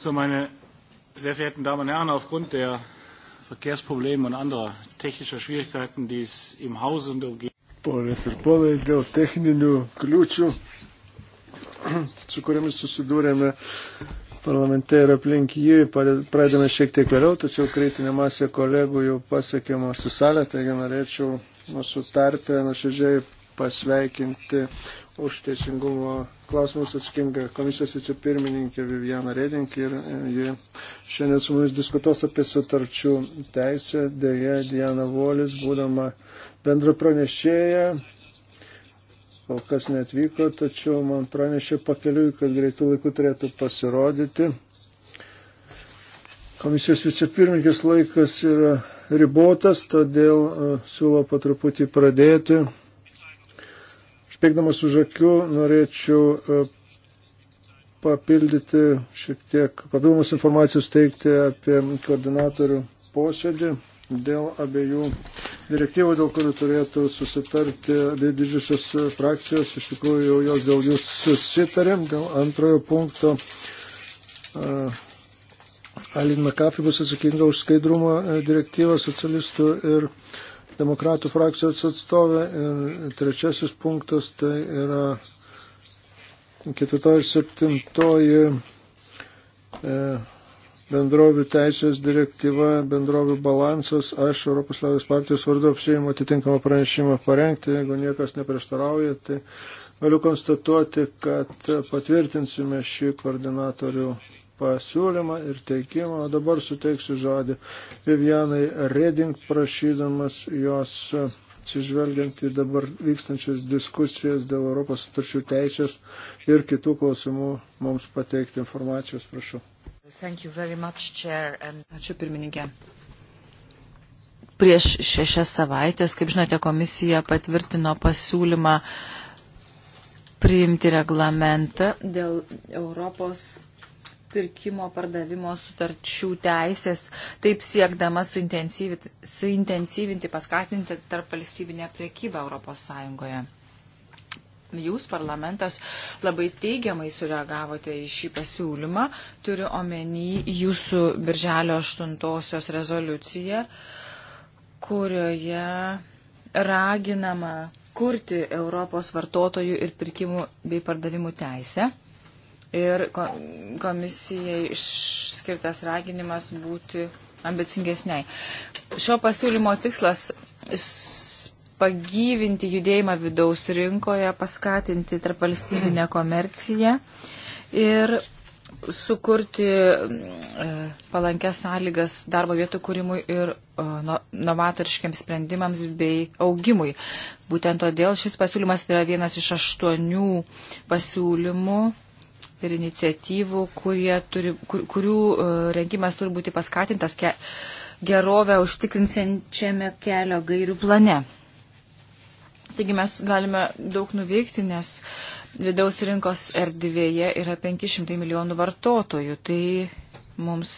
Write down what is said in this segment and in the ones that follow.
So, meine sehr verehrten Damen und Herren, aufgrund der Verkehrsprobleme und anderer technischer Schwierigkeiten, die es im Haus und umgeben. Ponas ir ponai, dėl techninių kliūčių, su kuriamis susidūrėme parlamente ir aplink jį, pradėme šiek tiek vėliau, tačiau kritinė masė kolegų jau pasiekė mūsų salę, taigi norėčiau mūsų tarpę nuoširdžiai pasveikinti uh, už teisingumo klausimus atsakinga komisijos vicepirmininkė Viviana Redink ir e, ji šiandien su mumis diskutuos apie sutarčių teisę. Deja, Diana Volis, būdama bendra pranešėja, kol kas netvyko, tačiau man pranešė pakeliui, kad greitų laikų turėtų pasirodyti. Komisijos vicepirmininkės laikas yra ribotas, todėl e, siūlo patruputį pradėti Užbėgdamas už akių norėčiau e, papildyti šiek tiek papildomus informacijos teikti apie koordinatorių posėdį dėl abiejų direktyvų, dėl kurių turėtų susitarti abi didžiosios frakcijos. Iš tikrųjų, jau jos dėl jų susitarėm. Dėl antrojo punkto uh, Alin Makafi bus atsakinga už skaidrumo e, direktyvą socialistų ir uh, demokratų frakcijos atstovė. Ir trečiasis punktas tai yra ketvirtoji ir septintoji e, bendrovių teisės direktyva, bendrovių balansas. Aš Europos Liaudės partijos vardu apsėjimu atitinkamą pranešimą parengti, jeigu niekas neprieštarauja, tai galiu konstatuoti, kad patvirtinsime šį koordinatorių pasiūlymą ir teikimą. O dabar suteiksiu žodį Vivianai Reding, prašydamas jos atsižvelgiant į dabar vykstančias diskusijas dėl Europos sutarčių teisės ir kitų klausimų mums pateikti informacijos, prašau. Much, Chair, and... Ačiū pirmininkė. Prieš šešias savaitės, kaip žinote, komisija patvirtino pasiūlymą priimti reglamentą dėl Europos pirkimo pardavimo sutarčių teisės, taip siekdama suintensyvinti, suintensyvinti paskatinti tarp valstybinę priekybą ES. Jūs parlamentas labai teigiamai sureagavote į šį pasiūlymą, turiu omeny jūsų birželio 8 rezoliuciją, kurioje raginama kurti Europos vartotojų ir pirkimų bei pardavimų teisę ir komisijai išskirtas raginimas būti ambicingesniai. Šio pasiūlymo tikslas pagyvinti judėjimą vidaus rinkoje, paskatinti tarp valstybinę komerciją ir sukurti e, palankęs sąlygas darbo vietų kūrimui ir novatoriškiams sprendimams bei augimui. Būtent todėl šis pasiūlymas yra vienas iš aštuonių pasiūlymų ir iniciatyvų, turi, kur, kurių e, rengimas turi būti paskatintas ke, gerovę užtikrinsiančiame kelio gairių plane. Taigi mes galime daug nuveikti, nes vidaus rinkos erdvėje yra 500 milijonų vartotojų. Tai mums.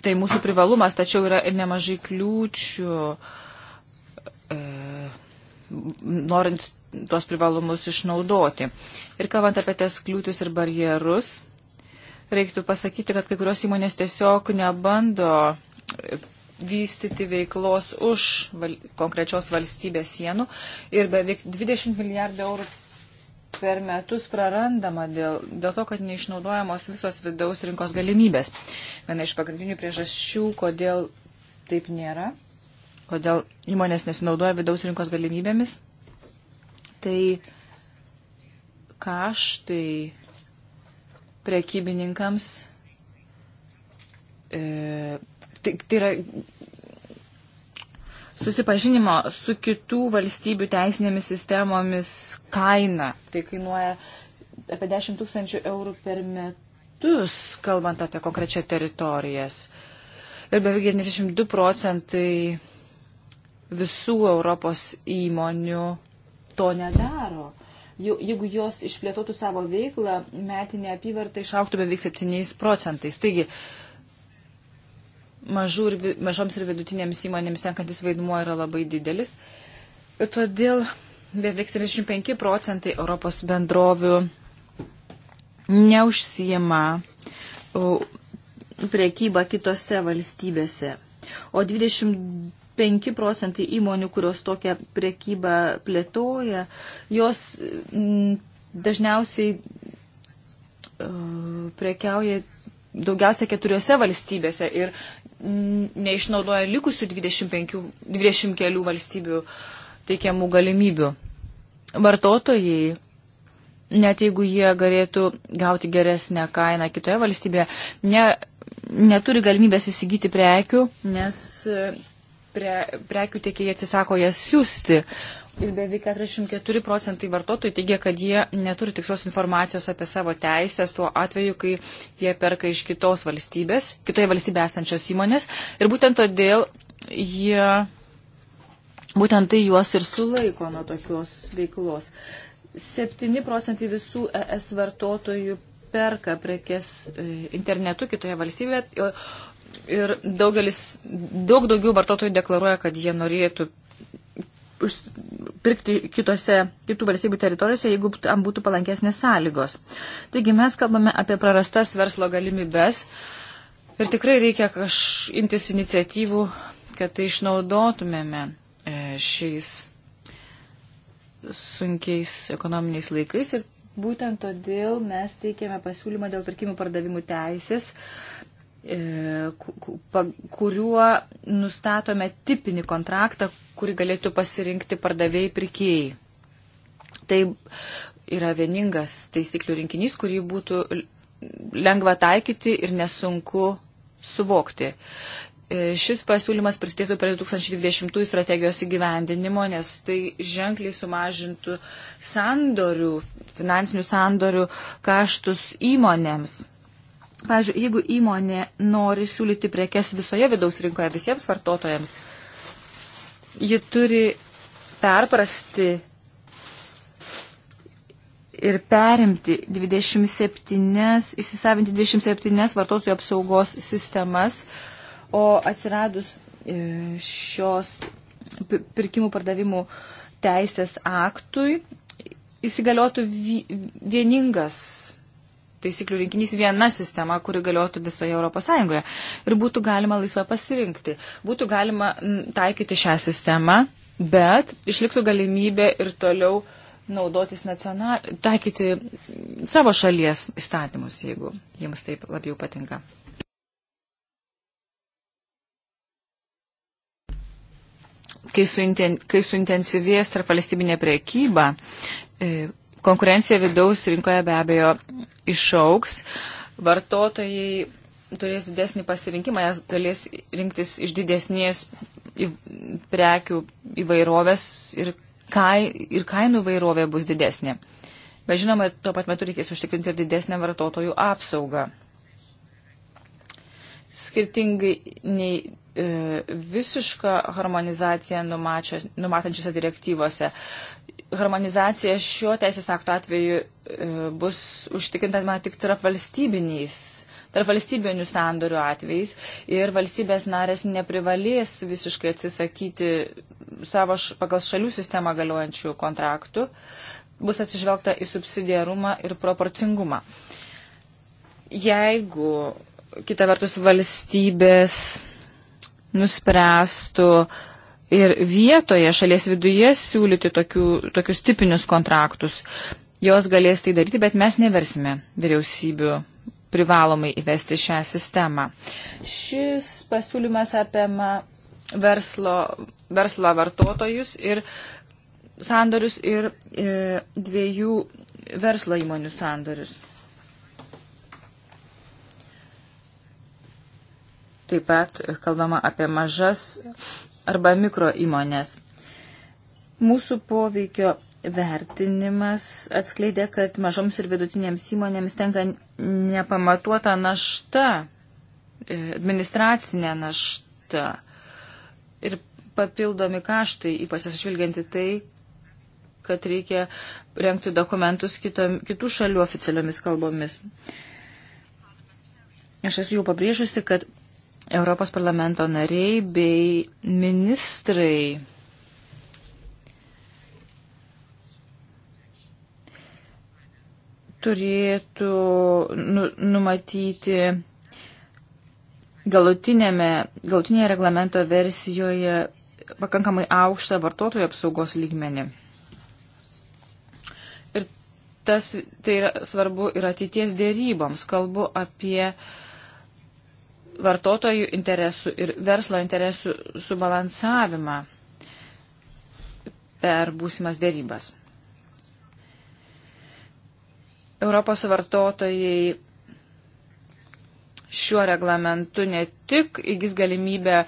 Tai mūsų privalumas, tačiau yra ir nemažai kliūčių, e, norint tuos privalumus išnaudoti. Ir kalbant apie tas kliūtis ir barjerus, reiktų pasakyti, kad kai kurios įmonės tiesiog nebando e, vystyti veiklos už val konkrečios valstybės sienų ir beveik 20 milijardų eurų per metus prarandama dėl, dėl to, kad neišnaudojamos visos vidaus rinkos galimybės. Viena iš pagrindinių priežasčių, kodėl taip nėra, kodėl įmonės nesinaudoja vidaus rinkos galimybėmis, tai kaštai prekybininkams, e, tai, tai yra susipažinimo su kitų valstybių teisinėmis sistemomis kaina. Tai kainuoja apie 10 tūkstančių eurų per metus, kalbant apie konkrečią teritorijas. Ir beveik 92 procentai visų Europos įmonių to nedaro. Jeigu jos išplėtotų savo veiklą, metinė apyvarta išauktų beveik 7 procentais. Taigi, mažų ir, mažoms ir vidutinėms įmonėms tenkantis vaidmuo yra labai didelis. Ir todėl beveik 75 procentai Europos bendrovių neužsijama prekyba kitose valstybėse. O 22 5 procentai įmonių, kurios tokią prekybą plėtoja, jos mm, dažniausiai e, prekiauja daugiausia keturiose valstybėse ir mm, neišnaudoja likusių 25, 20 kelių valstybių teikiamų galimybių. Vartotojai, net jeigu jie galėtų gauti geresnę kainą kitoje valstybėje, ne, neturi galimybės įsigyti prekių, nes pre, prekių tiekėjai atsisako jas siūsti. Ir beveik 44 procentai vartotojų teigia, kad jie neturi tikslios informacijos apie savo teisės tuo atveju, kai jie perka iš kitos valstybės, kitoje valstybėje esančios įmonės. Ir būtent todėl jie, būtent tai juos ir sulaiko nuo tokios veiklos. 7 procentai visų ES vartotojų perka prekes e, internetu kitoje valstybėje, ir daugelis, daug daugiau vartotojų deklaruoja, kad jie norėtų pirkti kitose, kitų valstybių teritorijose, jeigu tam būtų palankesnės sąlygos. Taigi mes kalbame apie prarastas verslo galimybės ir tikrai reikia kažimtis iniciatyvų, kad tai išnaudotumėme e, šiais sunkiais ekonominiais laikais ir būtent todėl mes teikėme pasiūlymą dėl pirkimų pardavimų teisės E, kuriuo nustatome tipinį kontraktą, kurį galėtų pasirinkti pardavėjai pirkėjai. Tai yra vieningas taisyklių rinkinys, kurį būtų lengva taikyti ir nesunku suvokti. E, šis pasiūlymas prisidėtų prie 2020 strategijos įgyvendinimo, nes tai ženkliai sumažintų sandorių, finansinių sandorių kaštus įmonėms. Pavyzdžiui, jeigu įmonė nori siūlyti prekes visoje vidaus rinkoje visiems vartotojams, ji turi perprasti ir perimti 27, įsisavinti 27 vartotojų apsaugos sistemas, o atsiradus e, šios pirkimų pardavimų teisės aktui įsigaliotų vieningas taisyklių rinkinys viena sistema, kuri galiotų visoje Europos Sąjungoje. Ir būtų galima laisvai pasirinkti. Būtų galima taikyti šią sistemą, bet išliktų galimybė ir toliau naudotis nacional... taikyti savo šalies įstatymus, jeigu jiems taip labiau patinka. Kai, suinten... Kai suintensyvės tarp valstybinė priekyba, e, konkurencija vidaus rinkoje be abejo išauks, vartotojai turės didesnį pasirinkimą, jas galės rinktis iš didesnės prekių įvairovės ir, kai, ir kainų įvairovė bus didesnė. Bet žinoma, tuo pat metu reikės užtikrinti ir didesnę vartotojų apsaugą. Skirtingai nei e, visišką harmonizaciją numatančiose direktyvose, harmonizacija šiuo teisės akto atveju e, bus užtikrintama tik tarp valstybiniais, tarp valstybinių sandorių atvejais ir valstybės narės neprivalės visiškai atsisakyti savo š, pagal šalių sistemą galiojančių kontraktų, bus atsižvelgta į subsidiarumą ir proporcingumą. Jeigu kita vertus valstybės nuspręstų uh, ir vietoje šalies viduje siūlyti tokių, tokius tipinius kontraktus. Jos galės tai daryti, bet mes neversime vyriausybių privalomai įvesti šią sistemą. Šis pasiūlymas apima verslo, verslo vartotojus ir sandorius ir e, dviejų verslo įmonių sandorius. Taip pat kalbama apie mažas arba mikro įmonės. Mūsų poveikio vertinimas atskleidė, kad mažoms ir vidutinėms įmonėms tenka nepamatuota našta, e, administracinė našta ir papildomi kaštai, ypač atsižvelgianti tai, kad reikia renkti dokumentus kitom, kitų šalių oficialiomis kalbomis. Aš esu jau pabrėžusi, kad Europos parlamento nariai bei ministrai turėtų nu, numatyti galutinėje reglamento versijoje pakankamai aukštą vartotojų apsaugos lygmenį. Ir tas tai yra svarbu ir ateities dėryboms. Kalbu apie uh, vartotojų interesų ir verslo interesų subalansavimą per būsimas dėrybas. Europos vartotojai šiuo reglamentu ne tik įgis galimybę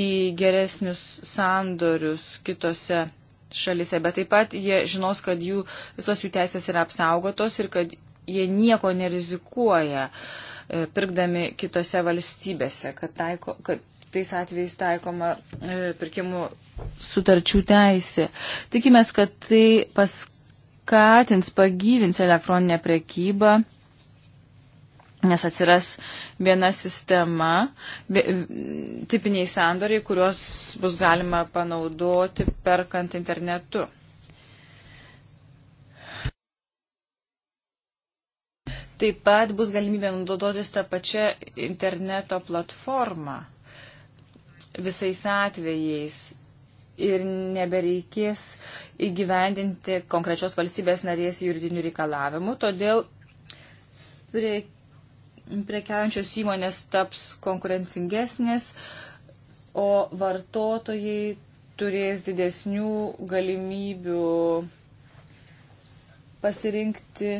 į geresnius sandorius kitose šalise, bet taip pat jie žinos, kad jų, visos jų teisės yra apsaugotos ir kad jie nieko nerizikuoja. Uh, E, pirkdami kitose valstybėse, kad, taiko, kad tais atvejais taikoma e, pirkimų sutarčių teisė. Tikimės, kad tai paskatins, pagyvins elektroninę prekybą nes atsiras viena sistema, tipiniai sandoriai, kuriuos bus galima panaudoti perkant internetu. Taip pat bus galimybė naudotis tą pačią interneto platformą visais atvejais ir nebereikės įgyvendinti konkrečios valstybės narės juridinių reikalavimų, todėl prie, prekiaujančios įmonės taps konkurencingesnės, o vartotojai turės didesnių galimybių pasirinkti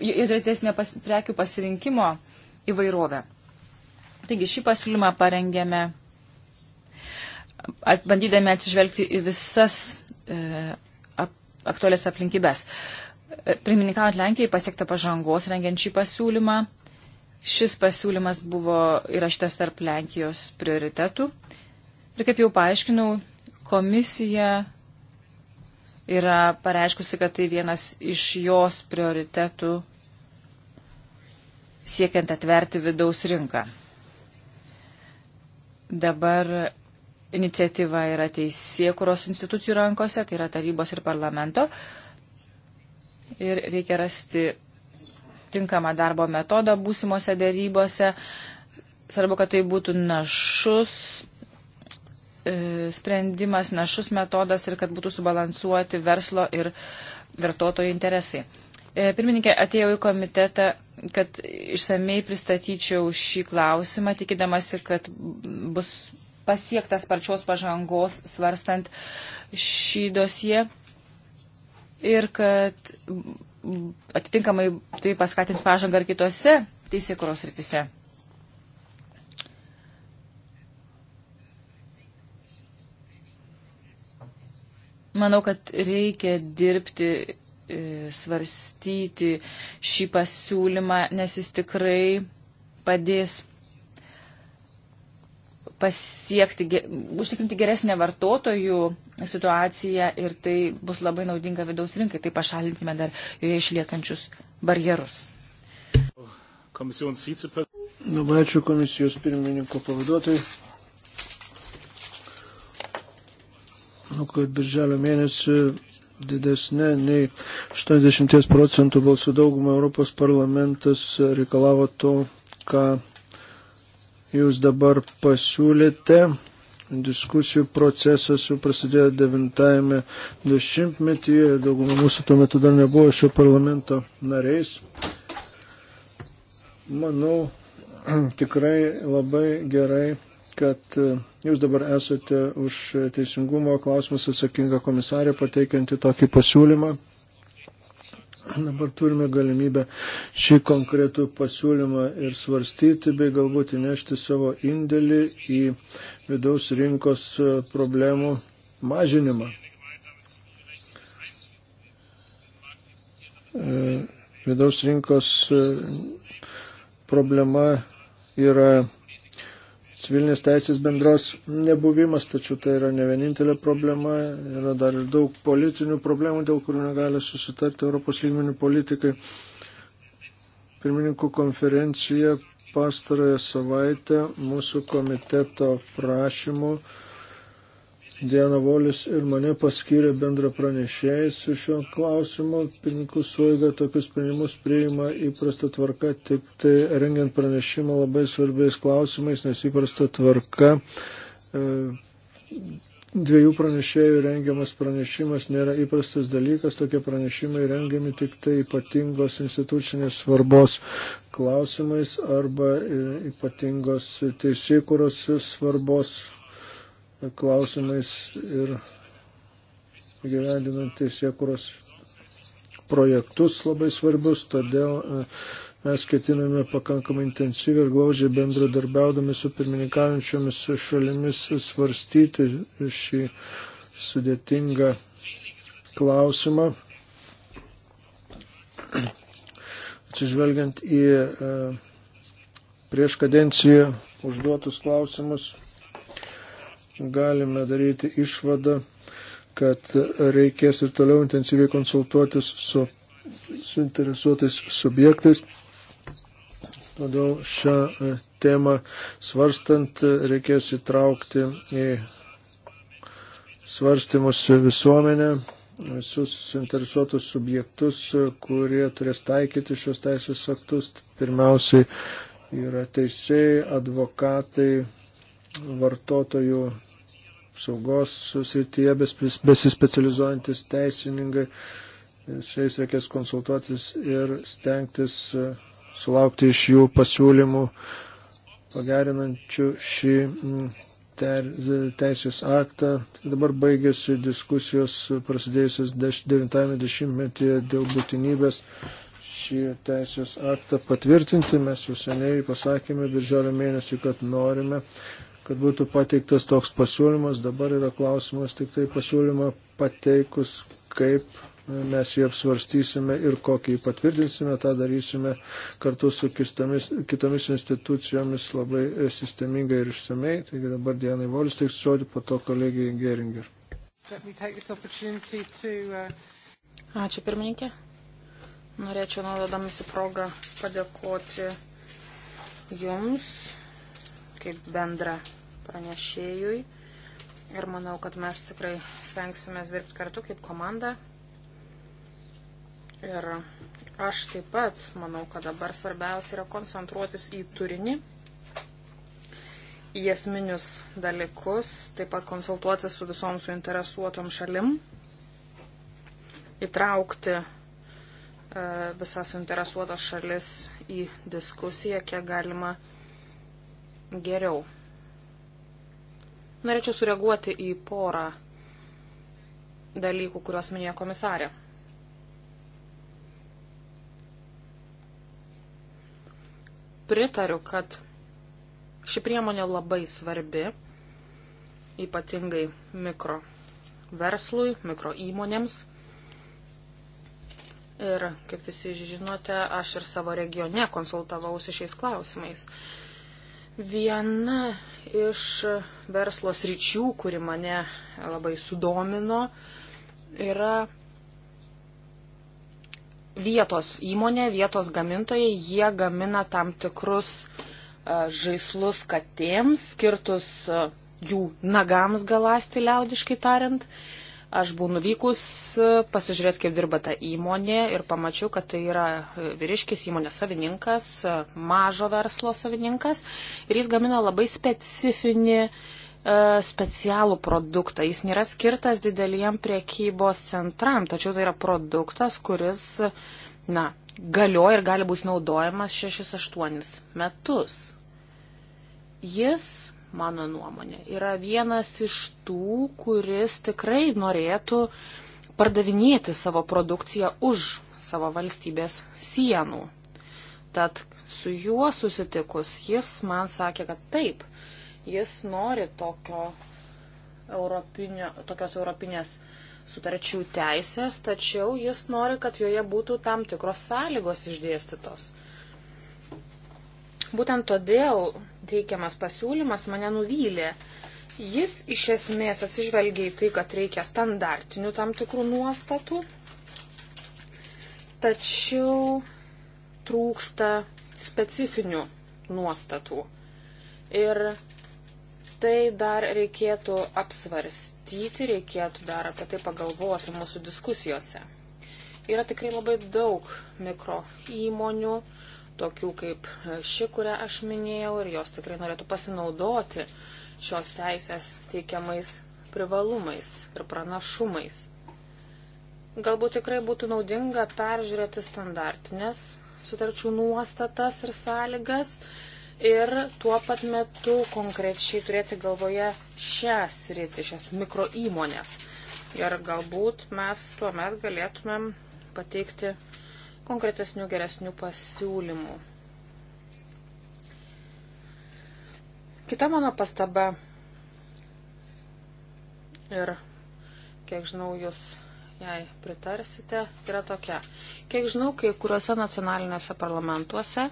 ir didesnė pas, prekių pasirinkimo įvairovė. Taigi šį pasiūlymą parengėme, bandydami atsižvelgti į visas e, ap, aktualias aplinkybės. E, Pirmininkavant Lenkijai pasiekta pažangos rengiant šį pasiūlymą. Šis pasiūlymas buvo įrašytas tarp Lenkijos prioritetų. Ir kaip jau paaiškinau, komisija yra pareiškusi, kad tai vienas iš jos prioritetų siekiant atverti vidaus rinką. Dabar iniciatyva yra teisėkuros institucijų rankose, tai yra tarybos ir parlamento. Ir reikia rasti tinkamą darbo metodą būsimose dėrybose. Svarbu, kad tai būtų našus, E, sprendimas, našus metodas ir kad būtų subalansuoti verslo ir vartotojų interesai. E, pirmininkė, atėjau į komitetą, kad išsamei pristatyčiau šį klausimą, tikėdamasi, kad bus pasiektas parčios pažangos svarstant šį dosiją ir kad atitinkamai tai paskatins pažangą ir kitose teisėkuros rytise. Manau, kad reikia dirbti, e, svarstyti šį pasiūlymą, nes jis tikrai padės pasiekti, užtikrinti geresnę vartotojų situaciją ir tai bus labai naudinga vidaus rinkai, tai pašalinsime dar joje išliekančius barjerus. Labai ačiū komisijos pirmininko pavaduotojai. kad birželio mėnesį didesnė nei 80 procentų balsų daugumą Europos parlamentas reikalavo to, ką jūs dabar pasiūlėte. Diskusijų procesas jau prasidėjo 90-ame dešimtmetyje, dauguma mūsų tuo metu dar nebuvo šio parlamento nariais. Manau, tikrai labai gerai kad e, jūs dabar esate už teisingumo klausimus atsakinga komisarė pateikianti tokį pasiūlymą. Dabar turime galimybę šį konkretų pasiūlymą ir svarstyti, bei galbūt įnešti savo indėlį į vidaus rinkos e, problemų mažinimą. E, vidaus rinkos problema yra civilinės teisės bendros nebuvimas, tačiau tai yra ne vienintelė problema, yra dar ir daug politinių problemų, dėl kurių negali susitarti Europos lygmenių politikai. Pirmininkų konferencija pastarąją savaitę mūsų komiteto prašymų Diana Volis ir mane paskyrė bendra pranešėjais su šiuo klausimu. Pirmininkų suoga tokius sprendimus priima įprasta tvarka, tik tai rengiant pranešimą labai svarbiais klausimais, nes įprasta tvarka. E, Dviejų pranešėjų rengiamas pranešimas nėra įprastas dalykas, tokie pranešimai rengiami tik tai ypatingos institucinės svarbos klausimais arba e, ypatingos teisėkuros svarbos klausimais ir gyvendinant teisėkuros projektus labai svarbus, todėl e, mes ketiname pakankamai intensyviai ir glaudžiai bendradarbiaudami su pirmininkaujančiomis šalimis svarstyti šį sudėtingą klausimą. Atsižvelgiant į e, prieš kadenciją užduotus klausimus, galime daryti išvadą, kad reikės ir toliau intensyviai konsultuotis su suinteresuotais subjektais. Todėl šią e, temą svarstant e, reikės įtraukti į svarstymus visuomenę, visus suinteresuotus subjektus, e, kurie turės taikyti šios teisės aktus. Pirmiausiai yra teisėjai, advokatai, vartotojų saugos srityje besispecializuojantis teisininkai. Su jais reikės konsultuotis ir stengtis e, sulaukti iš jų pasiūlymų pagerinančių šį ter, e, teisės aktą. Dabar baigėsi diskusijos prasidėjusios 90-metyje dėl būtinybės šį teisės aktą patvirtinti. Mes jau seniai pasakėme birželio mėnesį, kad norime kad būtų pateiktas toks pasiūlymas. Dabar yra klausimas tik tai pasiūlymą pateikus, kaip mes jį apsvarstysime ir kokį jį patvirtinsime, tą darysime kartu su kistomis, kitomis institucijomis labai sistemingai ir išsamei. Taigi dabar Dienai Volis teiks žodį, po to kolegijai Geringer. Uh, Ačiū pirmininkė. Norėčiau naudodamasi progą padėkoti Jums kaip bendra pranešėjui. Ir manau, kad mes tikrai stengsimės dirbti kartu kaip komanda. Ir aš taip pat manau, kad dabar svarbiausia yra koncentruotis į turinį, į esminius dalykus, taip pat konsultuotis su visom suinteresuotom šalim, įtraukti e, visas suinteresuotas šalis į diskusiją, kiek galima uh, geriau. Norėčiau sureaguoti į porą dalykų, kuriuos minėjo komisarė. Pritariu, kad ši priemonė labai svarbi, ypatingai mikro verslui, mikro įmonėms. Ir, kaip visi žinote, aš ir savo regione konsultavausi šiais klausimais. Viena iš verslo sričių, kuri mane labai sudomino, yra vietos įmonė, vietos gamintojai, jie gamina tam tikrus e, žaislus katėms, skirtus e, jų nagams galasti, liaudiškai tariant. Aš buvau nuvykus pasižiūrėti, kaip dirba ta įmonė ir pamačiau, kad tai yra vyriškis įmonės savininkas, mažo verslo savininkas ir jis gamina labai specifinį e, specialų produktą. Jis nėra skirtas dideliem priekybos centram, tačiau tai yra produktas, kuris, na, galioja ir gali būti naudojamas 6-8 metus. Jis mano nuomonė, yra vienas iš tų, kuris tikrai norėtų pardavinėti savo produkciją už savo valstybės sienų. Tad su juo susitikus, jis man sakė, kad taip, jis nori tokio europinio, tokios europinės sutarčių teisės, tačiau jis nori, kad joje būtų tam tikros sąlygos išdėstytos. Būtent todėl teikiamas pasiūlymas mane nuvylė. Jis iš esmės atsižvelgia į tai, kad reikia standartinių tam tikrų nuostatų, tačiau trūksta specifinių nuostatų. Ir tai dar reikėtų apsvarstyti, reikėtų dar apie tai pagalvoti mūsų diskusijose. Yra tikrai labai daug mikro įmonių, tokių kaip ši, kurią aš minėjau, ir jos tikrai norėtų pasinaudoti šios teisės teikiamais privalumais ir pranašumais. Galbūt tikrai būtų naudinga peržiūrėti standartinės sutarčių nuostatas ir sąlygas ir tuo pat metu konkrečiai turėti galvoje šią sritį, šias mikroįmonės. Ir galbūt mes tuomet galėtumėm pateikti konkretesnių geresnių pasiūlymų. Kita mano pastaba ir, kiek žinau, jūs jai pritarsite, yra tokia. Kiek žinau, kai kuriuose nacionaliniuose parlamentuose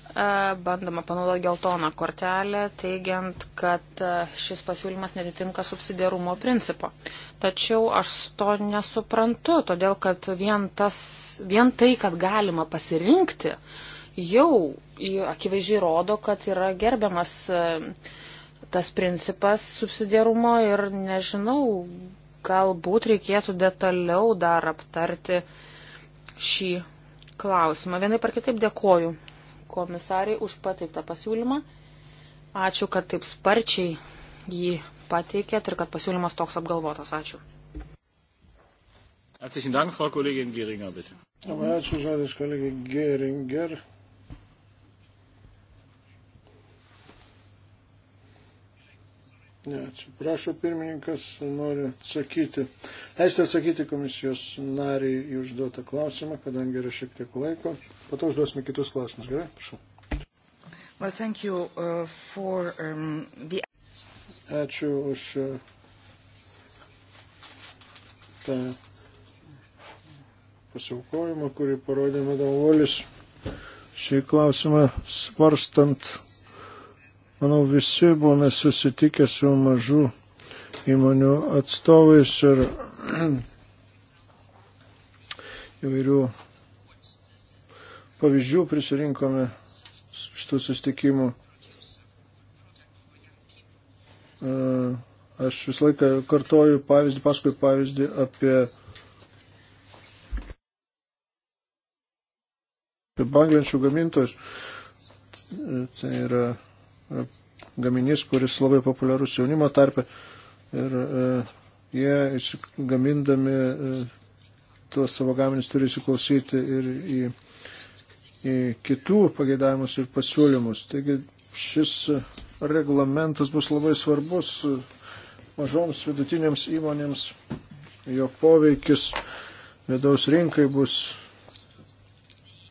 E, bandoma panaudoti geltoną kortelę, teigiant, kad e, šis pasiūlymas netitinka subsidiarumo principo. Tačiau aš to nesuprantu, todėl kad vien, tas, vien tai, kad galima pasirinkti, jau akivaizdžiai rodo, kad yra gerbiamas e, tas principas subsidiarumo ir nežinau, galbūt reikėtų detaliau dar aptarti šį klausimą. Vienai par kitaip dėkoju komisariai už pateiktą pasiūlymą. Ačiū, kad taip sparčiai jį pateikėt ir kad pasiūlymas toks apgalvotas. Ačiū. Herzlichen Dank, Frau Kollegin Geringer, bitte. Aber ačiū, žodis kolegė Geringer. Ne, atsiprašau, pirmininkas nori atsakyti. Leisti atsakyti komisijos nariai į užduotą klausimą, kadangi yra šiek tiek laiko. Po to užduosime kitus klausimus. Gerai, prašau. Well, thank you, uh, for, um, the... Ačiū už uh, tą pasiaukojimą, kurį parodė Madam Volis. Šį klausimą svarstant Manau, visi buvome susitikę su mažų įmonių atstovais ir įvairių pavyzdžių prisirinkome šitų susitikimų. Aš visą laiką kartoju pavyzdį, paskui pavyzdį apie banglenčių gamintojus. Tai yra gaminys, kuris labai populiarus jaunimo tarpe. Ir e, jie gamindami e, tuos savo gaminius turi įsiklausyti ir į, į kitų pageidavimus ir pasiūlymus. Taigi šis reglamentas bus labai svarbus e, mažoms vidutinėms įmonėms, jo poveikis vidaus rinkai bus,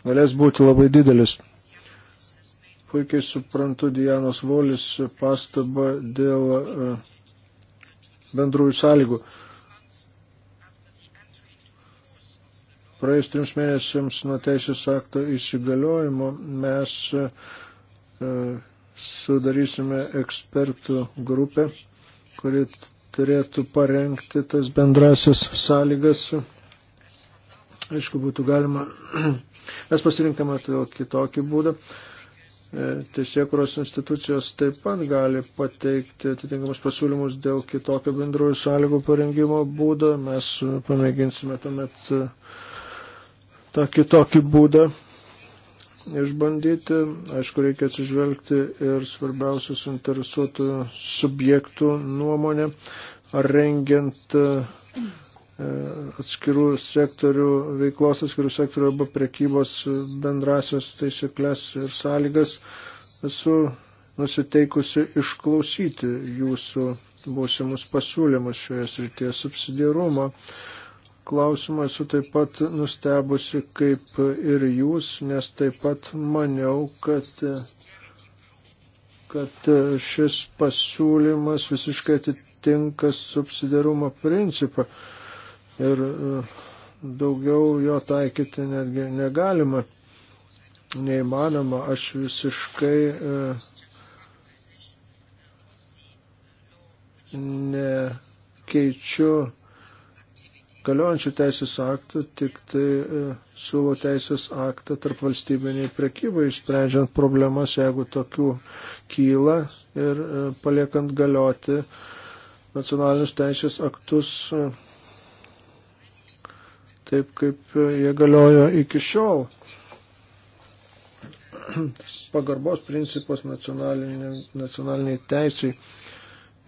galės būti labai didelis puikiai suprantu Dianos Volis pastabą dėl e, bendrųjų sąlygų. Praėjus trims mėnesiams nuo teisės akto įsigaliojimo mes e, sudarysime ekspertų grupę, kuri turėtų parengti tas bendrasias sąlygas. Aišku, būtų galima. Mes pasirinkame todėl kitokį būdą. Uh, E, teisėkuros institucijos taip pat gali pateikti atitinkamus pasiūlymus dėl kitokio bendrųjų sąlygų parengimo būdo. Mes pamėginsime tuomet e, tą kitokį būdą išbandyti. Aišku, reikia atsižvelgti ir svarbiausių suinteresuotų subjektų nuomonę, ar rengiant e, E, atskirų sektorių, veiklos atskirų sektorių arba prekybos bendrasias taisyklės ir sąlygas, esu nusiteikusi išklausyti jūsų būsimus pasiūlymus šioje srityje subsidiarumo. Klausimą esu taip pat nustebusi kaip ir jūs, nes taip pat maniau, kad kad šis pasiūlymas visiškai atitinka subsidiarumo principą. Uh, ir e, daugiau jo taikyti netgi negalima, neįmanoma. Aš visiškai e, nekeičiu galiojančių teisės aktų, tik tai e, siūlo teisės aktą tarp valstybiniai prekybai, sprendžiant problemas, jeigu tokių kyla ir e, paliekant galioti nacionalinius teisės aktus e, taip kaip jie galiojo iki šiol. Pagarbos principas nacionaliniai, nacionaliniai teisai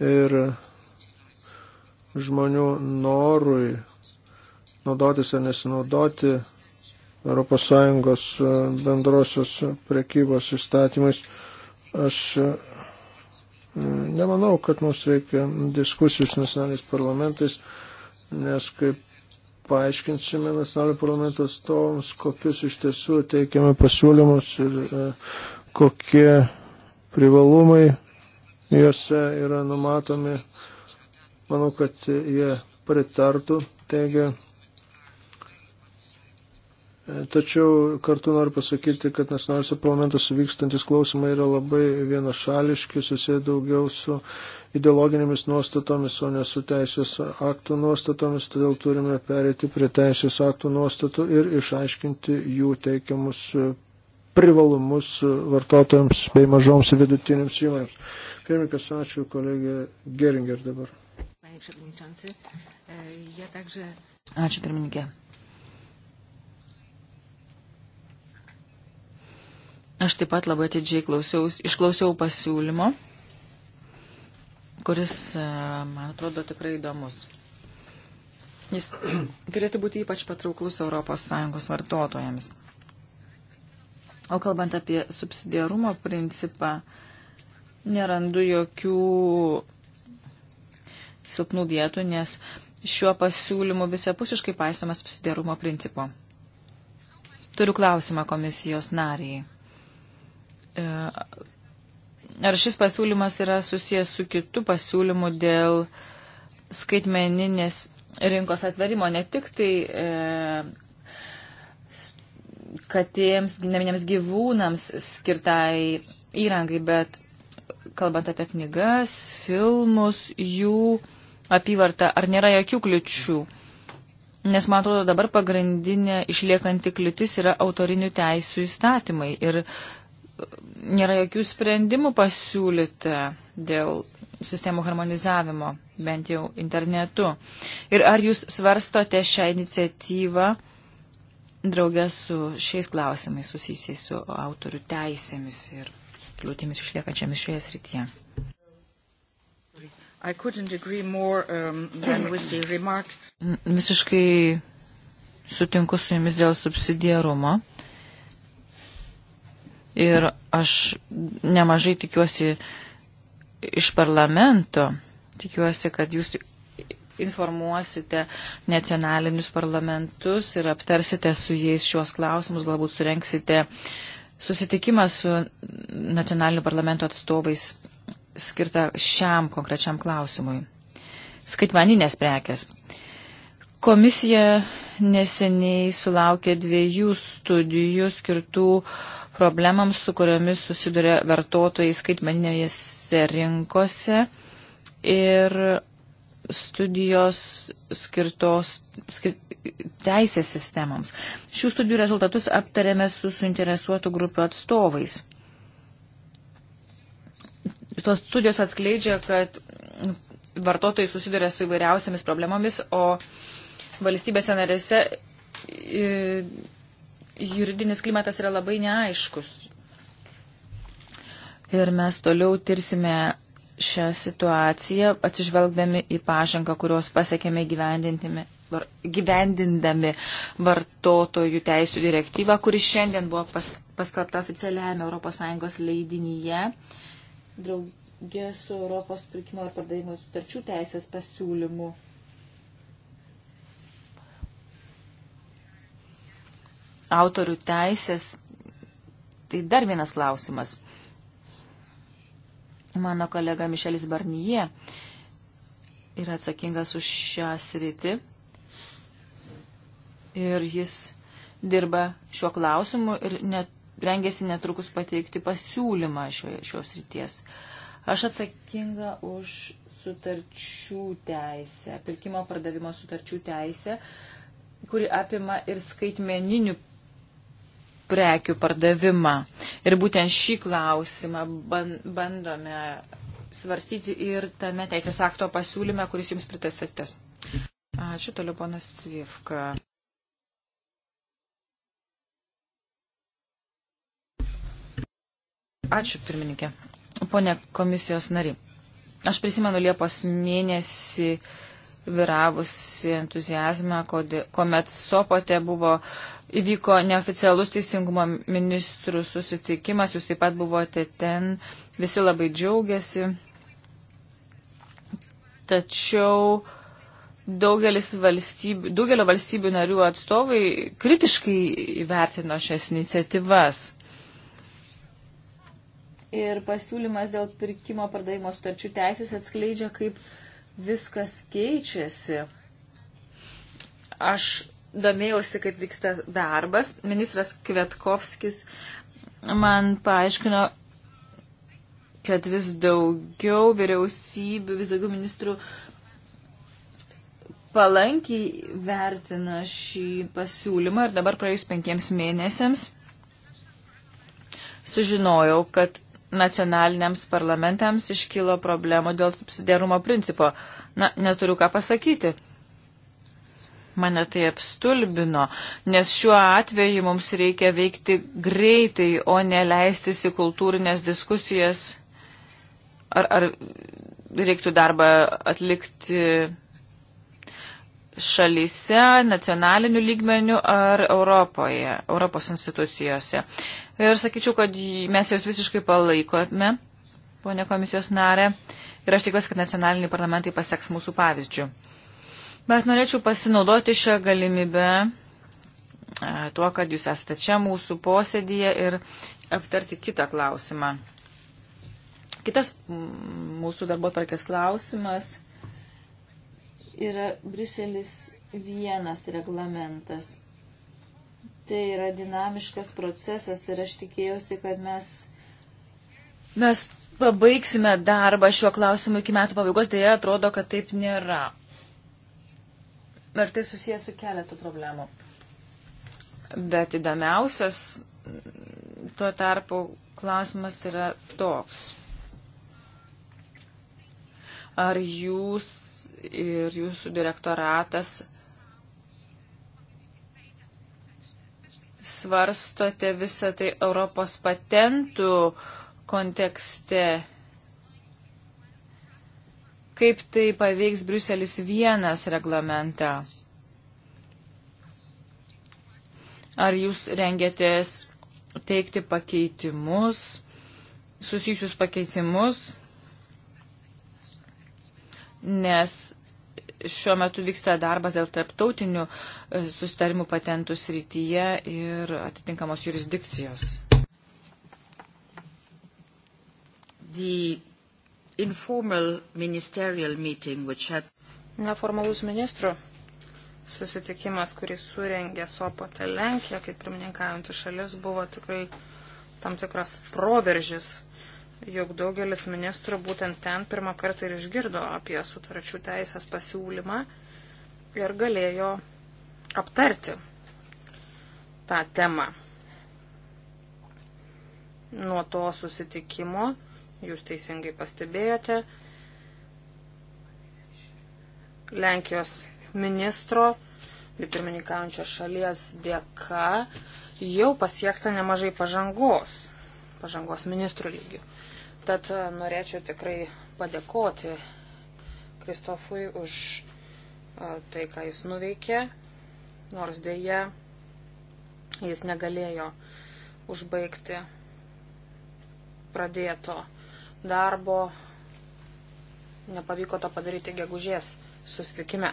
ir žmonių norui naudotis ar nesinaudoti ES e, bendrosios prekybos įstatymais. Aš e, nemanau, kad mums reikia diskusijų su nacionaliniais parlamentais, nes kaip paaiškinsime nacionalinio parlamento atstovams, kokius iš tiesų teikiame pasiūlymus ir e, kokie privalumai juose yra numatomi. Manau, kad jie pritartų, teigia Tačiau kartu noriu pasakyti, kad nacionaliniuose parlamentuose vykstantis klausimai yra labai vienašališki, susiję daugiau su ideologinėmis nuostatomis, o ne su teisės aktų nuostatomis, todėl turime perėti prie teisės aktų nuostatų ir išaiškinti jų teikiamus privalumus vartotojams bei mažoms ir vidutinėms įmonėms. Pirmininkas, ačiū kolegė Geringer dabar. Ačiū pirmininkė. Aš taip pat labai atidžiai klausiaus, išklausiau pasiūlymo, kuris, e, man atrodo, tikrai įdomus. Jis turėtų būti ypač patrauklus ES vartotojams. O kalbant apie subsidiarumo principą, nerandu jokių silpnų vietų, nes šiuo pasiūlymu visapusiškai paisoma subsidiarumo principo. Turiu klausimą komisijos narijai. E, ar šis pasiūlymas yra susijęs su kitu pasiūlymu dėl skaitmeninės rinkos atverimo, ne tik tai e, katėms, naminėms gyvūnams skirtai įrangai, bet kalbant apie knygas, filmus, jų apyvartą, ar nėra jokių kliučių? Nes, man atrodo, dabar pagrindinė išliekanti kliūtis yra autorinių teisų įstatymai ir nėra jokių sprendimų pasiūlyti dėl sistemų harmonizavimo, bent jau internetu. Ir ar jūs svarstote šią iniciatyvą draugę su šiais klausimais susijusiais su autorių teisėmis ir kliūtimis išliekančiamis šioje srityje? More, um, Visiškai sutinku su jumis dėl subsidiarumo. Ir aš nemažai tikiuosi iš parlamento, tikiuosi, kad jūs informuosite nacionalinius parlamentus ir aptarsite su jais šios klausimus, galbūt surenksite susitikimą su nacionaliniu parlamento atstovais skirtą šiam konkrečiam klausimui. Skaitmaninės prekes. Komisija neseniai sulaukė dviejų studijų skirtų uh, problemams, su kuriomis susiduria vartotojai skaitmeninėse rinkose ir studijos skirtos skir, teisės sistemams. Šių studijų rezultatus aptarėme su suinteresuotų grupių atstovais. Tos studijos atskleidžia, kad vartotojai susiduria su įvairiausiamis problemomis, o valstybėse narėse juridinis klimatas yra labai neaiškus. Ir mes toliau tirsime šią situaciją, atsižvelgdami į pažangą, kurios pasiekėme var, gyvendindami vartotojų teisų direktyvą, kuri šiandien buvo pas, paskelbta oficialiajame ES leidinyje, draugė su Europos pirkimo ir pardavimo sutarčių teisės pasiūlymu. autorių teisės, tai dar vienas klausimas. Mano kolega Mišelis Barnyje yra atsakingas už šią sritį ir jis dirba šiuo klausimu ir net, rengėsi netrukus pateikti pasiūlymą šio, šios ryties. Aš atsakinga už sutarčių teisę, pirkimo pardavimo sutarčių teisę, kuri apima ir skaitmeninių prekių pardavimą. Ir būtent šį klausimą bandome svarstyti ir tame teisės akto pasiūlyme, kuris jums pritasatytas. Ačiū, toliau ponas Cvifka. Ačiū, pirmininkė. Pone komisijos nari, aš prisimenu Liepos mėnesį uh, viravusi entuzijazmą, kuomet Sopote buvo įvyko neoficialus teisingumo ministrų susitikimas, jūs taip pat buvote ten, visi labai džiaugiasi. Tačiau daugelis valstybių, daugelio valstybių narių atstovai kritiškai įvertino šias iniciatyvas. Ir pasiūlymas dėl pirkimo pardavimo starčių teisės atskleidžia, kaip viskas keičiasi. Aš domėjausi, kaip vyksta darbas. Ministras Kvetkovskis man paaiškino, kad vis daugiau vyriausybių, vis daugiau ministrų palankiai vertina šį pasiūlymą ir dabar praėjus penkiems mėnesiams sužinojau, kad nacionaliniams parlamentams iškilo problemų dėl subsidiarumo principo. Na, neturiu ką pasakyti. Mane tai apstulbino, nes šiuo atveju mums reikia veikti greitai, o ne leistis į kultūrinės diskusijas. Ar, ar reiktų darbą atlikti šalyse, nacionaliniu lygmeniu ar Europoje, Europos institucijose. Ir sakyčiau, kad mes jos visiškai palaikome, ponė komisijos narė, ir aš tikiuosi, kad nacionaliniai parlamentai paseks mūsų pavyzdžių. Bet norėčiau pasinaudoti šią galimybę e, tuo, kad jūs esate čia mūsų posėdėje ir aptarti kitą klausimą. Kitas mm, mūsų darbo tvarkės klausimas yra Briuselis vienas reglamentas tai yra dinamiškas procesas ir aš tikėjausi, kad mes. Mes pabaigsime darbą šiuo klausimu iki metų pabaigos, dėja atrodo, kad taip nėra. Ir tai susijęs su keletu problemų. Bet įdomiausias tuo tarpu klausimas yra toks. Ar jūs ir jūsų direktoratas svarstote visą tai Europos patentų kontekste. Kaip tai paveiks Bruselis vienas reglamentą? Ar jūs rengėtės teikti pakeitimus, susijusius pakeitimus, nes šiuo metu vyksta darbas dėl tarptautinių e, susitarimų patentų srityje ir atitinkamos jurisdikcijos. The informal ministerial meeting, which had... Neformalus ministrų susitikimas, kuris surengė Sopotė Lenkija, kaip pirmininkaujantis šalis, buvo tikrai tam tikras proveržis jog daugelis ministrų būtent ten pirmą kartą ir išgirdo apie sutarčių teisės pasiūlymą ir galėjo aptarti tą temą. Nuo to susitikimo, jūs teisingai pastebėjote, Lenkijos ministro ir pirmininkaujančios šalies dėka jau pasiekta nemažai pažangos, pažangos ministrų lygių. Tad e, norėčiau tikrai padėkoti Kristofui už e, tai, ką jis nuveikė, nors dėje jis negalėjo užbaigti pradėto darbo, nepavyko to padaryti gegužės susitikime.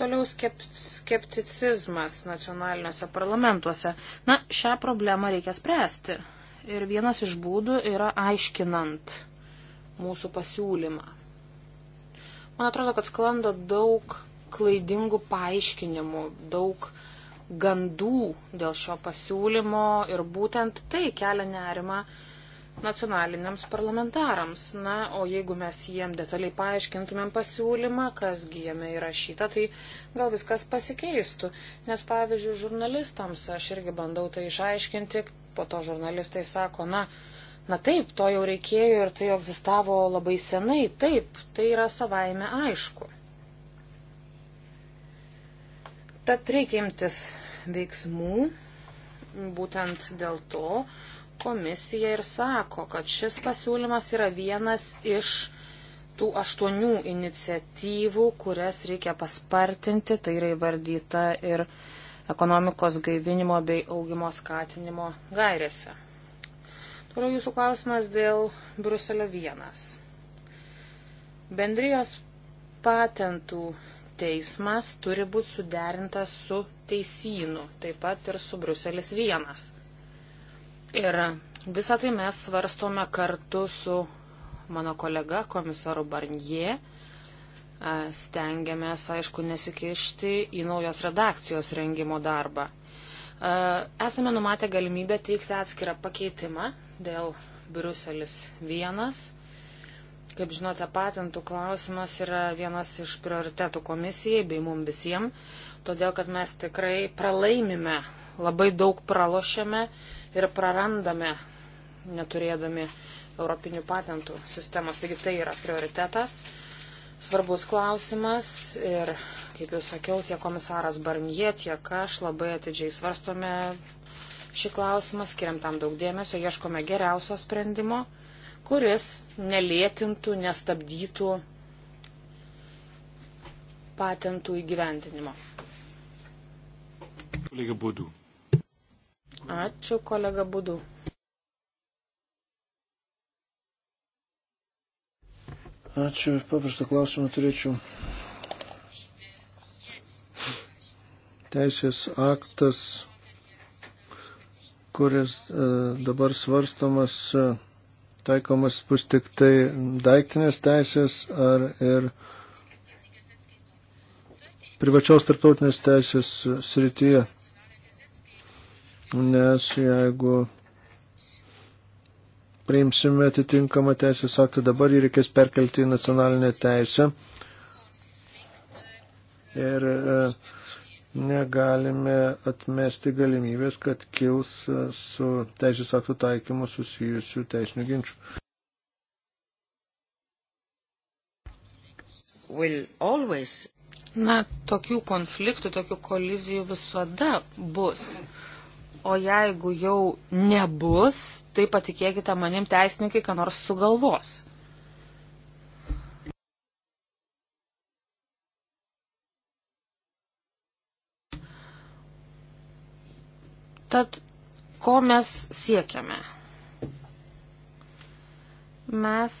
Toliau skepticizmas nacionaliniuose parlamentuose. Na, šią problemą reikia spręsti. Ir vienas iš būdų yra aiškinant mūsų pasiūlymą. Man atrodo, kad sklando daug klaidingų paaiškinimų, daug gandų dėl šio pasiūlymo ir būtent tai kelia nerima nacionaliniams parlamentarams. Na, o jeigu mes jiem detaliai paaiškintumėm pasiūlymą, kasgi jame įrašyta, tai gal viskas pasikeistų. Nes, pavyzdžiui, žurnalistams aš irgi bandau tai išaiškinti, po to žurnalistai sako, na, na taip, to jau reikėjo ir tai egzistavo labai senai, taip, tai yra savaime aišku. Tad reikia imtis veiksmų, būtent dėl to komisija ir sako, kad šis pasiūlymas yra vienas iš tų aštuonių iniciatyvų, kurias reikia paspartinti, tai yra įvardyta ir ekonomikos gaivinimo bei augimo skatinimo gairėse. Toliau jūsų klausimas dėl Bruselio 1. Bendrijos patentų teismas turi būti suderintas su teisynu, taip pat ir su Bruselis 1. Ir visą tai mes svarstome kartu su mano kolega komisaru Barnier stengiamės, aišku, nesikišti į naujos redakcijos rengimo darbą. Esame numatę galimybę teikti atskirą pakeitimą dėl Bruselis 1. Kaip žinote, patentų klausimas yra vienas iš prioritetų komisijai bei mum visiems, todėl kad mes tikrai pralaimime, labai daug pralošiame ir prarandame, neturėdami europinių patentų sistemos. Taigi tai yra prioritetas. Uh, svarbus klausimas ir, kaip jau sakiau, tiek komisaras Barnie, tiek aš labai atidžiai svarstome šį klausimą, skiriam tam daug dėmesio, ieškome geriausio sprendimo, kuris nelėtintų, nestabdytų patentų įgyvendinimo. Kolega Budu. Ačiū, kolega Budu. Ačiū, paprastą klausimą turėčiau. Teisės aktas, kuris e, dabar svarstomas, e, taikomas bus tik tai daiktinės teisės ar ir privačios tarptautinės teisės srityje. Nes jeigu priimsime atitinkamą teisės aktą, dabar jį reikės perkelti į nacionalinę teisę. Ir e, negalime atmesti galimybės, kad kils e, su teisės aktų taikymu susijusių teisinių ginčių. Will always... Na, tokių konfliktų, tokių kolizijų visada bus. O jeigu jau nebus, tai patikėkite manim teisininkai, ką nors sugalvos. Tad ko mes siekiame? Mes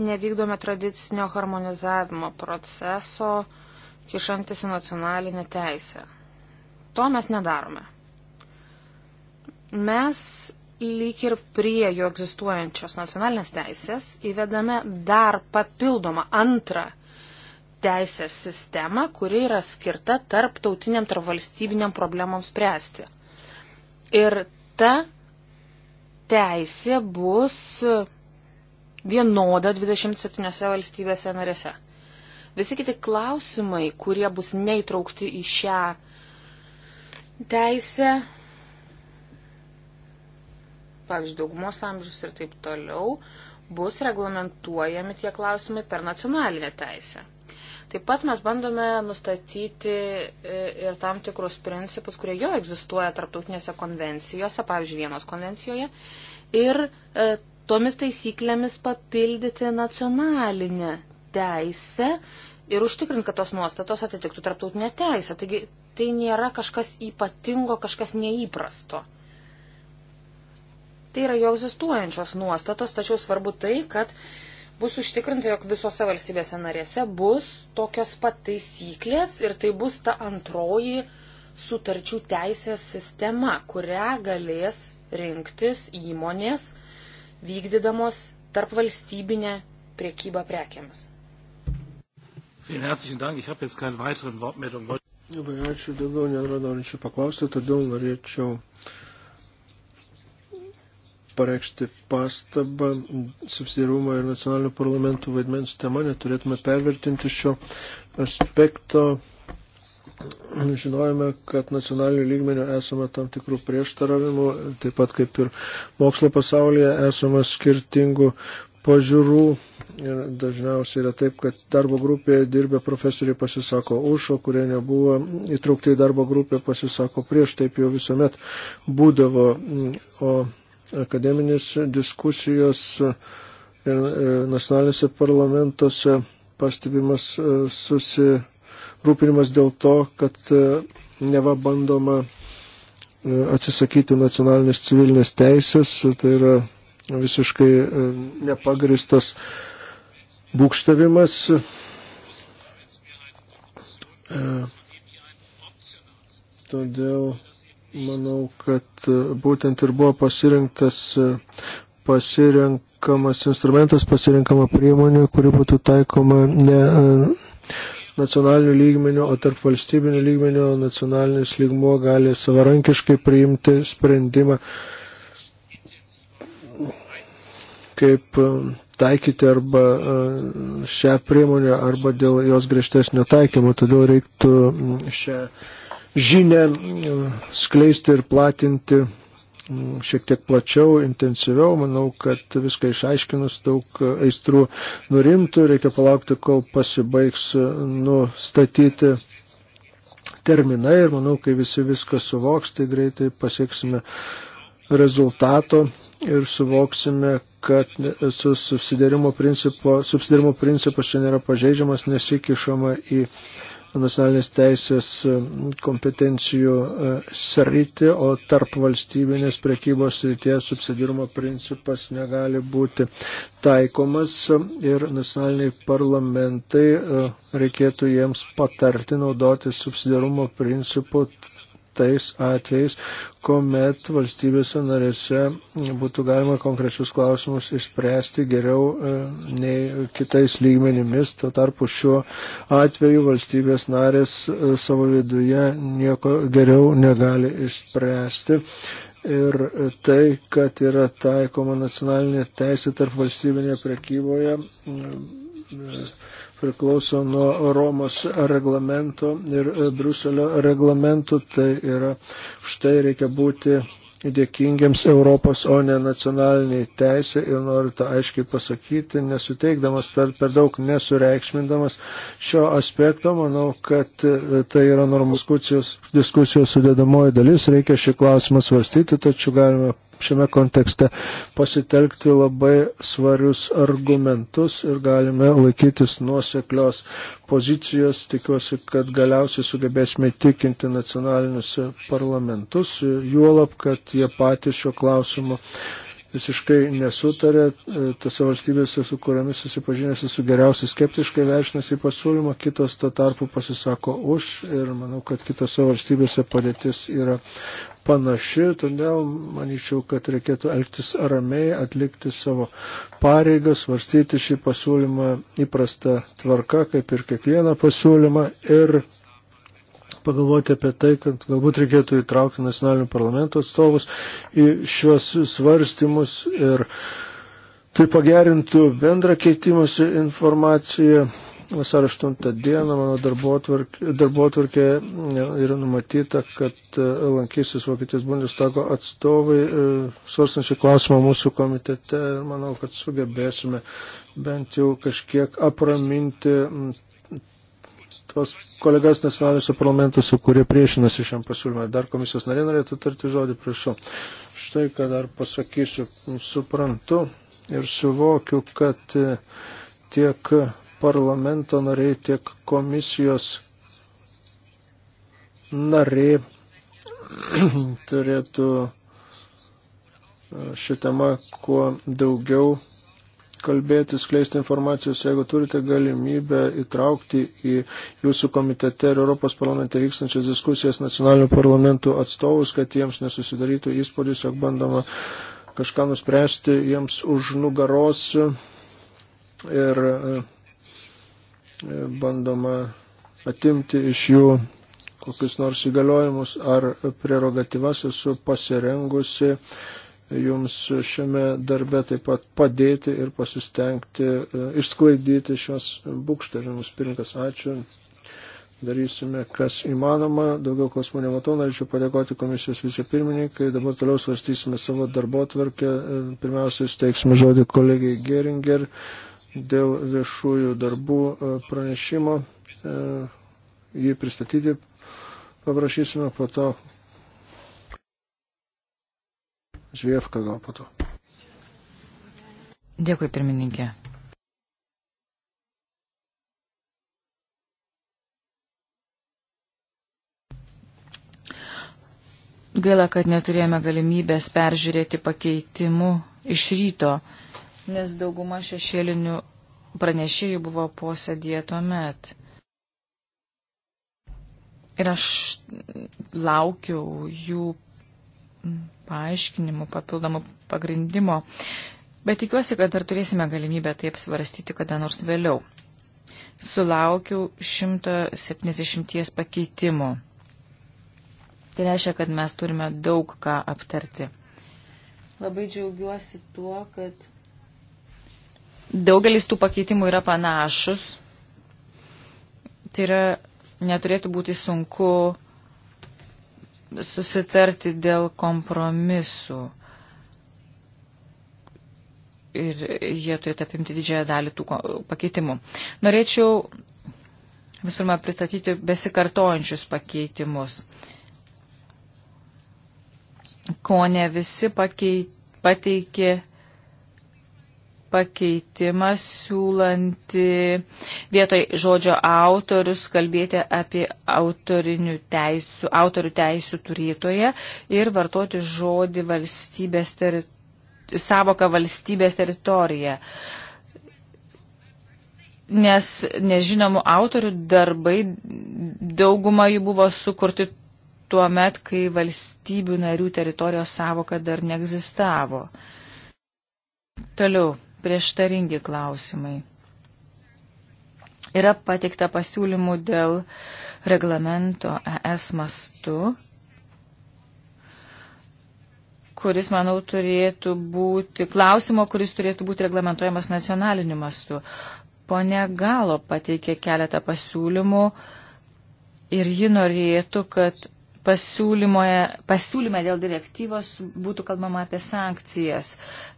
nevykdome tradicinio harmonizavimo proceso, kišantis į nacionalinę teisę. To mes nedarome. Mes lyg ir prie jo egzistuojančios nacionalinės teisės įvedame dar papildomą antrą teisės sistemą, kuri yra skirta tarptautiniam, tarpvalstybiniam problemams spręsti. Ir ta teisė bus vienoda 27 valstybėse narėse. Visi kiti klausimai, kurie bus neįtraukti į šią teisę, pavyzdžiui, daugumos amžius ir taip toliau, bus reglamentuojami tie klausimai per nacionalinę teisę. Taip pat mes bandome nustatyti e, ir tam tikrus principus, kurie jau egzistuoja tarptautinėse konvencijose, pavyzdžiui, vienos konvencijoje, ir e, tomis taisyklėmis papildyti nacionalinę teisę ir užtikrinti, kad tos nuostatos atitiktų tarptautinę teisę. Taigi tai nėra kažkas ypatingo, kažkas neįprasto. Tai yra jau egzistuojančios nuostatos, tačiau svarbu tai, kad bus užtikrinta, jog visose valstybėse narėse bus tokios pat taisyklės ir tai bus ta antroji sutarčių teisės sistema, kurią galės rinktis įmonės vykdydamos tarp valstybinę priekybą prekiamis. Vielen herzlichen Dank. Ich habe jetzt keine weiteren Wortmeldungen. Labai ačiū, daugiau nėra norinčių paklausti, todėl norėčiau pareikšti pastabą subsidiarumo ir nacionalinių parlamentų vaidmens tema, neturėtume pervertinti šio aspekto. Žinojame, kad nacionalinių lygmenių esame tam tikrų prieštaravimų, taip pat kaip ir mokslo pasaulyje esame skirtingų pažiūrų ir dažniausiai yra taip, kad darbo grupėje dirbę profesoriai pasisako už, o kurie nebuvo įtraukti į darbo grupę pasisako prieš, taip jau visuomet būdavo. O akademinės diskusijos ir e, nacionalinėse parlamentuose pastebimas e, susirūpinimas dėl to, kad e, neva bandoma atsisakyti nacionalinės civilinės teisės, tai yra visiškai e, nepagristas būkštavimas. E, todėl manau, kad e, būtent ir buvo pasirinktas pasirinkamas instrumentas, pasirinkama priemonė, kuri būtų taikoma ne nacionaliniu lygmeniu, o tarp valstybiniu lygmeniu nacionalinis lygmuo gali savarankiškai priimti sprendimą kaip e, taikyti arba e, šią priemonę, arba dėl jos griežtesnio taikymo. Todėl reiktų šią žinę e, skleisti ir platinti šiek tiek plačiau, intensyviau. Manau, kad viską išaiškinus daug aistrų nurimtų. Reikia palaukti, kol pasibaigs nustatyti terminai ir manau, kai visi viską suvoks, tai greitai pasieksime rezultato ir suvoksime, kad su subsidarimo principo, subsidarimo principas čia nėra pažeidžiamas, nesikišama į nacionalinės teisės kompetencijų e, sritį, o tarp valstybinės prekybos srityje subsidirimo principas negali būti taikomas ir nacionaliniai parlamentai e, reikėtų jiems patarti naudoti subsidirumo principų tais atvejais, kuomet valstybėse narėse būtų galima konkrečius klausimus išspręsti geriau e, nei kitais lygmenimis. Tuo tarpu šiuo atveju valstybės narės e, savo viduje nieko geriau negali išspręsti. Ir tai, kad yra taikoma nacionalinė teisė tarp valstybinėje prekyboje. E, priklauso nuo Romos reglamento ir e, Bruselio reglamentų, tai yra štai reikia būti dėkingiams Europos, o ne nacionaliniai teisė ir noriu tą aiškiai pasakyti, nesuteikdamas per, per daug, nesureikšmindamas šio aspekto, manau, kad e, tai yra normus diskusijos sudėdamoji dalis, reikia šį klausimą svarstyti, tačiau galime šiame kontekste pasitelkti labai svarius argumentus ir galime laikytis nuoseklios pozicijos. Tikiuosi, kad galiausiai sugebėsime įtikinti nacionalinius parlamentus, juolab, kad jie patys šio klausimo visiškai nesutarė, tose valstybėse, su kuriamis susipažinėsi su geriausiai skeptiškai veršinasi pasiūlymą, kitos to tarpu pasisako už ir manau, kad kitose valstybėse padėtis yra panaši, todėl manyčiau, kad reikėtų elgtis ramiai, atlikti savo pareigas, svarstyti šį pasiūlymą įprasta tvarka, kaip ir kiekvieną pasiūlymą ir pagalvoti apie tai, kad galbūt reikėtų įtraukti nacionalinių parlamento atstovus į šiuos svarstymus ir tai pagerintų bendrą keitimusi informaciją Vasaro 8 dieną mano darbotvarkė yra numatyta, kad e, lankysis Vokietijos Bundestago atstovai, e, svarstančią klausimą mūsų komitete ir manau, kad sugebėsime bent jau kažkiek apraminti tuos kolegas nacionaliniuose parlamentuose, kurie priešinasi šiam pasiūlymui. Dar komisijos nariai norėtų tarti žodį, prašau. Štai ką dar pasakysiu. Suprantu ir suvokiu, kad e, tiek parlamento nariai, tiek komisijos nariai turėtų e, šitama kuo daugiau kalbėti, skleisti informacijos, jeigu turite galimybę įtraukti į jūsų komitete ir Europos parlamente vykstančias diskusijas nacionalinių parlamentų atstovus, kad jiems nesusidarytų įspūdis, jog bandoma kažką nuspręsti jiems už nugaros ir e, E, bandoma atimti iš jų kokius nors įgaliojimus ar prerogatyvas esu pasirengusi jums šiame darbe taip pat padėti ir pasistengti e, išsklaidyti šios būkštavimus. Pirinkas, ačiū. Darysime, kas įmanoma. Daugiau klausimų nematau. Norėčiau padėkoti komisijos vicepirmininkai. Dabar toliau svarstysime savo darbo tvarkę. E, pirmiausia, steiksime žodį kolegijai Geringer dėl viešųjų darbų e, pranešimo. E, jį pristatyti paprašysime po to. Žviefka gal po to. Dėkui, pirmininkė. Gaila, kad neturėjome galimybės peržiūrėti pakeitimų iš ryto nes dauguma šešėlinių pranešėjų buvo posėdėje tuo met. Ir aš laukiau jų paaiškinimų, papildomų pagrindimo, bet tikiuosi, kad dar turėsime galimybę tai apsvarstyti kada nors vėliau. Sulaukiau 170 pakeitimų. Tai reiškia, kad mes turime daug ką aptarti. Labai džiaugiuosi tuo, kad Daugelis tų pakeitimų yra panašus. Tai yra, neturėtų būti sunku susitarti dėl kompromisų. Ir jie turėtų apimti didžiąją dalį tų pakeitimų. Norėčiau vis pirma pristatyti besikartojančius pakeitimus. Ko ne visi pakeit, pateikė pakeitimą siūlanti vietoj žodžio autorius kalbėti apie teisų, autorių teisų turėtoje ir vartoti žodį valstybės teri, savoką valstybės teritorija. Nes nežinomų autorių darbai dauguma jų buvo sukurti tuo met, kai valstybių narių teritorijos savoka dar neegzistavo. Toliau prieštaringi klausimai. Yra pateikta pasiūlymų dėl reglamento ES mastu, kuris, manau, turėtų būti, klausimo, kuris turėtų būti reglamentojamas nacionaliniu mastu. Pone Galo pateikė keletą pasiūlymų ir ji norėtų, kad pasiūlyme dėl direktyvos būtų kalbama apie sankcijas,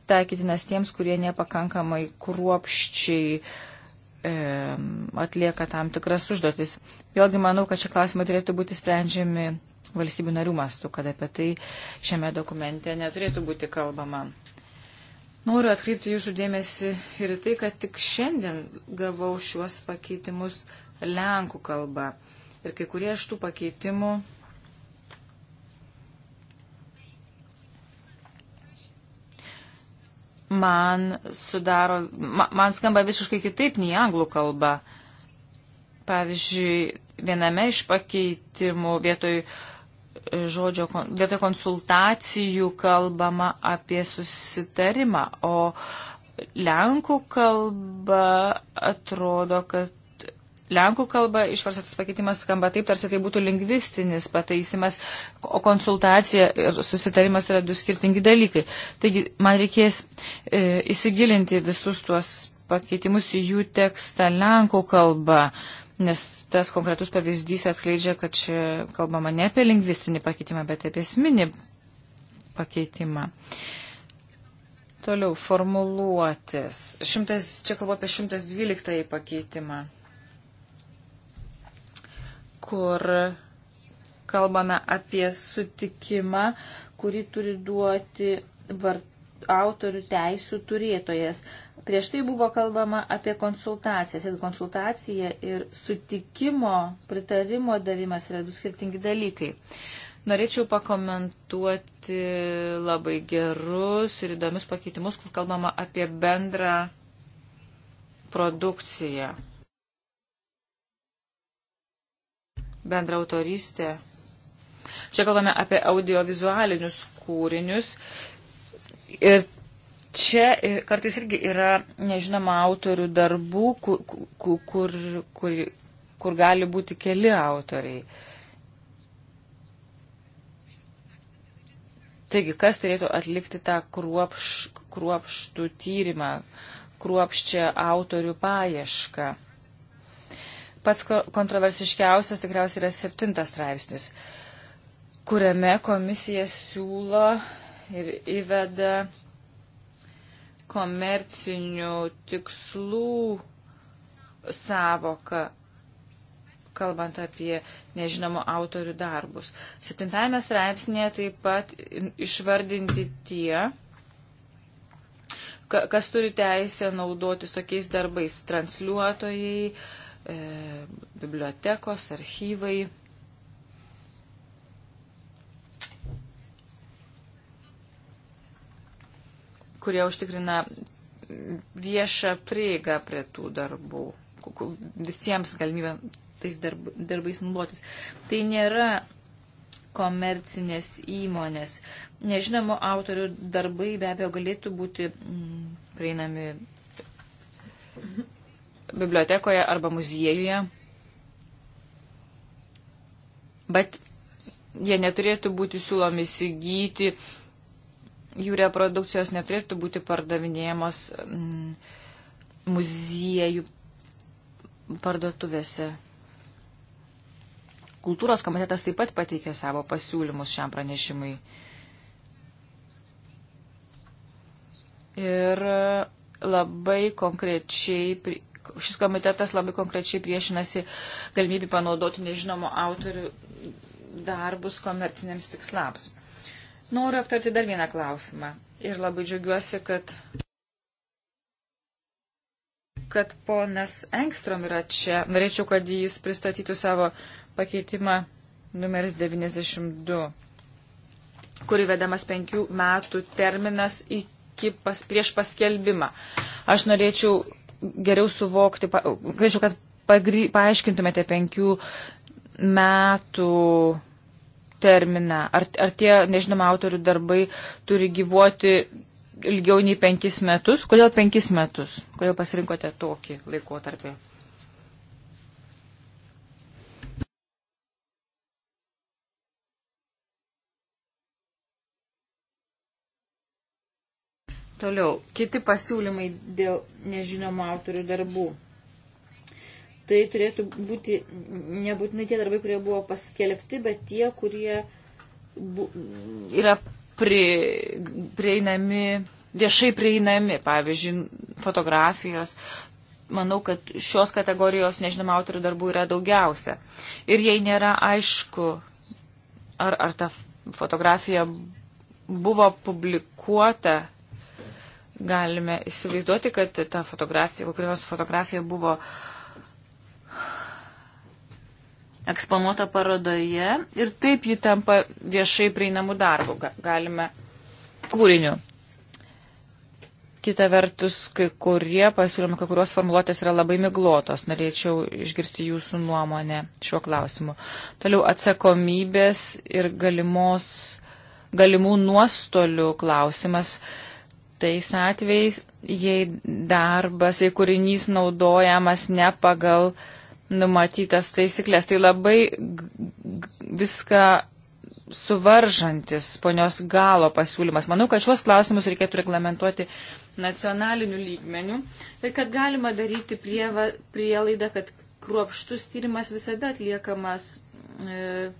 taikytinas tiems, kurie nepakankamai kruopščiai e, atlieka tam tikras užduotis. Vėlgi manau, kad šie klausimai turėtų būti sprendžiami valstybių narių mastu, kad apie tai šiame dokumente neturėtų būti kalbama. Noriu atkreipti jūsų dėmesį ir tai, kad tik šiandien gavau šiuos pakeitimus lenkų kalba. Ir kai kurie iš tų pakeitimų man sudaro, man skamba visiškai kitaip nei anglų kalba. Pavyzdžiui, viename iš pakeitimų vietoj e, žodžio, vietoj konsultacijų kalbama apie susitarimą, o lenkų kalba atrodo, kad Lenkų kalba išvarsas pakeitimas skamba taip, tarsi tai būtų lingvistinis pataisimas, o konsultacija ir susitarimas yra du skirtingi dalykai. Taigi man reikės e, įsigilinti visus tuos pakeitimus į jų tekstą Lenkų kalba, nes tas konkretus pavyzdys atskleidžia, kad čia kalbama ne apie lingvistinį pakeitimą, bet apie esminį pakeitimą. Toliau formuluotis. Šimtas, čia kalbu apie 112 pakeitimą kur kalbame apie sutikimą, kurį turi duoti autorių teisų turėtojas. Prieš tai buvo kalbama apie konsultacijas. Ir konsultacija ir sutikimo, pritarimo davimas yra du skirtingi dalykai. Norėčiau pakomentuoti labai gerus ir įdomius pakeitimus, kur kalbama apie bendrą produkciją. bendrą autorystę. Čia kalbame apie audiovizualinius kūrinius ir čia kartais irgi yra nežinoma autorių darbų, kur, kur, kur, kur gali būti keli autoriai. Taigi, kas turėtų atlikti tą kruopš, kruopštų tyrimą, kruopščią autorių paiešką? Pats kontroversiškiausias tikriausiai yra septintas straipsnis, kuriame komisija siūlo ir įveda komercinių tikslų savoką, kalbant apie nežinomų autorių darbus. Septintame straipsnėje taip pat išvardinti tie, kas turi teisę naudotis tokiais darbais - transliuotojai, E, bibliotekos, archyvai. kurie užtikrina viešą prieigą prie tų darbų, visiems galimybę tais darb, darbais naudotis. Tai nėra komercinės įmonės. Nežinomų autorių darbai be abejo galėtų būti mm, prieinami bibliotekoje arba muziejuje, bet jie neturėtų būti siūlomi įsigyti, jų reprodukcijos neturėtų būti pardavinėjamos mm, muziejų parduotuvėse. Kultūros komitetas taip pat pateikė savo pasiūlymus šiam pranešimui. Ir labai konkrečiai šis komitetas labai konkrečiai priešinasi galimybį panaudoti nežinomo autorių darbus komerciniams tikslams. Noriu aptarti dar vieną klausimą ir labai džiaugiuosi, kad, kad ponas Engstrom yra čia. Norėčiau, kad jis pristatytų savo pakeitimą numeris 92, kuri vedamas penkių metų terminas iki pas, prieš paskelbimą. Aš norėčiau geriau suvokti, galėčiau, kad pagry, paaiškintumėte penkių metų terminą. Ar, ar tie, nežinoma, autorių darbai turi gyvuoti ilgiau nei penkis metus? Kodėl penkis metus? Kodėl pasirinkote tokį laikotarpį? Toliau, kiti pasiūlymai dėl nežinomų autorių darbų. Tai turėtų būti nebūtinai tie darbai, kurie buvo paskelbti, bet tie, kurie bu, yra pri, prieinami, viešai prieinami, pavyzdžiui, fotografijos. Manau, kad šios kategorijos nežinomų autorių darbų yra daugiausia. Ir jei nėra aišku, ar, ar ta fotografija buvo publikuota galime įsivaizduoti, kad ta fotografija, kokia nors fotografija buvo eksponuota parodoje ir taip ji tampa viešai prieinamų darbų, galime kūriniu. Kita vertus, kai kurie pasiūlymai, kai kurios formuluotės yra labai miglotos. Norėčiau išgirsti jūsų nuomonę šiuo klausimu. Toliau atsakomybės ir galimos, galimų nuostolių klausimas. Uh, tais atvejais, jei darbas, jei kūrinys naudojamas ne pagal numatytas taisyklės. Tai labai viską suvaržantis ponios galo pasiūlymas. Manau, kad šios klausimus reikėtų reglamentuoti nacionaliniu lygmeniu ir tai kad galima daryti prieva, prielaidą, kad kruopštus tyrimas visada atliekamas e,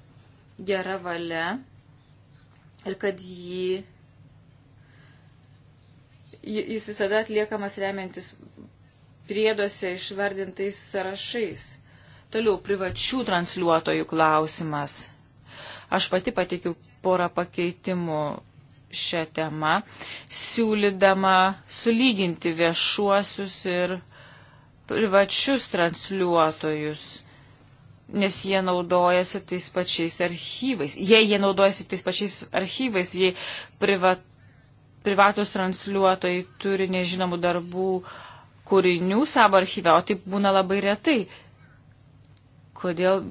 gera valia ir kad jį jis visada atliekamas remiantis prieduose išvardintais sąrašais. Toliau privačių transliuotojų klausimas. Aš pati patikiu porą pakeitimų šią temą, siūlydama sulyginti viešuosius ir privačius transliuotojus, nes jie naudojasi tais pačiais archyvais. Jei jie naudojasi tais pačiais archyvais, jei privat privatus transliuotojai turi nežinomų darbų kūrinių savo archyve, o taip būna labai retai. Kodėl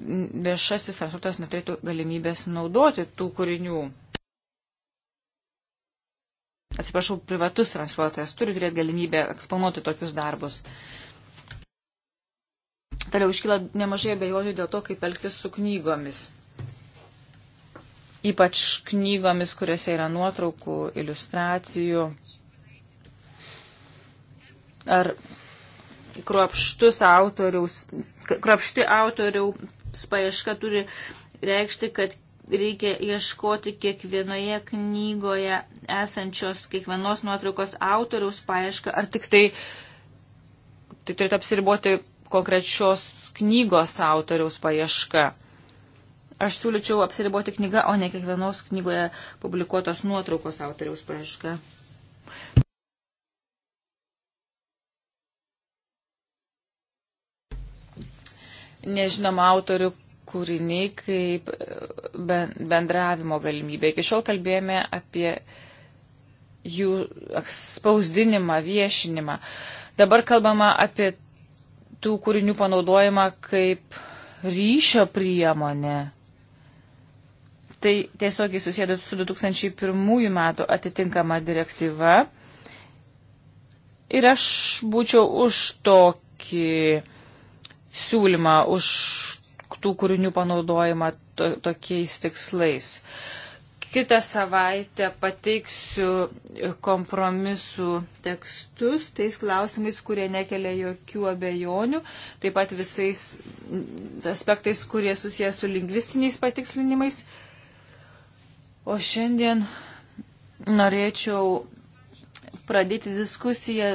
viešasis transliuotojas neturėtų galimybės naudoti tų kūrinių? Atsiprašau, privatus transliuotojas turi turėti galimybę eksponuoti tokius darbus. Toliau iškyla nemažai abejonių dėl to, kaip elgtis su knygomis ypač knygomis, kuriuose yra nuotraukų, iliustracijų. Ar kruopštus autoriaus, kruopšti autoriaus paieška turi reikšti, kad reikia ieškoti kiekvienoje knygoje esančios kiekvienos nuotraukos autoriaus paiešką, ar tik tai, tai turėtų apsiriboti konkrečios knygos autoriaus paieška. Aš siūlyčiau apsiriboti knygą, o ne kiekvienos knygoje publikuotos nuotraukos autoriaus paieška. Nežinoma autorių kūriniai kaip e, bendravimo galimybė. Iki šiol kalbėjome apie jų spausdinimą, viešinimą. Dabar kalbama apie tų kūrinių panaudojimą kaip ryšio priemonė. Tai tiesiogiai susėdė su 2001 metų atitinkama direktyva. Ir aš būčiau už tokį siūlymą, už tų kūrinių panaudojimą to, tokiais tikslais. Kitą savaitę pateiksiu kompromisų tekstus tais klausimais, kurie nekelia jokių abejonių, taip pat visais aspektais, kurie susijęs su lingvistiniais patikslinimais. O šiandien norėčiau pradėti diskusiją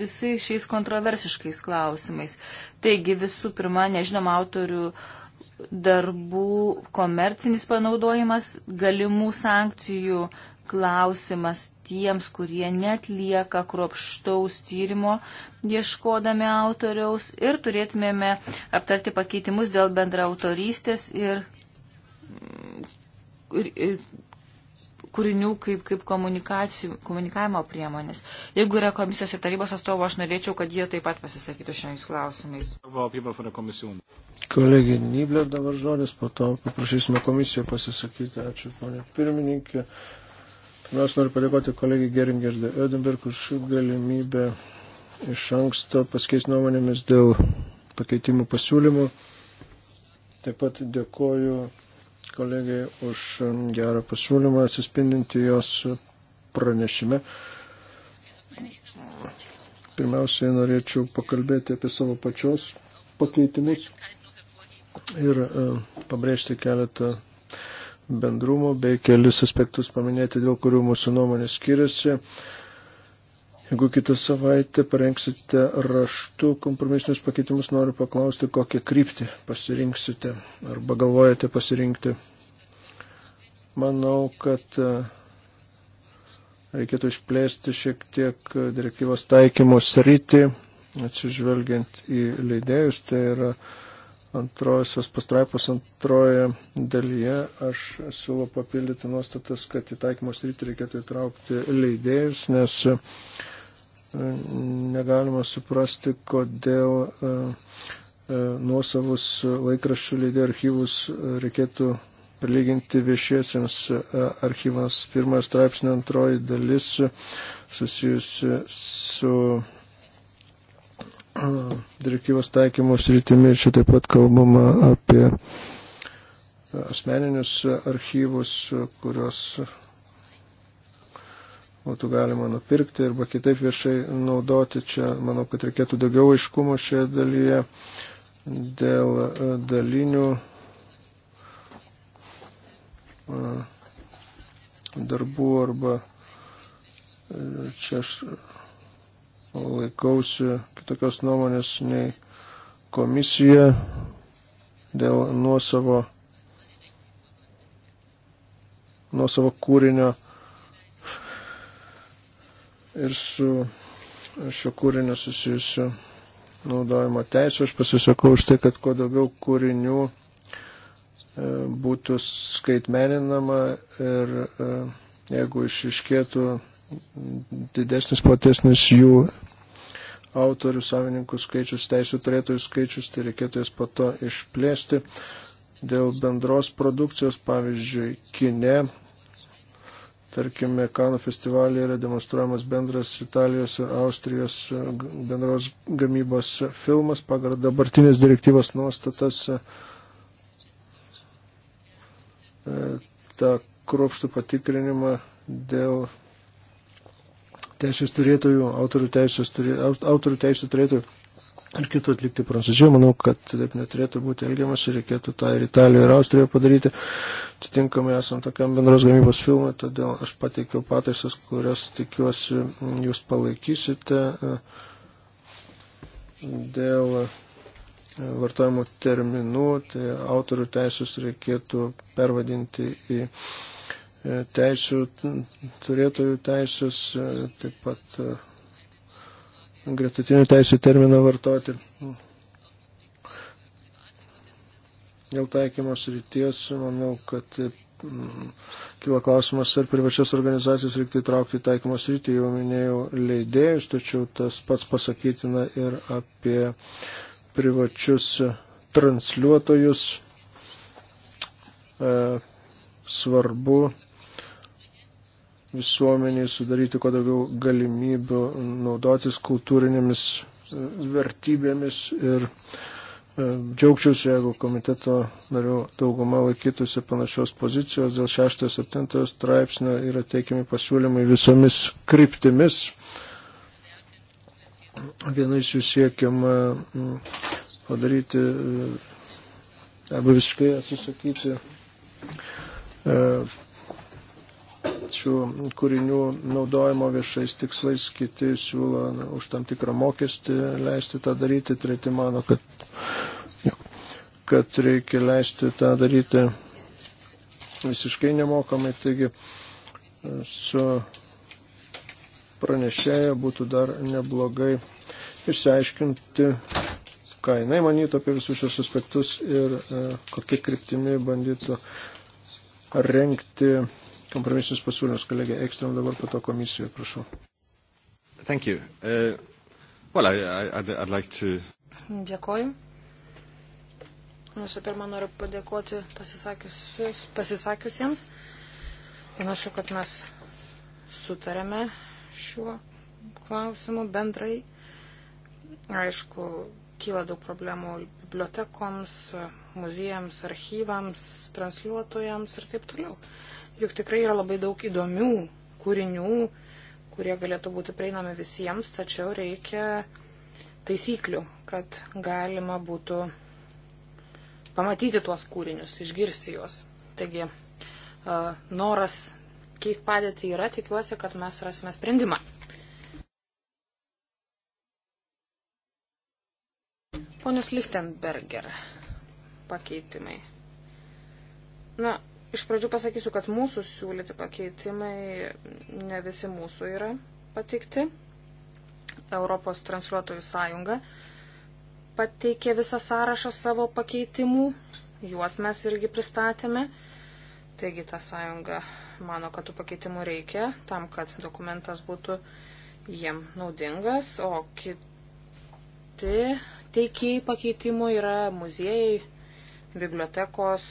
visais šiais kontroversiškais klausimais. Taigi visų pirma, nežinom autorių darbų komercinis panaudojimas, galimų sankcijų klausimas tiems, kurie netlieka kropštaus tyrimo ieškodami autoriaus ir turėtumėme aptarti pakeitimus dėl bendraautorystės ir E, kūrinių kaip, kaip komunikavimo priemonės. Jeigu yra komisijos ir tarybos atstovo, aš norėčiau, kad jie taip pat pasisakytų šiais klausimais. Kolegė Nyblė dabar žodis, po to paprašysime komisiją pasisakyti. Ačiū, ponė pirmininkė. Pirmiausia, noriu padėkoti kolegijai Geringerdė Ödenberg už galimybę iš anksto pasikeisti nuomonėmis dėl pakeitimų pasiūlymų. Taip pat dėkoju kolegai už um, gerą pasiūlymą atsispindinti jos pranešime. Pirmiausiai norėčiau pakalbėti apie savo pačios pakeitimus ir um, pabrėžti keletą bendrumo bei kelis aspektus paminėti, dėl kurių mūsų nuomonė skiriasi. Jeigu kitą savaitę parengsite raštu kompromisinius pakeitimus, noriu paklausti, kokią kryptį pasirinksite arba galvojate pasirinkti. Manau, kad e, reikėtų išplėsti šiek tiek direktyvos taikymo sritį, atsižvelgiant į leidėjus. Tai yra antrosios pastraipos antroje dalyje aš siūlau papildyti nuostatas, kad į taikymo sritį reikėtų įtraukti leidėjus, nes E, negalima suprasti, kodėl e, e, nuosavus laikraščių leidėjų archyvus reikėtų prilyginti viešiesiems archyvams. Pirmas straipsnio antroji dalis susijusi su direktyvos taikymus rytimi. Čia taip pat kalbama apie asmeninius archyvus, kurios būtų galima nupirkti arba kitaip viešai naudoti. Čia manau, kad reikėtų daugiau aiškumo šioje dalyje dėl e, dalinių e, darbų arba e, čia aš laikausi kitokios nuomonės nei komisija dėl nuosavo, nuosavo kūrinio ir su šio kūrinio susijusiu naudojimo teisų. Aš pasisakau už tai, kad kuo daugiau kūrinių e, būtų skaitmeninama ir e, jeigu išiškėtų didesnis, platesnis jų autorių savininkų skaičius, teisų turėtojų skaičius, tai reikėtų jas po to išplėsti. Dėl bendros produkcijos, pavyzdžiui, kine Tarkime, Kanų festivalyje yra demonstruojamas bendras Italijos ir Austrijos e, bendros gamybos filmas pagal dabartinės direktyvos nuostatas. E, Ta kruopštų patikrinimą dėl teisės turėtojų, autorių teisės, turė, autorių teisės turėtojų ir kitų atlikti Prancūzijoje. Manau, kad taip neturėtų būti elgiamas ir reikėtų tą ir Italijoje, ir Austrijoje padaryti. Atitinkamai esant tokiam bendros gamybos filmui, todėl aš pateikiau pataisas, kurias tikiuosi jūs palaikysite e, dėl e, vartojimo terminų, tai autorių teisus reikėtų pervadinti į e, teisų, turėtojų teisus, taip pat gretutinių teisų terminą vartoti. Dėl taikymos ryties, manau, kad mm, kila klausimas, ar privačias organizacijas reiktų įtraukti į taikymos rytį, jau minėjau leidėjus, tačiau tas pats pasakytina ir apie privačius transliuotojus. E, svarbu visuomeniai sudaryti kuo daugiau galimybių naudotis kultūrinėmis e, vertybėmis ir e, džiaugčiausi, jeigu komiteto narių dauguma laikytųsi panašios pozicijos, dėl 6-7 straipsnio yra teikiami pasiūlymai visomis kryptimis. Vienais jų siekiama padaryti e, arba visiškai atsisakyti šių kūrinių naudojimo viešais tikslais, kiti siūlo na, už tam tikrą mokestį leisti tą daryti, treti mano, kad, kad reikia leisti tą daryti visiškai nemokamai. Taigi su pranešėja būtų dar neblogai išsiaiškinti ką jinai manytų apie visus šios aspektus ir e, kokie kryptimi bandytų renkti kompromisinis pasiūlymas, kolegė Ekstrom, dabar po to komisijoje, prašau. Thank you. Uh, well, I, I, I'd, I'd like to... Dėkoju. Visų pirma, noriu padėkoti pasisakiusiems. Panašu, kad mes sutarėme šiuo klausimu bendrai. Aišku, kyla daug problemų bibliotekoms, muziejams, archyvams, transliuotojams ir taip toliau juk tikrai yra labai daug įdomių kūrinių, kurie galėtų būti prieinami visiems, tačiau reikia taisyklių, kad galima būtų pamatyti tuos kūrinius, išgirsti juos. Taigi, noras keist padėtį yra, tikiuosi, kad mes rasime sprendimą. Ponius Lichtenberger pakeitimai. Na, Iš pradžių pasakysiu, kad mūsų siūlyti pakeitimai ne visi mūsų yra pateikti. Europos transliuotojų sąjunga pateikė visą sąrašą savo pakeitimų, juos mes irgi pristatėme. Taigi ta sąjunga mano, kad tų pakeitimų reikia tam, kad dokumentas būtų jiem naudingas, o kiti teikėjai pakeitimų yra muziejai, bibliotekos,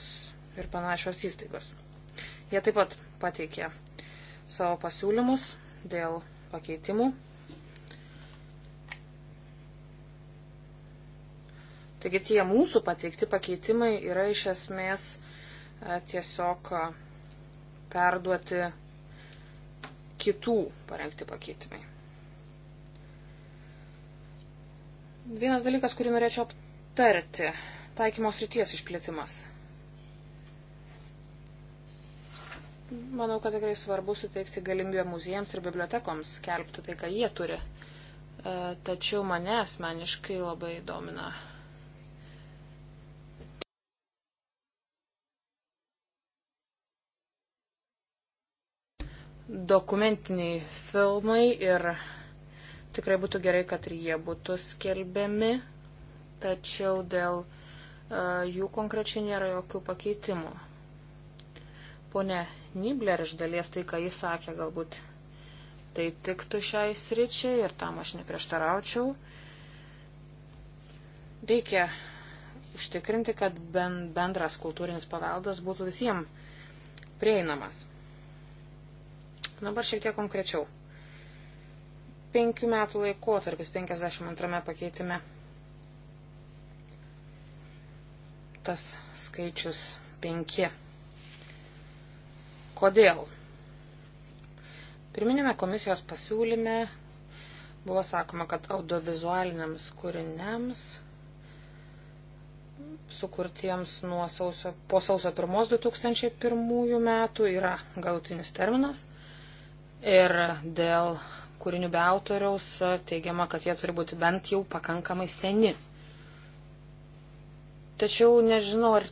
ir panašios įstaigos. Jie taip pat pateikė savo pasiūlymus dėl pakeitimų. Taigi tie mūsų pateikti pakeitimai yra iš esmės e, tiesiog e, perduoti kitų parengti pakeitimai. Vienas dalykas, kurį norėčiau aptarti - taikymos ryties išplėtimas. Manau, kad tikrai svarbu suteikti galimybę muziejams ir bibliotekoms skelbti tai, ką jie turi. E, tačiau mane asmeniškai labai domina dokumentiniai filmai ir tikrai būtų gerai, kad ir jie būtų skelbiami, tačiau dėl uh, jų konkrečiai nėra jokių pakeitimų. Pone Nibler iš dalies tai, ką jis sakė, galbūt tai tiktų šiai sričiai ir tam aš neprieštaraučiau. Reikia užtikrinti, kad bendras kultūrinis paveldas būtų visiems prieinamas. Dabar šiek tiek konkrečiau. Penkių metų laikotarpis 52 pakeitime. Tas skaičius 5 Kodėl? Pirminėme komisijos pasiūlyme buvo sakoma, kad audiovizualiniams kūriniams sukurtiems nuo sausio, po sausio 1 2001 metų yra galutinis terminas ir dėl kūrinių be autoriaus teigiama, kad jie turi būti bent jau pakankamai seni. Tačiau nežinau, ar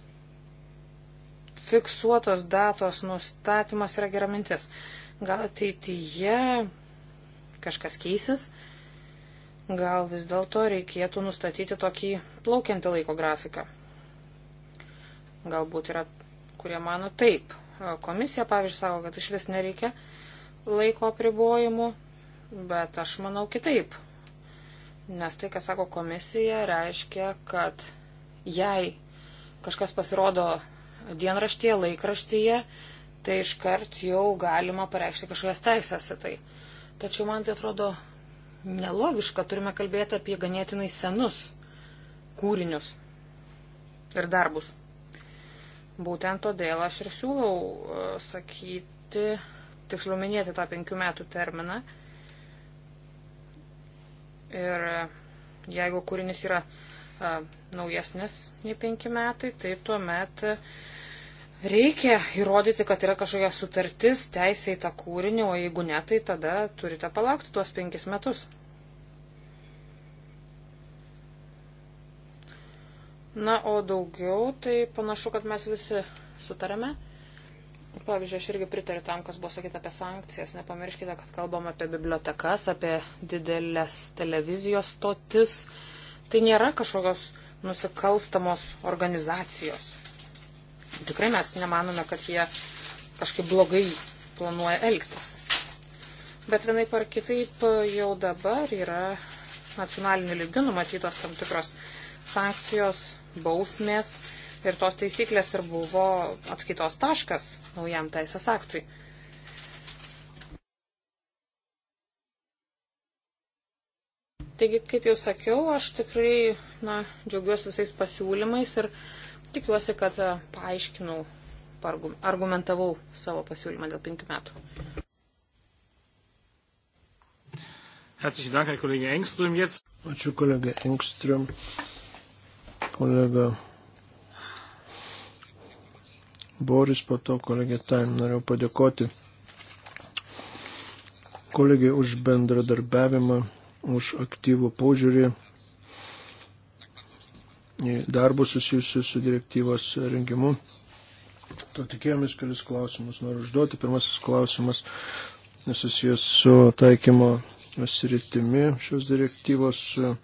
fiksuotos datos nustatymas yra gera mintis. Gal ateityje kažkas keisis, gal vis dėlto reikėtų nustatyti tokį plaukiantį laiko grafiką. Galbūt yra, kurie mano taip. Komisija, pavyzdžiui, sako, kad iš vis nereikia laiko apribojimų, bet aš manau kitaip. Nes tai, ką sako komisija, reiškia, kad jei kažkas pasirodo dienraštyje, laikraštyje, tai iškart jau galima pareikšti kažkokias teisės į tai. Tačiau man tai atrodo nelogiška, turime kalbėti apie ganėtinai senus kūrinius ir darbus. Būtent todėl aš ir siūlau e, sakyti, tiksliau minėti tą penkių metų terminą. Ir e, jeigu kūrinis yra a, e, naujesnis nei penki metai, tai tuomet reikia įrodyti, kad yra kažkokia sutartis teisė į tą kūrinį, o jeigu ne, tai tada turite palaukti tuos penkis metus. Na, o daugiau, tai panašu, kad mes visi sutarėme. Pavyzdžiui, aš irgi pritariu tam, kas buvo sakyta apie sankcijas. Nepamirškite, kad kalbam apie bibliotekas, apie didelės televizijos stotis. Tai nėra kažkokios nusikalstamos organizacijos. Tikrai mes nemanome, kad jie kažkaip blogai planuoja elgtis. Bet vienaip ar kitaip jau dabar yra nacionaliniu lygiu numatytos tam tikros sankcijos, bausmės ir tos taisyklės ir buvo atskaitos taškas naujam teisės aktui. Taigi, kaip jau sakiau, aš tikrai na, džiaugiuosi visais pasiūlymais ir tikiuosi, kad e, paaiškinau, argumentavau savo pasiūlymą dėl penkių metų. Herzlichen Dank, Herr Kollege Engström. Jetzt. Ačiū, kolega Engström. Kolega Boris, po to kolegė Taim. Norėjau padėkoti kolegė už bendradarbiavimą, už aktyvų požiūrį darbus susijusius su direktyvos rengimu. To tikėjomės kelis klausimus noriu užduoti. Pirmasis klausimas susijęs su taikymo sritimi šios direktyvos. E,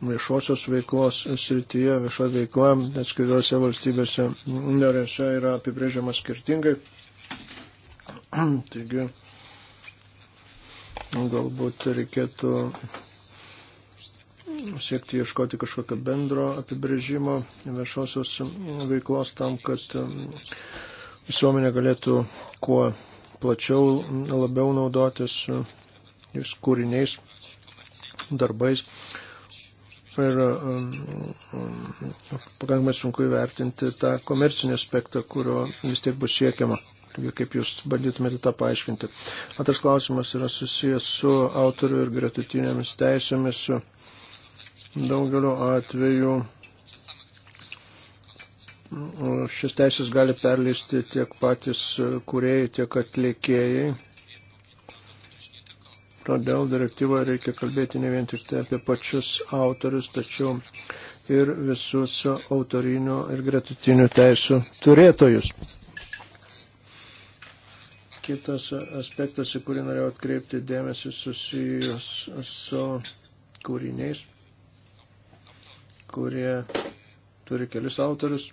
viešosios veiklos srityje, viešo veikla atskiriuose valstybėse narėse yra apibrėžiama skirtingai. Taigi, Galbūt reikėtų siekti ieškoti kažkokio bendro apibrėžimo viešosios veiklos tam, kad um, visuomenė galėtų kuo plačiau labiau naudotis um, jūs kūriniais, darbais. Ir um, pakankamai sunku įvertinti tą komercinį aspektą, kurio vis tiek bus siekiama. Taigi, kaip jūs bandytumėte tą paaiškinti. Antras klausimas yra susijęs su autorių ir gretutinėmis teisėmis. Daugeliu atveju mm, šis teisės gali perleisti tiek patys kuriejai, tiek atlikėjai. Todėl direktyvoje reikia kalbėti ne vien tik tai apie pačius autorius, tačiau ir visus autorinių ir gretutinių teisų turėtojus. Kitas aspektas, į kurį norėjau atkreipti dėmesį, susijęs su kūriniais, kurie turi kelis autorius.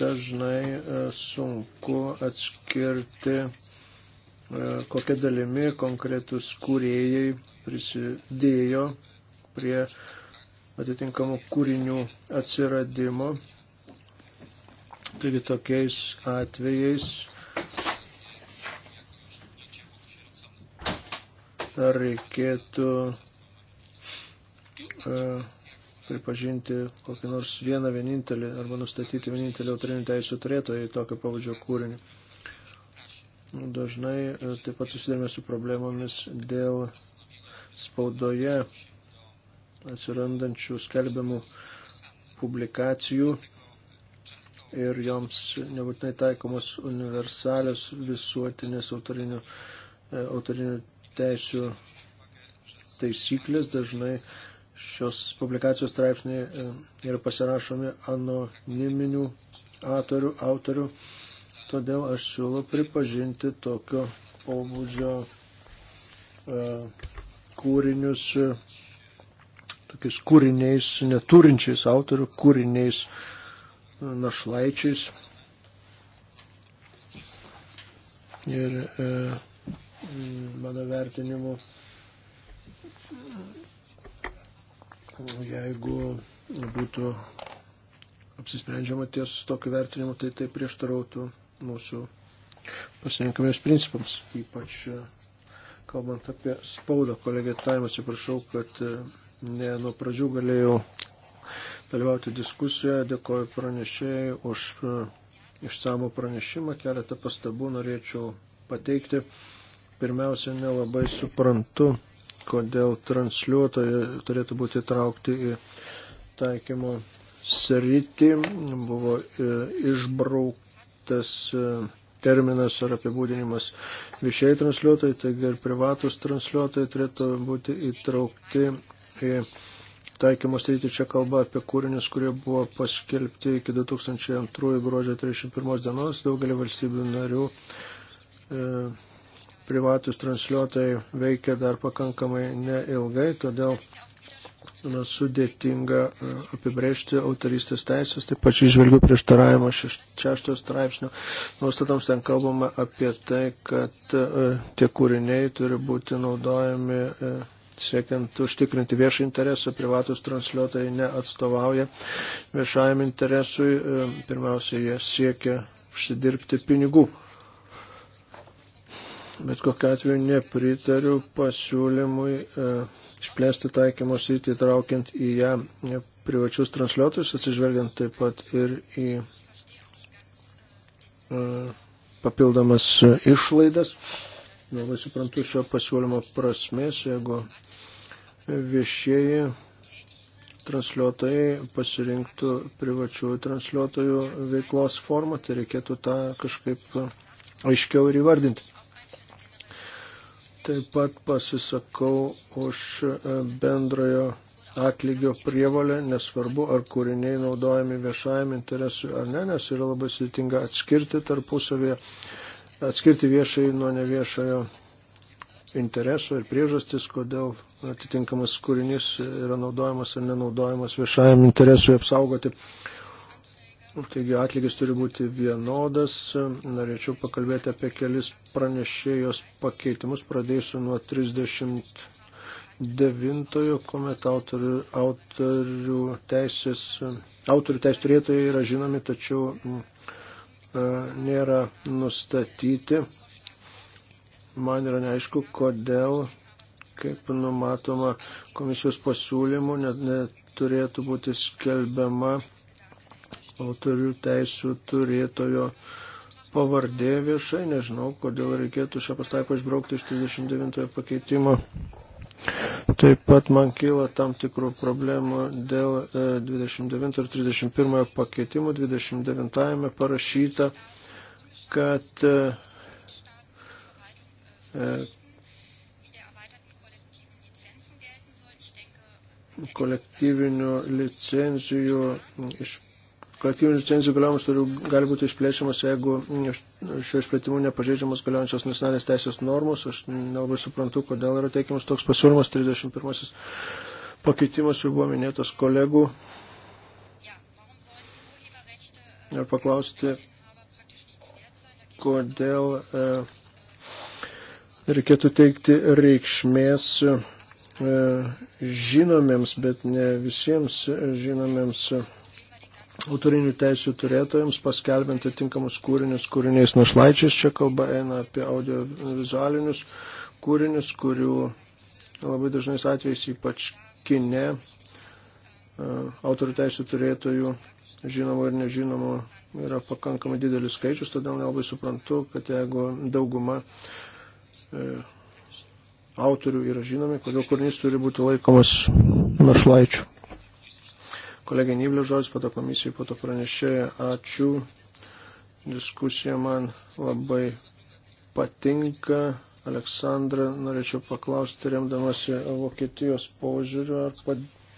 Dažnai e, sunku atskirti, e, kokia dalimi konkretus kūrėjai prisidėjo prie atitinkamų kūrinių atsiradimo Taigi tokiais atvejais reikėtų e, pripažinti kokį nors vieną vienintelį arba nustatyti vienintelį autorinių teisų turėtoją į tokio pavadžio kūrinį. Dažnai e, taip pat susidurime su problemomis dėl spaudoje atsirandančių skelbiamų publikacijų ir joms nebūtinai taikomos universalios visuotinės autorinių, e, autorinių teisių taisyklės. Dažnai šios publikacijos straipsniai e, yra pasirašomi anoniminių autorių, autorių. Todėl aš siūlau pripažinti tokio pobūdžio e, kūrinius, tokiais kūriniais, neturinčiais autorių kūriniais uh, našlaičiais. Ir e, mano vertinimu, jeigu būtų apsisprendžiama ties tokiu vertinimu, tai tai prieštarautų mūsų pasirinkamiems principams, ypač e, kalbant apie spaudą. Kolegė Taim, atsiprašau, kad e, ne nuo pradžių galėjau dalyvauti diskusijoje. Dėkoju pranešėjai už e, išsamų pranešimą. Keletą pastabų norėčiau pateikti. Pirmiausia, nelabai suprantu, kodėl transliuotojai turėtų būti traukti į taikymo sritį. Buvo e, išbrauktas e, terminas ar apibūdinimas viešieji transliuotojai, taigi ir privatus transliuotojai turėtų būti įtraukti į taikymos rytį čia kalba apie kūrinius, kurie buvo paskelbti iki 2002 gruodžio 31 dienos daugelį valstybių narių. E, privatus transliuotojai veikia dar pakankamai neilgai, todėl na, sudėtinga e, apibrėžti autoristės teisės, taip pat išvelgiu prieštaravimą šešto straipsnio nuostatoms, ten kalbama apie tai, kad e, tie kūriniai turi būti naudojami e, siekiant užtikrinti viešą interesą, privatus transliuotojai neatstovauja viešajam interesui, e, pirmiausia, jie siekia užsidirbti pinigų. Bet kokiu atveju nepritariu pasiūlymui e, išplėsti taikymos rytį, traukiant į ją privačius transliuotojus, atsižvelgiant taip pat ir į e, papildomas išlaidas. Nelabai suprantu šio pasiūlymo prasmės, jeigu viešieji transliuotojai pasirinktų privačių transliuotojų veiklos formą, tai reikėtų tą kažkaip aiškiau ir įvardinti. Taip pat pasisakau už e, bendrojo atlygio prievalę, nesvarbu, ar kūriniai naudojami viešajam interesui ar ne, nes yra labai sudėtinga atskirti tarpusavėje, atskirti viešai nuo neviešojo interesų ir priežastis, kodėl atitinkamas kūrinys yra naudojamas ar nenaudojamas viešajam interesui apsaugoti. Taigi atlygis turi būti vienodas. Norėčiau pakalbėti apie kelis pranešėjos pakeitimus. Pradėsiu nuo 39, kuomet autorių, autorių teisės, autorių teisės turėtojai yra žinomi, tačiau mm, e, nėra nustatyti man yra neaišku, kodėl, kaip numatoma komisijos pasiūlymų, net neturėtų būti skelbiama autorių teisų turėtojo pavardė viešai. Nežinau, kodėl reikėtų šią pastaipą išbraukti iš 39 pakeitimo. Taip pat man kyla tam tikrų problemų dėl 29 e, ir 31 pakeitimų. 29 parašyta, kad e, Äh, kolektyvinių licenzijų, iš, kolektyvinių licenzijų galiojimas turi, gali būti išplėčiamas, jeigu šio išplėtimu nepažeidžiamas galiojančios nacionalinės teisės normos. Aš nelabai suprantu, kodėl yra teikiamas toks pasiūlymas. 31 pakeitimas jau buvo minėtas kolegų. Ir paklausti, kodėl. E, reikėtų teikti reikšmės e, žinomiems, bet ne visiems žinomiems autorinių teisų turėtojams paskelbinti tinkamus kūrinius kūriniais našlaičiais. Čia kalba eina apie audiovizualinius kūrinius, kurių labai dažnais atvejais ypač kine e, autorių teisų turėtojų žinomų ir nežinomų yra pakankamai didelis skaičius, todėl nelabai suprantu, kad jeigu dauguma E, autorių yra žinomi, kodėl kūrinys turi būti laikomas našlaičių. Kolegė Nyblė žodis, pato komisijai, pato pranešėjai, ačiū. Diskusija man labai patinka. Aleksandra, norėčiau paklausti, remdamasi Vokietijos požiūriu ar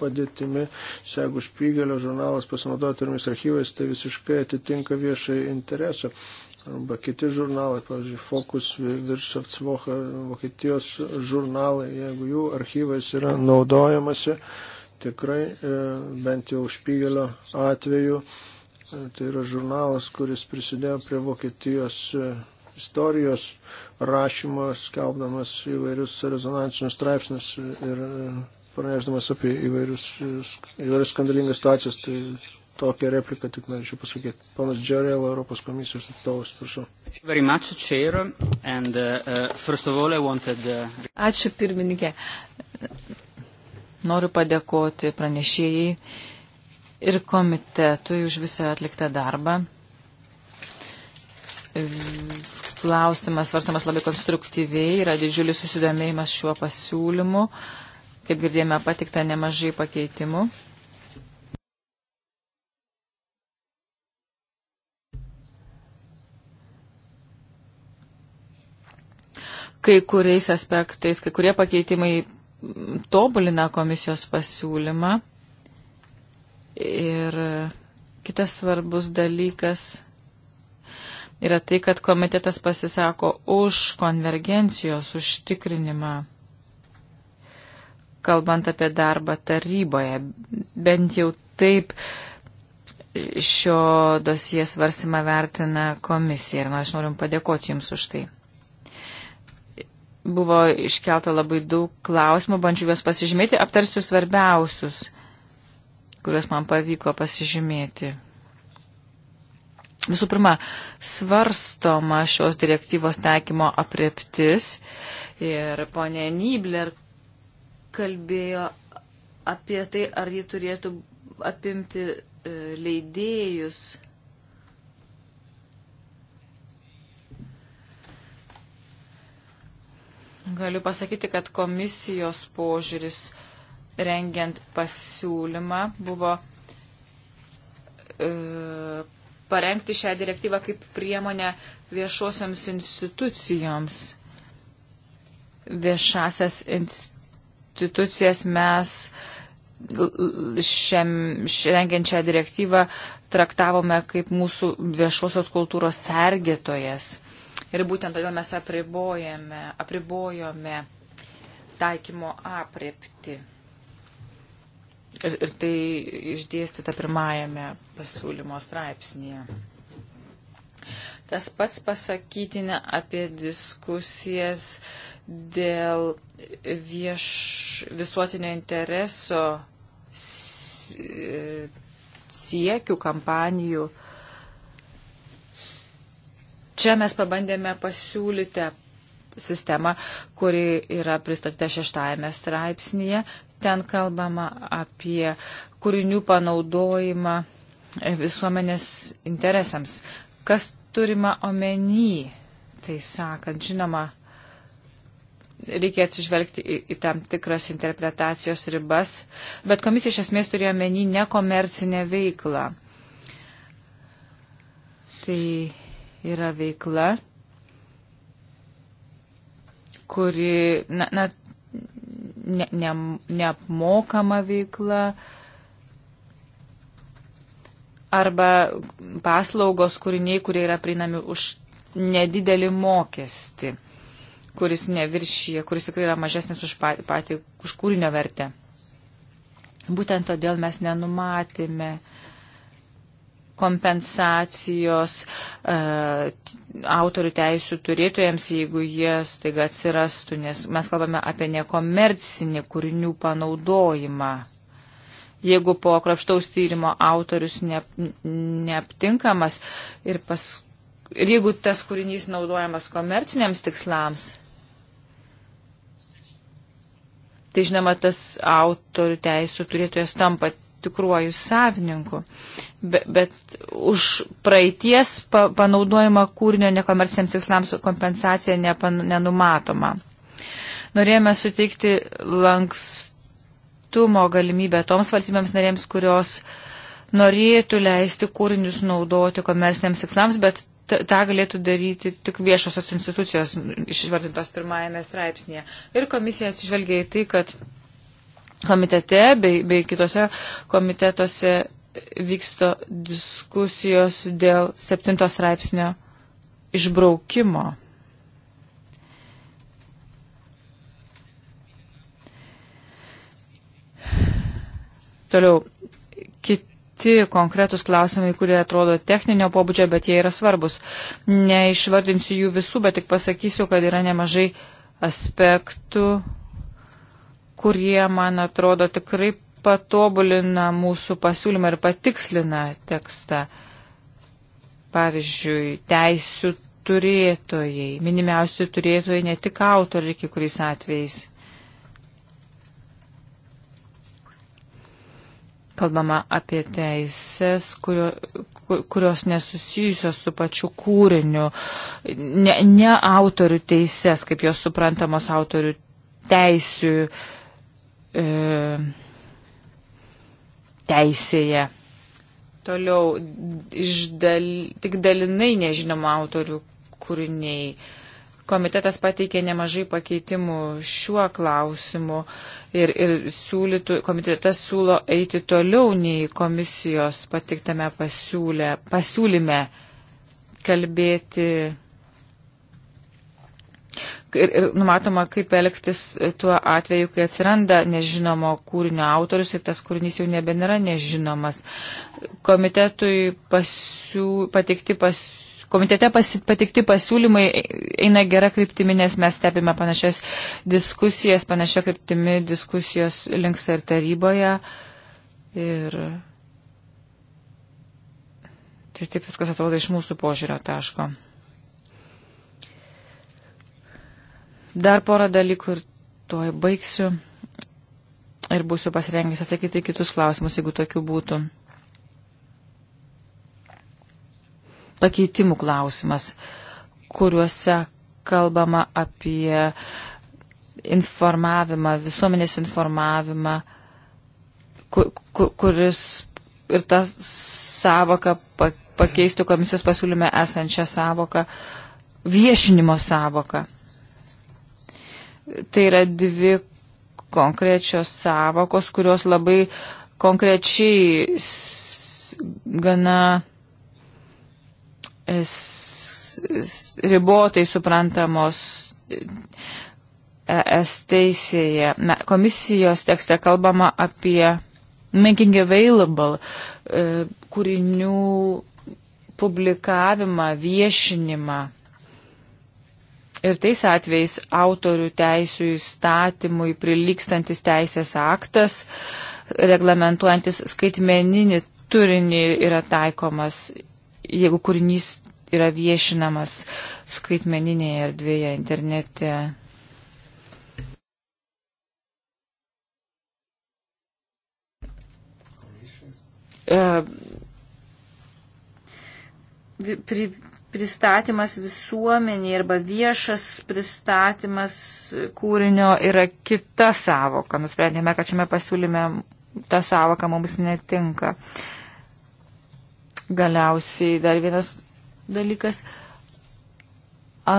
padėtimi, jeigu Špygelio žurnalas pasinaudoja turimis archyvais, tai visiškai atitinka viešai interesą arba kiti žurnalai, pavyzdžiui, Focus, Wirtschaftswoche, Vokietijos žurnalai, jeigu jų archyvais yra naudojamasi, tikrai e, bent jau Špygelio atveju, e, tai yra žurnalas, kuris prisidėjo prie Vokietijos e, istorijos rašymo, skelbdamas įvairius rezonansinius straipsnius ir pranešdamas apie įvairius, įvairius skandalingas situacijas, tai tokią repliką tik norėčiau pasakyti. Ponas Džerėlė, Europos komisijos atstovas, prašau. Much, chair, and, uh, uh all, wanted, uh... Ačiū pirmininkė. Noriu padėkoti pranešėjai ir komitetui už visą atliktą darbą. Klausimas svarstamas labai konstruktyviai, yra didžiulis susidomėjimas šiuo pasiūlymu. Kaip girdėjome, patikta nemažai pakeitimų. kai kuriais aspektais, kai kurie pakeitimai tobulina komisijos pasiūlymą. Ir kitas svarbus dalykas yra tai, kad komitetas pasisako už konvergencijos užtikrinimą, kalbant apie darbą taryboje. Bent jau taip šio dosijas varsimą vertina komisija ir nu, aš noriu padėkoti Jums už tai. Buvo iškelta labai daug klausimų, bandžiu juos pasižymėti, aptarsiu svarbiausius, kuriuos man pavyko pasižymėti. Visų pirma, svarstoma šios direktyvos taikymo apreptis ir ponė Nibler kalbėjo apie tai, ar ji turėtų apimti e, leidėjus Galiu pasakyti, kad komisijos požiūris rengiant pasiūlymą buvo e, parengti šią direktyvą kaip priemonę viešosiams institucijoms. Viešasias institucijas mes šiam, rengiant šią direktyvą traktavome kaip mūsų viešosios kultūros sergėtojas. Ir būtent todėl mes apribojame, apribojome taikymo aprepti. Ir, ir tai išdėstyta pirmajame pasiūlymo straipsnėje. Tas pats pasakytina apie diskusijas dėl vieš, visuotinio intereso e, siekių, kampanijų. Čia mes pabandėme pasiūlyti sistemą, kuri yra pristatyta šeštajame straipsnėje. Ten kalbama apie kūrinių panaudojimą visuomenės interesams. Kas turima omeny, tai sakant, žinoma, reikia atsižvelgti į, į tam tikras interpretacijos ribas, bet komisija iš esmės turėjo omeny nekomercinę veiklą. Tai yra veikla, kuri, na, na ne, ne, neapmokama veikla arba paslaugos kūriniai, kurie yra prieinami už nedidelį mokestį, kuris neviršyje, kuris tikrai yra mažesnis už patį, už kūrinio vertę. Būtent todėl mes nenumatėme kompensacijos uh, autorių teisų turėtojams, jeigu jie staiga atsirastų, nes mes kalbame apie nekomercinį kūrinių panaudojimą. Jeigu po krapštaus tyrimo autorius ne, neaptinkamas ir, pas, ir jeigu tas kūrinys naudojamas komerciniams tikslams, tai žinoma, tas autorių teisų turėtojas tampa tikruoju savininku, bet, bet už praeities pa, panaudojimą kūrinio nekomerciams tikslams kompensacija nepan, nenumatoma. Norėjome suteikti lankstumo galimybę toms valstybėms narėms, kurios norėtų leisti kūrinius naudoti komerciniams tikslams, bet tą galėtų daryti tik viešosios institucijos išvardintos pirmajame straipsnėje. Ir komisija atsižvelgia į tai, kad komitete bei, bei kitose komitetuose vyksta diskusijos dėl septinto straipsnio išbraukimo. Toliau, kiti konkretūs klausimai, kurie atrodo techninio pobūdžio, bet jie yra svarbus. Neišvardinsiu jų visų, bet tik pasakysiu, kad yra nemažai aspektų kurie, man atrodo, tikrai patobulina mūsų pasiūlymą ir patikslina tekstą. Pavyzdžiui, teisų turėtojai, minimiausi turėtojai ne tik autoriai, kai kuriais atvejais. Kalbama apie teisės, kurio, kurios nesusijusios su pačiu kūriniu, ne, ne autorių teises, kaip jos suprantamos autorių teisių e, teisėje. Toliau dal, tik dalinai nežinoma autorių kūriniai. Komitetas pateikė nemažai pakeitimų šiuo klausimu ir, ir siūlytų, komitetas siūlo eiti toliau nei komisijos patiktame pasiūlė, pasiūlyme kalbėti ir, ir numatoma, kaip elgtis tuo atveju, kai atsiranda nežinomo kūrinio autorius ir tas kūrinys jau nebenėra nežinomas. Komitetui pasiū, patikti pasiūlymai. Komitete pasi, patikti pasiūlymai eina gera kryptimi, nes mes stebime panašias diskusijas, panašia kryptimi diskusijos linksta ir taryboje. Ir tai taip viskas atrodo iš mūsų požiūrio taško. Dar porą dalykų ir tuoj baigsiu ir būsiu pasirengęs atsakyti kitus klausimus, jeigu tokių būtų. Pakeitimų klausimas, kuriuose kalbama apie informavimą, visuomenės informavimą, kuris ir tą savoką pakeistų komisijos pasiūlyme esančią savoką, viešinimo savoką. Tai yra dvi konkrečios savokos, kurios labai konkrečiai gana e, ribotai suprantamos e, ES teisėje. Na, komisijos tekste kalbama apie making available e, kūrinių publikavimą, viešinimą. Ir tais atvejais autorių teisų įstatymui prilykstantis teisės aktas, reglamentuojantis skaitmeninį turinį, yra taikomas, jeigu kūrinys yra viešinamas skaitmeninėje erdvėje, internete. Uh, pri, pristatymas visuomeniai arba viešas pristatymas kūrinio yra kita savoka. Nusprendėme, kad šiame pasiūlyme ta savoka mums netinka. Galiausiai dar vienas dalykas. A,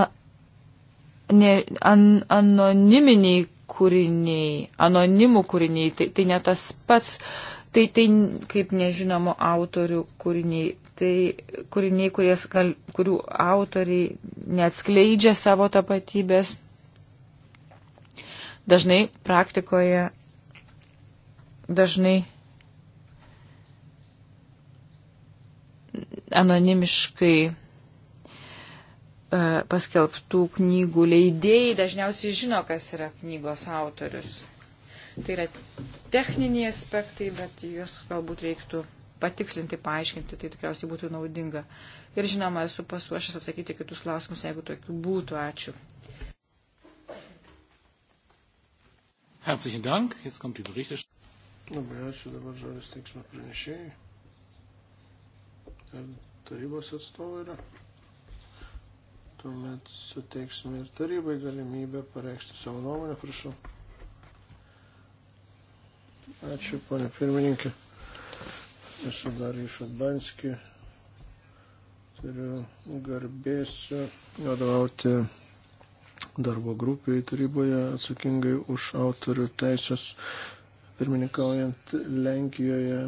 ne, an, anoniminiai kūriniai, anonimų kūriniai, tai, tai ne tas pats, tai, tai kaip nežinomo autorių kūriniai Tai kūriniai, kuries, kurių autoriai neatskleidžia savo tapatybės. Dažnai praktikoje, dažnai anonimiškai e, paskelbtų knygų leidėjai dažniausiai žino, kas yra knygos autorius. Tai yra techniniai aspektai, bet juos galbūt reiktų patikslinti, paaiškinti, tai tikriausiai būtų naudinga. Ir žinoma, esu pasuošęs atsakyti kitus klausimus, jeigu tokių būtų. Ačiū. Herzlichen Dank. Jetzt kommt die Berichterstattung. Labai ačiū, dabar žodis teiksime pranešėjai. Tarybos atstovai yra. Tuomet suteiksime ir tarybai galimybę pareikšti savo nuomonę, prašau. Ačiū, ponė pirmininkė esu Darijas Šadbanski, turiu garbės vadovauti darbo grupėje taryboje atsakingai už autorių teisės pirmininkaujant Lenkijoje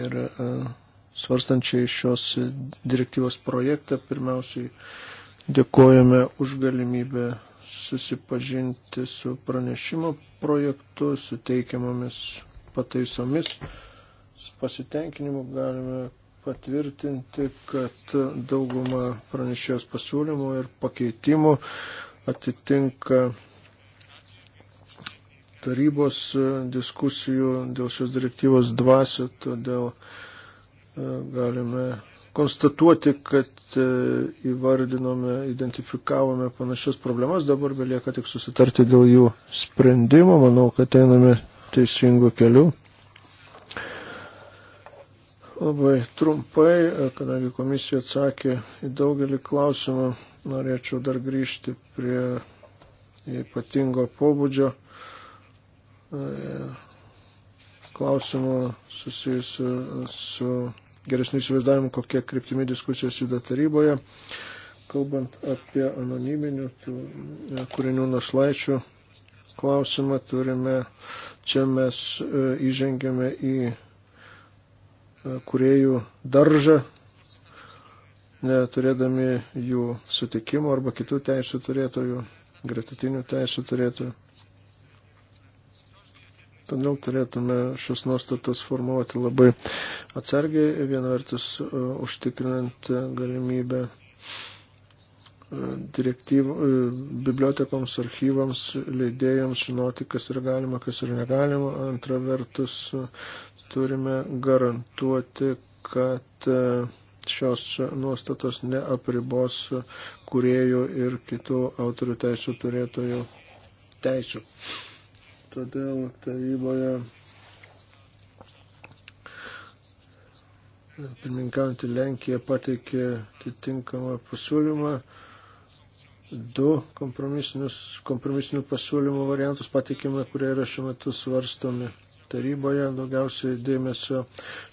ir e, svarstančiai šios direktyvos projektą. Pirmiausiai dėkojame už galimybę susipažinti su pranešimo projektu, suteikiamomis pataisomis pasitenkinimu galime patvirtinti, kad dauguma pranešėjos pasiūlymų ir pakeitimų atitinka tarybos diskusijų dėl šios direktyvos dvasio, todėl e, galime konstatuoti, kad e, įvardinome, identifikavome panašias problemas, dabar belieka tik susitarti dėl jų sprendimo, manau, kad einame teisingu keliu. Labai trumpai, e, kadangi komisija atsakė į daugelį klausimų, norėčiau dar grįžti prie ypatingo pobūdžio e, klausimų susijusių su geresniu įsivaizdavimu, kokie kryptimi diskusijos juda taryboje. Kalbant apie anoniminių tų, e, kūrinių naslaičių klausimą, turime, čia mes įžengėme į E, kuriejų daržą, neturėdami jų sutikimo arba kitų teisų turėtojų, gretutinių teisų turėtojų. Todėl turėtume šios nuostatas formuoti labai atsargiai, viena vertus e, užtikrinant galimybę e, bibliotekoms, archyvams, leidėjams žinoti, kas yra galima, kas yra negalima. Antra vertus, turime garantuoti, kad e, šios nuostatos neapribos kuriejų ir kitų autorių teisų turėtojų teisų. Todėl taryboje pirmininkaujantį Lenkiją pateikė atitinkamą pasiūlymą du kompromisinių pasiūlymų variantus patikime, kurie yra šiuo metu svarstomi taryboje daugiausiai dėmesio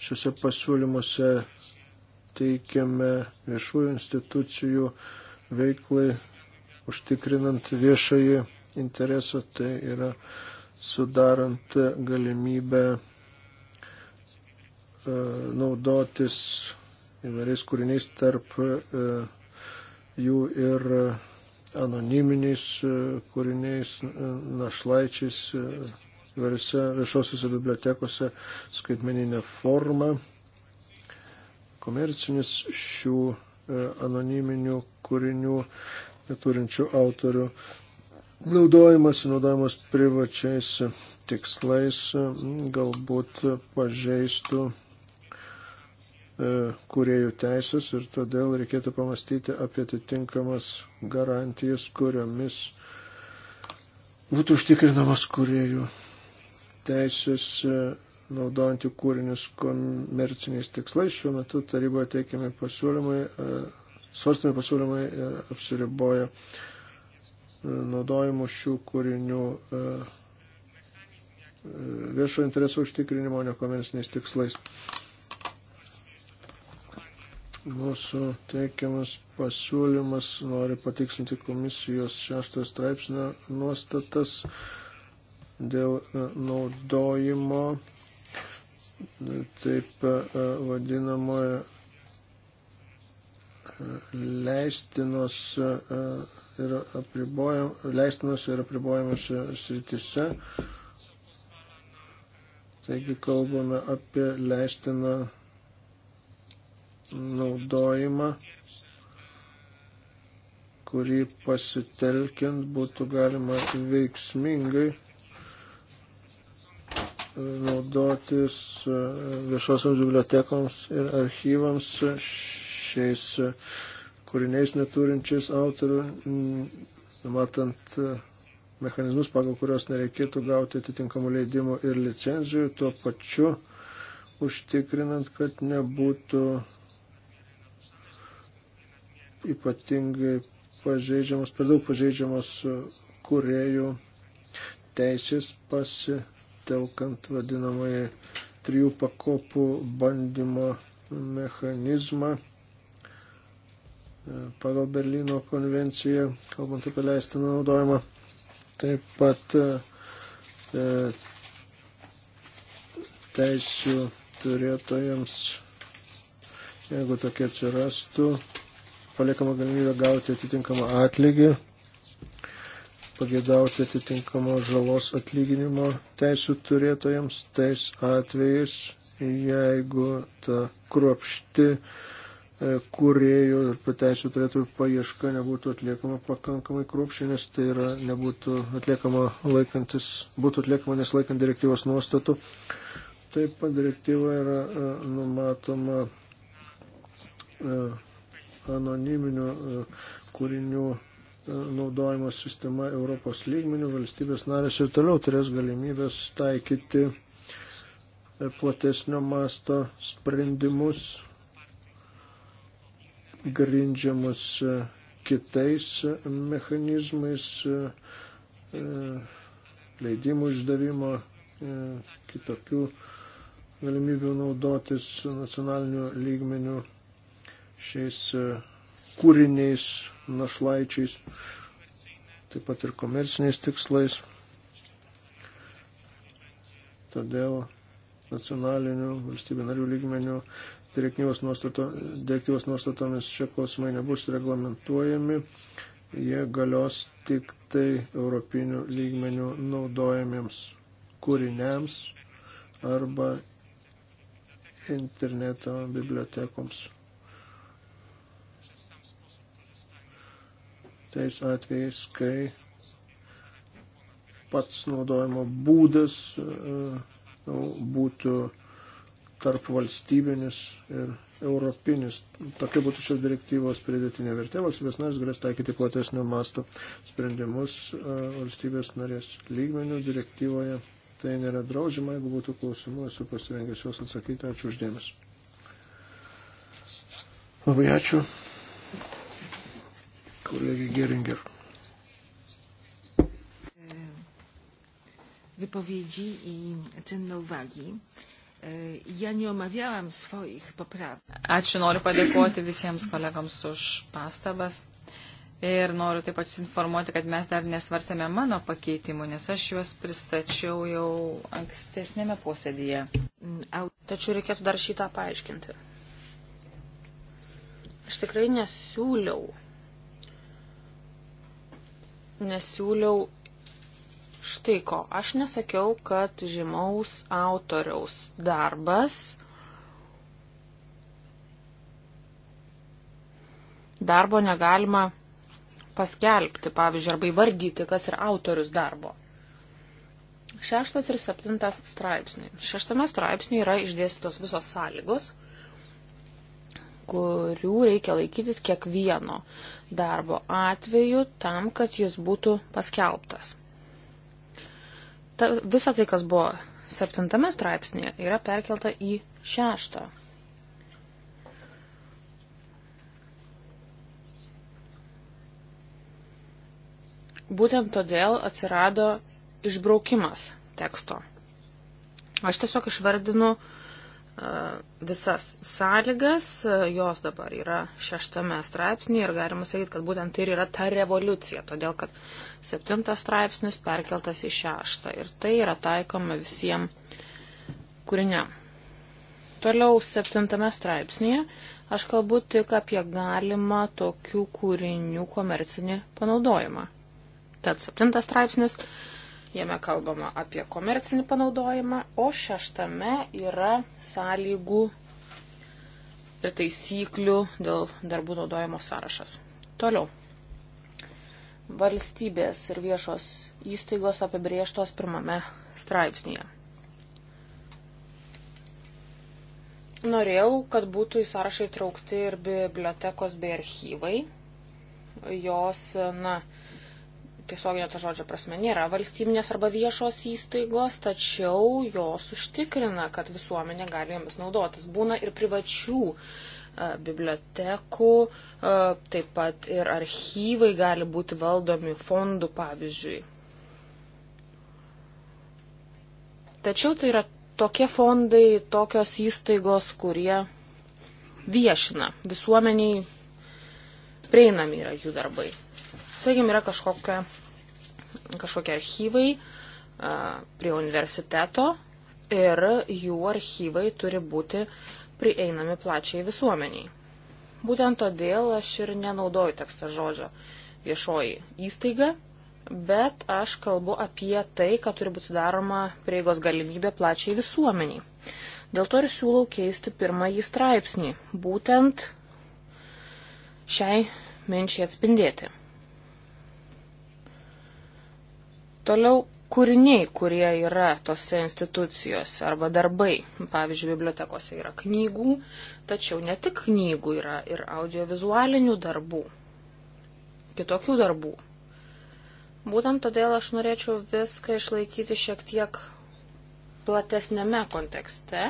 šiuose pasiūlymuose teikiame viešųjų institucijų veiklai, užtikrinant viešąjį interesą, tai yra sudarant galimybę e, naudotis įvairiais kūriniais tarp e, jų ir anoniminiais e, kūriniais, našlaičiais įvairiose viešosiuose bibliotekose skaitmeninę formą. Komercinis šių e, anoniminių kūrinių neturinčių autorių naudojimas, naudojimas privačiais tikslais galbūt pažeistų e, kuriejų teisės ir todėl reikėtų pamastyti apie atitinkamas garantijas, kuriomis būtų užtikrinamas kuriejų teisės e, naudojant jų kūrinius komerciniais tikslais. Šiuo metu taryboje teikiami pasiūlymai, e, svarstami pasiūlymai apsiriboja e, naudojimu šių kūrinių viešo interesų užtikrinimo nekomerciniais tikslais. Mūsų teikiamas pasiūlymas nori patikslinti komisijos šeštą straipsnio nuostatas dėl e, naudojimo e, taip e, vadinamojo leistinos ir, apribojam, leistinos ir apribojamos sritise. Taigi kalbame apie leistiną naudojimą, kurį pasitelkiant būtų galima veiksmingai naudotis e, viešosioms bibliotekoms ir archyvams šiais e, kūriniais neturinčiais autorių, matant e, mechanizmus, pagal kurios nereikėtų gauti atitinkamų leidimų ir licenzijų, tuo pačiu užtikrinant, kad nebūtų ypatingai pažeidžiamas, per daug pažeidžiamas kuriejų teisės pasirinkti pasitelkant vadinamąjį trijų pakopų bandymo mechanizmą e, pagal Berlyno konvenciją, kalbant apie leistiną naudojimą. Taip pat e, e teisių turėtojams, jeigu tokie atsirastų, paliekama galimybė gauti atitinkamą atlygį pagėdauti atitinkamo žalos atlyginimo teisų turėtojams tais atvejais, jeigu ta kruopšti e, kuriejų ir pateisų turėtų paieška nebūtų atliekama pakankamai kruopšiai, nes tai yra nebūtų atliekama laikantis, būtų atliekama neslaikant direktyvos nuostatų. Taip pat direktyva yra e, numatoma e, anoniminių kūrinių E, naudojimo sistema Europos lygmenių, valstybės narės ir toliau turės galimybės taikyti e, platesnio masto sprendimus, grindžiamus e, kitais mechanizmais, leidimų išdavimo, kitokių galimybių naudotis nacionaliniu lygmeniu šiais kūriniais, našlaičiais, taip pat ir komerciniais tikslais. Todėl nacionalinių valstybių narių lygmenių direktyvos, nuostato, direktyvos nuostatomis šie klausimai nebus reglamentuojami. Jie galios tik tai europinių lygmenių naudojamiems kūriniams arba interneto bibliotekoms. tais atvejais, kai pats naudojimo būdas e, nu, būtų tarp valstybinis ir europinis. Tokia būtų šios direktyvos pridėtinė vertė. Valstybės narės galės taikyti platesnio masto sprendimus e, valstybės narės lygmenių direktyvoje. Tai nėra draudžiama, jeigu būtų klausimų, esu pasirengęs juos atsakyti. Ačiū uždėmesi. Labai ačiū kolegi Geringer. E, wypowiedzi i cenne uwagi. E, ja nie omawiałam swoich poprawek. Ačiū, noriu padėkoti visiems kolegams už pastabas. Ir noriu taip pat jūs informuoti, kad mes dar nesvarstėme mano pakeitimų, nes aš juos pristačiau jau ankstesnėme posėdėje. Mm, Tačiau reikėtų dar šitą paaiškinti. Aš tikrai nesiūliau nesiūliau štai ko. Aš nesakiau, kad žymaus autoriaus darbas darbo negalima paskelbti, pavyzdžiui, arba įvardyti, kas yra autorius darbo. Šeštas ir septintas straipsniai. Šeštame straipsnėje yra išdėstytos visos sąlygos, kurių reikia laikytis kiekvieno darbo atveju tam, kad jis būtų paskelbtas. Ta, visa tai, kas buvo septintame straipsnėje, yra perkelta į šeštą. Būtent todėl atsirado išbraukimas teksto. Aš tiesiog išvardinu uh, visas sąlygas, jos dabar yra šeštame straipsnėje ir galima sakyti, kad būtent tai ir yra ta revoliucija, todėl kad septintas straipsnis perkeltas į šeštą ir tai yra taikoma visiems kūriniam. Toliau septintame straipsnėje aš kalbu tik apie galimą tokių kūrinių komercinį panaudojimą. Tad septintas straipsnis Jame kalbama apie komercinį panaudojimą, o šeštame yra sąlygų ir taisyklių dėl darbų naudojimo sąrašas. Toliau. Valstybės ir viešos įstaigos apibrieštos pirmame straipsnėje. Norėjau, kad būtų į sąrašą įtraukti ir bibliotekos bei archyvai. Jos, na, tiesioginio to žodžio prasme nėra valstybinės arba viešos įstaigos, tačiau jos užtikrina, kad visuomenė gali jomis naudotis. Būna ir privačių e, bibliotekų, e, taip pat ir archyvai gali būti valdomi fondų, pavyzdžiui. Tačiau tai yra tokie fondai, tokios įstaigos, kurie viešina visuomeniai prieinami yra jų darbai. Sakykime, yra kažkokia kažkokie archyvai prie universiteto ir jų archyvai turi būti prieinami plačiai visuomeniai. Būtent todėl aš ir nenaudoju tekstą žodžio viešoji įstaiga, bet aš kalbu apie tai, kad turi būti sudaroma prieigos galimybė plačiai visuomeniai. Dėl to ir siūlau keisti pirmąjį straipsnį, būtent šiai minčiai atspindėti. Toliau kūriniai, kurie yra tose institucijose arba darbai. Pavyzdžiui, bibliotekose yra knygų, tačiau ne tik knygų yra ir audiovizualinių darbų, kitokių darbų. Būtent todėl aš norėčiau viską išlaikyti šiek tiek platesnėme kontekste.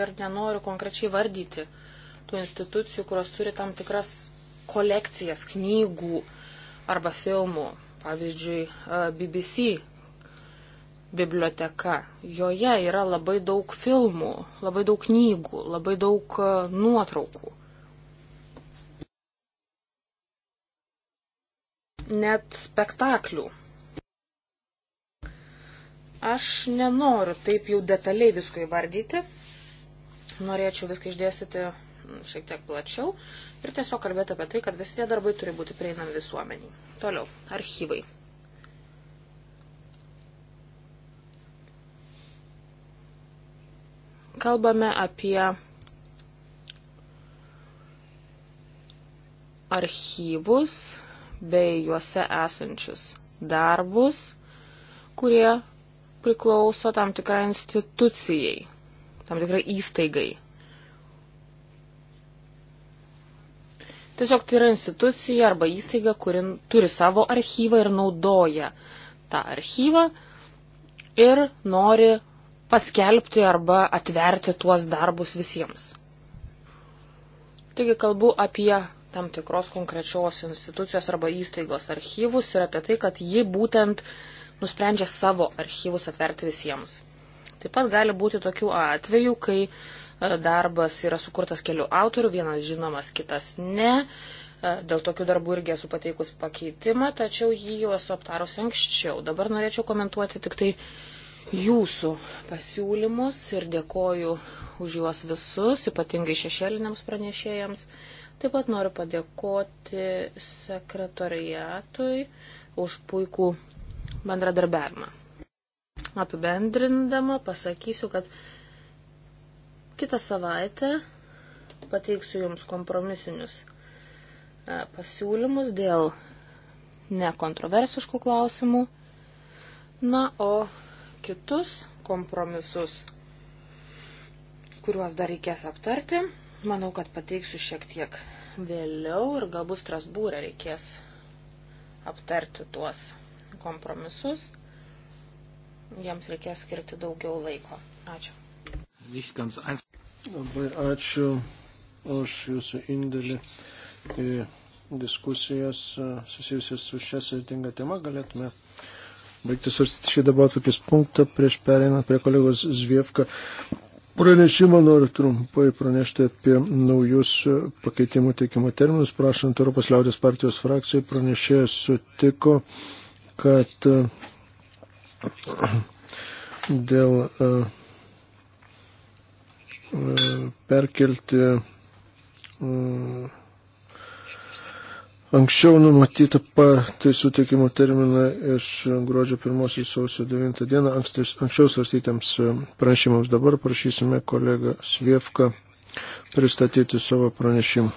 Ir nenoriu konkrečiai vardyti tų institucijų, kurios turi tam tikras kolekcijas knygų, uh, arba filmų, pavyzdžiui, e, BBC biblioteka. Joje yra labai daug filmų, labai daug knygų, labai daug e, nuotraukų. Net spektaklių. Aš nenoriu taip jau detaliai visko įvardyti. Norėčiau viską išdėstyti šiek tiek plačiau ir tiesiog kalbėti apie tai, kad visi tie darbai turi būti prieinami visuomeniai. Toliau, archyvai. Kalbame apie archyvus bei juose esančius darbus, kurie priklauso tam tikrai institucijai, tam tikrai įstaigai. Tiesiog tai yra institucija arba įstaiga, kuri turi savo archyvą ir naudoja tą archyvą ir nori paskelbti arba atverti tuos darbus visiems. Taigi kalbu apie tam tikros konkrečios institucijos arba įstaigos archyvus ir apie tai, kad ji būtent nusprendžia savo archyvus atverti visiems. Taip pat gali būti tokių atvejų, kai E, darbas yra sukurtas kelių autorių, vienas žinomas, kitas ne. E, dėl tokių darbų irgi esu pateikus pakeitimą, tačiau jį jau esu aptarus anksčiau. Dabar norėčiau komentuoti tik tai jūsų pasiūlymus ir dėkoju už juos visus, ypatingai šešėliniams pranešėjams. Taip pat noriu padėkoti sekretoriatui už puikų bendradarbiavimą. Apibendrindama pasakysiu, kad Kitą savaitę pateiksiu Jums kompromisinius e, pasiūlymus dėl nekontroversiškų klausimų. Na, o kitus kompromisus, kuriuos dar reikės aptarti, manau, kad pateiksiu šiek tiek vėliau ir galbūt Strasbūrė reikės aptarti tuos kompromisus. Jiems reikės skirti daugiau laiko. Ačiū. Labai ačiū už jūsų indėlį į diskusijas e, susijusias su šią sudėtingą temą. Galėtume baigti svarstyti šį dabar tokius punktą prieš pereinant prie kolegos Zviefka. Pranešimą noriu trumpai pranešti apie naujus pakeitimų teikimo terminus. Prašant Europos liaudės partijos frakcijai, pranešėjas sutiko, kad e, dėl uh, E, perkelti e, anksčiau numatytą pataisų teikimo terminą iš gruodžio 1 į sausio 9 dieną ankstis, anksčiau svarstytiems e, pranešimams. Dabar prašysime kolegą Svievką pristatyti savo pranešimą.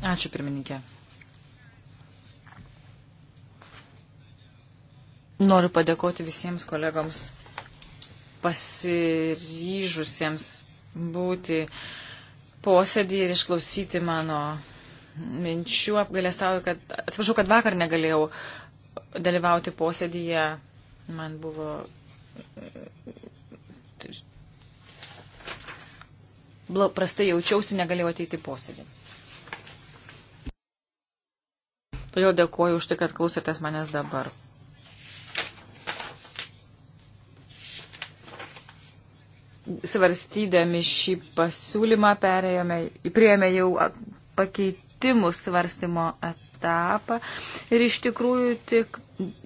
Ačiū pirmininkė. Noriu padėkoti visiems kolegams pasiryžusiems būti posėdį ir išklausyti mano minčių. Apgalėstauju, kad atsiprašau, kad vakar negalėjau dalyvauti posėdyje. Man buvo prastai jaučiausi, negalėjau ateiti posėdį. Todėl dėkuoju už tai, kad klausėtės manęs dabar. svarstydami šį pasiūlymą perėjome, priėmė jau pakeitimų svarstymo etapą ir iš tikrųjų tik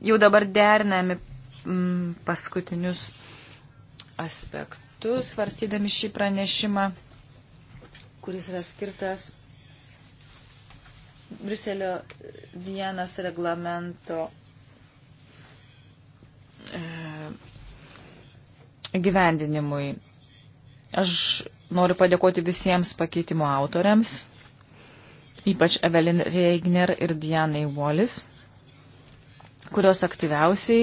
jau dabar dernami mm, paskutinius aspektus, svarstydami šį pranešimą, kuris yra skirtas Briuselio vienas reglamento e, gyvendinimui. Aš noriu padėkoti visiems pakeitimo autoriams, ypač Evelyn Reigner ir Dianai Wallis, kurios aktyviausiai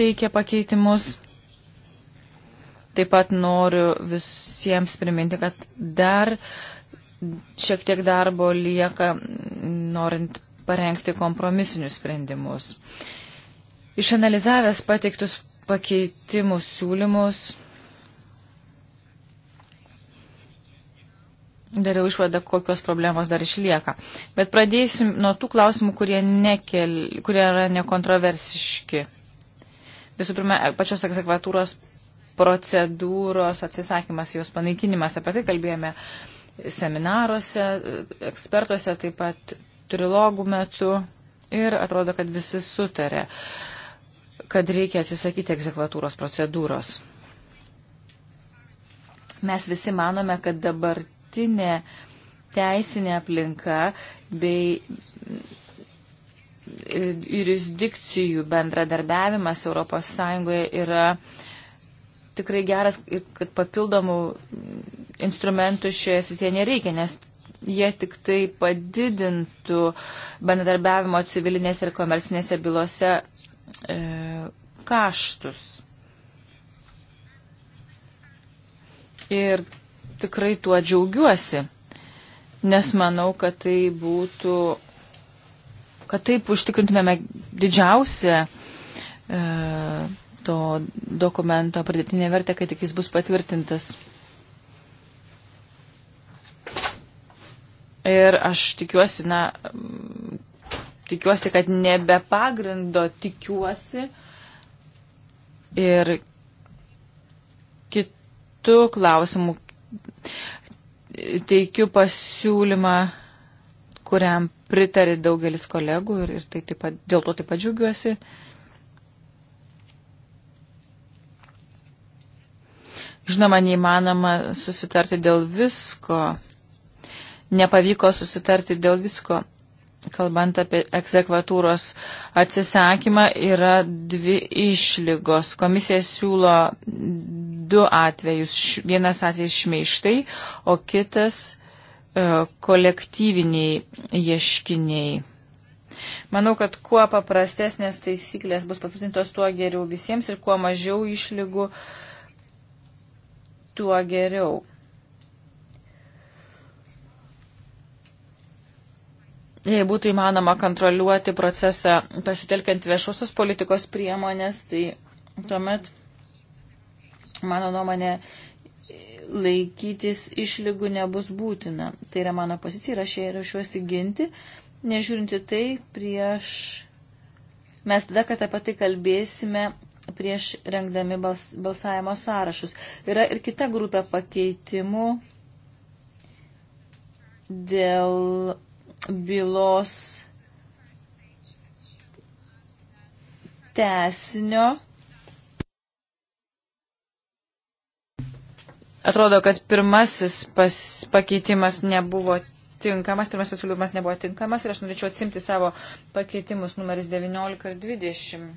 teikia pakeitimus. Taip pat noriu visiems priminti, kad dar šiek tiek darbo lieka, norint parengti kompromisinius sprendimus. Išanalizavęs pateiktus pakeitimų siūlymus, dariau išvadą, kokios problemos dar išlieka. Bet pradėsim nuo tų klausimų, kurie, nekel, kurie yra nekontroversiški. Visų pirma, pačios egzekvatūros procedūros atsisakymas, jos panaikinimas, apie tai kalbėjome seminaruose, ekspertuose, taip pat trilogų metu ir atrodo, kad visi sutarė, kad reikia atsisakyti egzekvatūros procedūros. Mes visi manome, kad dabar dabartinė teisinė aplinka bei jurisdikcijų bendradarbiavimas ES yra tikrai geras, kad papildomų instrumentų šioje srityje nereikia, nes jie tik tai padidintų bendradarbiavimo civilinėse ir komercinėse bylose e, kaštus. Ir tikrai tuo džiaugiuosi, nes manau, kad tai būtų, kad taip užtikrintumėme didžiausią e, to dokumento pridėtinę vertę, kai tik jis bus patvirtintas. Ir aš tikiuosi, na, tikiuosi, kad nebe pagrindo tikiuosi ir kitų klausimų Teikiu pasiūlymą, kuriam pritarė daugelis kolegų ir, ir tai taip pat, dėl to taip pat džiugiuosi. Žinoma, neįmanoma susitarti dėl visko. Nepavyko susitarti dėl visko kalbant apie egzekvatūros atsisakymą, yra dvi išlygos. Komisija siūlo du atvejus. Vienas atvejis šmeištai, o kitas e, kolektyviniai ieškiniai. Manau, kad kuo paprastesnės taisyklės bus patvirtintos, tuo geriau visiems ir kuo mažiau išlygų, tuo geriau. jei būtų įmanoma kontroliuoti procesą pasitelkiant viešosios politikos priemonės, tai tuomet, mano nuomonė, laikytis išlygų nebus būtina. Tai yra mano pozicija ir aš ją ruošiuosi ginti, nežiūrinti tai prieš. Mes tada, kad apie tai kalbėsime prieš rengdami bals, balsavimo sąrašus. Yra ir kita grupė pakeitimų dėl bylos tesnio. Atrodo, kad pirmasis pas, pakeitimas nebuvo tinkamas, pirmasis pasiūlymas nebuvo tinkamas ir aš norėčiau atsimti savo pakeitimus numeris 19 ir 20.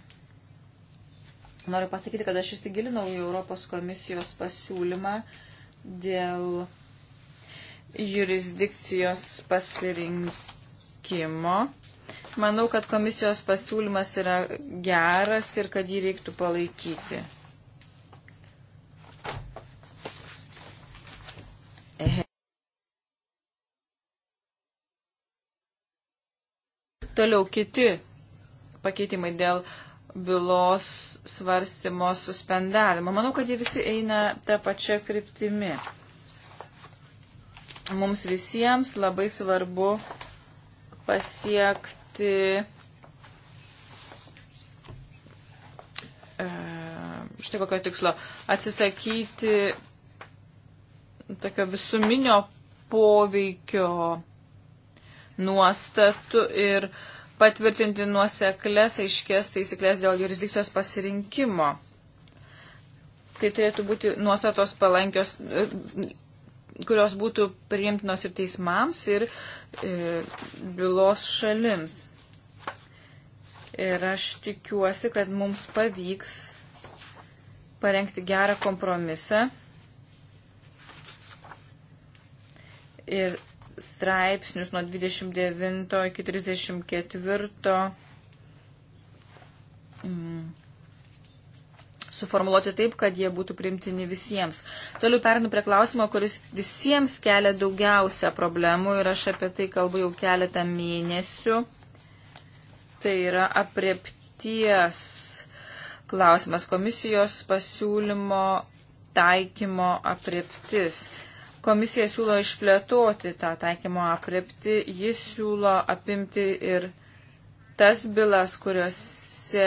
Noriu pasakyti, kad aš įsigilinau į Europos komisijos pasiūlymą dėl jurisdikcijos pasirinkimo. Manau, kad komisijos pasiūlymas yra geras ir kad jį reiktų palaikyti. Ehe. Toliau kiti pakeitimai dėl bylos svarstymo suspendavimo. Manau, kad jie visi eina tą pačią kryptimį mums visiems labai svarbu pasiekti e, štai kokio tikslo atsisakyti tokio visuminio poveikio nuostatų ir patvirtinti nuoseklės aiškės taisyklės dėl jurisdikcijos pasirinkimo. Tai turėtų būti nuostatos palankios kurios būtų priimtinos ir teismams, ir e, bylos šalims. Ir aš tikiuosi, kad mums pavyks parengti gerą kompromisą ir straipsnius nuo 29 iki 34. Mm suformuoluoti taip, kad jie būtų primtini visiems. Toliau perinu prie klausimo, kuris visiems kelia daugiausia problemų ir aš apie tai kalbu jau keletą mėnesių. Tai yra apriepties klausimas komisijos pasiūlymo taikymo aprieptis. Komisija siūlo išplėtoti tą taikymo aprepti, jis siūlo apimti ir tas bylas, kuriuose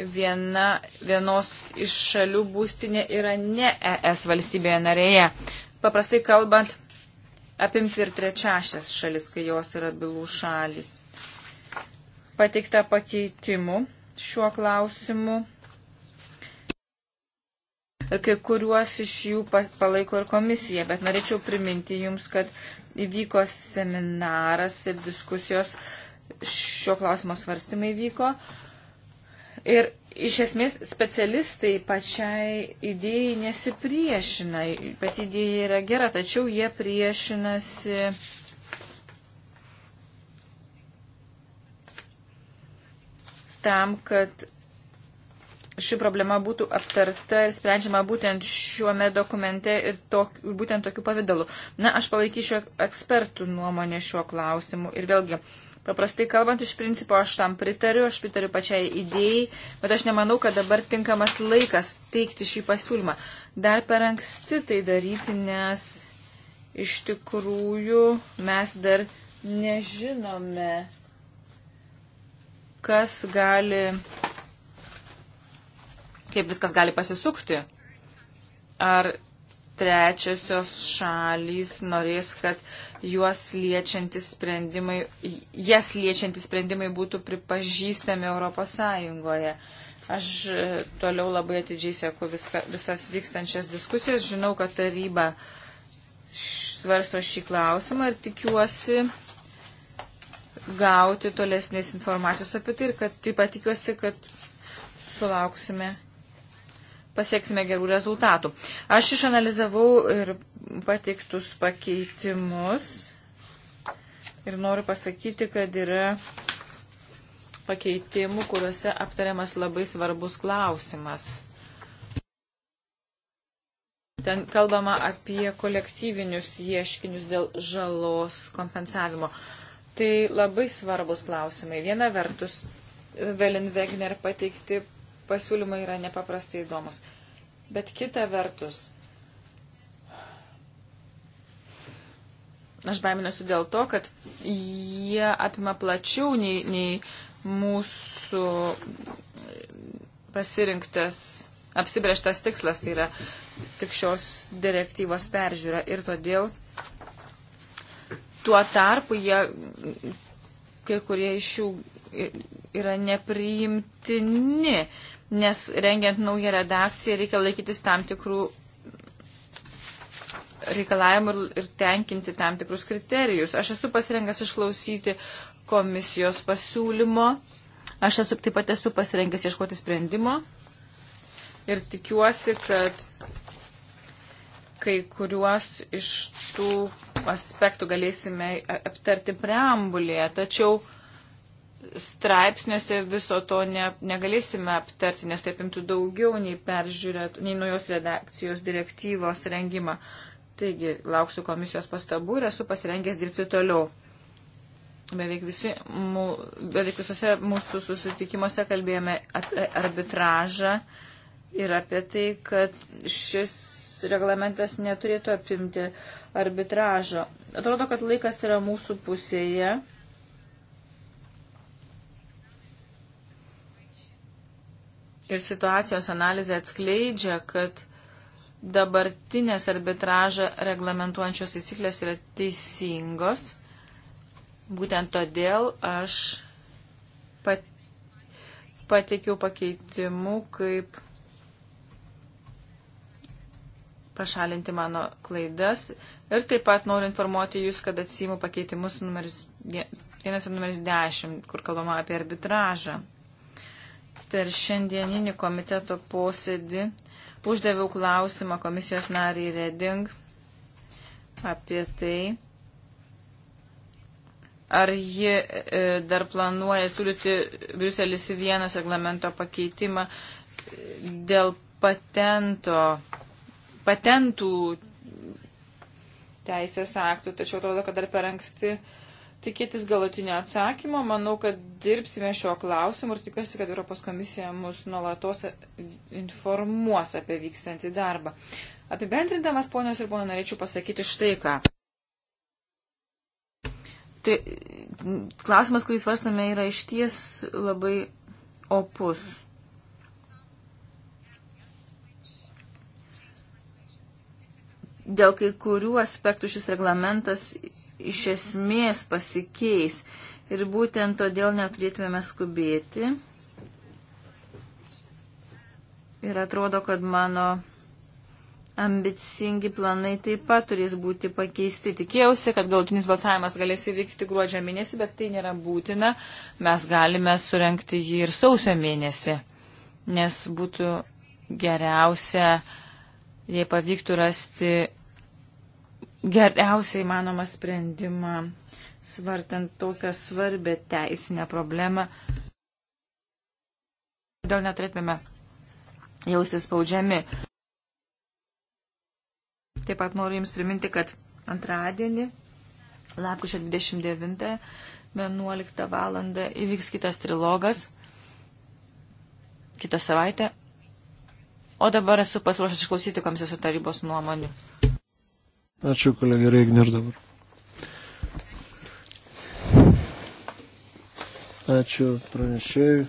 viena, vienos iš šalių būstinė yra ne ES valstybėje narėje. Paprastai kalbant, apimti ir trečiasias šalis, kai jos yra bylų šalis. Pateikta pakeitimu šiuo klausimu. Ir kai kuriuos iš jų palaiko ir komisija, bet norėčiau priminti jums, kad įvyko seminaras ir diskusijos šio klausimo svarstymai vyko. Uh, Ir iš esmės specialistai pačiai idėjai nesipriešina. Pati idėja yra gera, tačiau jie priešinasi. tam, kad ši problema būtų aptarta ir sprendžiama būtent šiuome dokumente ir tok, būtent tokiu pavydalu. Na, aš palaikysiu ekspertų nuomonę šiuo klausimu ir vėlgi Paprastai kalbant, iš principo aš tam pritariu, aš pritariu pačiai idėjai, bet aš nemanau, kad dabar tinkamas laikas teikti šį pasiūlymą. Dar per anksti tai daryti, nes iš tikrųjų mes dar nežinome, kas gali, kaip viskas gali pasisukti. Ar trečiosios šalys norės, kad juos liečiantys sprendimai, jas liečiantys sprendimai būtų pripažįstami Europos Sąjungoje. Aš e, toliau labai atidžiai sėku visas vykstančias diskusijas. Žinau, kad taryba svarsto šį klausimą ir tikiuosi gauti tolesnės informacijos apie tai ir kad taip pat tikiuosi, kad sulauksime pasieksime gerų rezultatų. Aš išanalizavau ir pateiktus pakeitimus ir noriu pasakyti, kad yra pakeitimų, kuriuose aptariamas labai svarbus klausimas. Ten kalbama apie kolektyvinius ieškinius dėl žalos kompensavimo. Tai labai svarbus klausimai. Viena vertus, Velin Wegner pateikti pasiūlymai yra nepaprastai įdomus. Bet kita vertus, aš baiminuosi dėl to, kad jie apima plačiau nei, nei mūsų pasirinktas, apsibrieštas tikslas, tai yra tik šios direktyvos peržiūra. Ir todėl tuo tarpu jie, kai kurie iš jų yra nepriimtini nes rengiant naują redakciją reikia laikytis tam tikrų reikalavimų ir, ir tenkinti tam tikrus kriterijus. Aš esu pasirengęs išklausyti komisijos pasiūlymo, aš esu, taip pat esu pasirengęs ieškoti sprendimo ir tikiuosi, kad kai kuriuos iš tų aspektų galėsime aptarti preambulėje, tačiau straipsniuose viso to ne, negalėsime aptarti, nes taip imtų daugiau nei peržiūrėt, nei naujos redakcijos direktyvos rengimą. Taigi, lauksiu komisijos pastabų ir esu pasirengęs dirbti toliau. Beveik, visi, mū, beveik visose mūsų susitikimuose kalbėjome apie arbitražą ir apie tai, kad šis reglamentas neturėtų apimti arbitražo. Atrodo, kad laikas yra mūsų pusėje ir situacijos analizė atskleidžia, kad dabartinės arbitražą reglamentuojančios taisyklės yra teisingos. Būtent todėl aš pat, pateikiau pakeitimų, kaip pašalinti mano klaidas. Ir taip pat noriu informuoti Jūs, kad atsijimu pakeitimus numeris 1 ir numeris 10, kur kalbama apie arbitražą. Per šiandieninį komiteto posėdį uždaviau klausimą komisijos nariai Reding apie tai, ar ji e, dar planuoja siūlyti Briuselis vienas reglamento pakeitimą e, dėl patento, patentų teisės aktų, tačiau atrodo, kad dar per anksti uh, tikėtis galutinio atsakymo. Manau, kad dirbsime šio klausimu ir tikiuosi, kad Europos komisija mus nuolatos informuos apie vykstantį darbą. Apibendrindamas, ponios ir ponai, norėčiau pasakyti štai ką. Tai klausimas, kurį svarstame, yra išties labai opus. Dėl kai kurių aspektų šis reglamentas iš esmės pasikeis. Ir būtent todėl neturėtumėme skubėti. Ir atrodo, kad mano ambicingi planai taip pat turės būti pakeisti. Tikėjausi, kad galutinis balsavimas galės įvykti gruodžio mėnesį, bet tai nėra būtina. Mes galime surenkti jį ir sausio mėnesį, nes būtų geriausia, jei pavyktų rasti geriausiai manomą sprendimą, svartant tokią svarbę teisinę problemą. Todėl neturėtume jaustis spaudžiami. Taip pat noriu Jums priminti, kad antradienį, lapkričio 29, 11 val. įvyks kitas trilogas, kitą savaitę. O dabar esu pasiruošęs išklausyti komisijos tarybos nuomonių. Ačiū kolegė Reigner dabar. Ačiū pranešėjui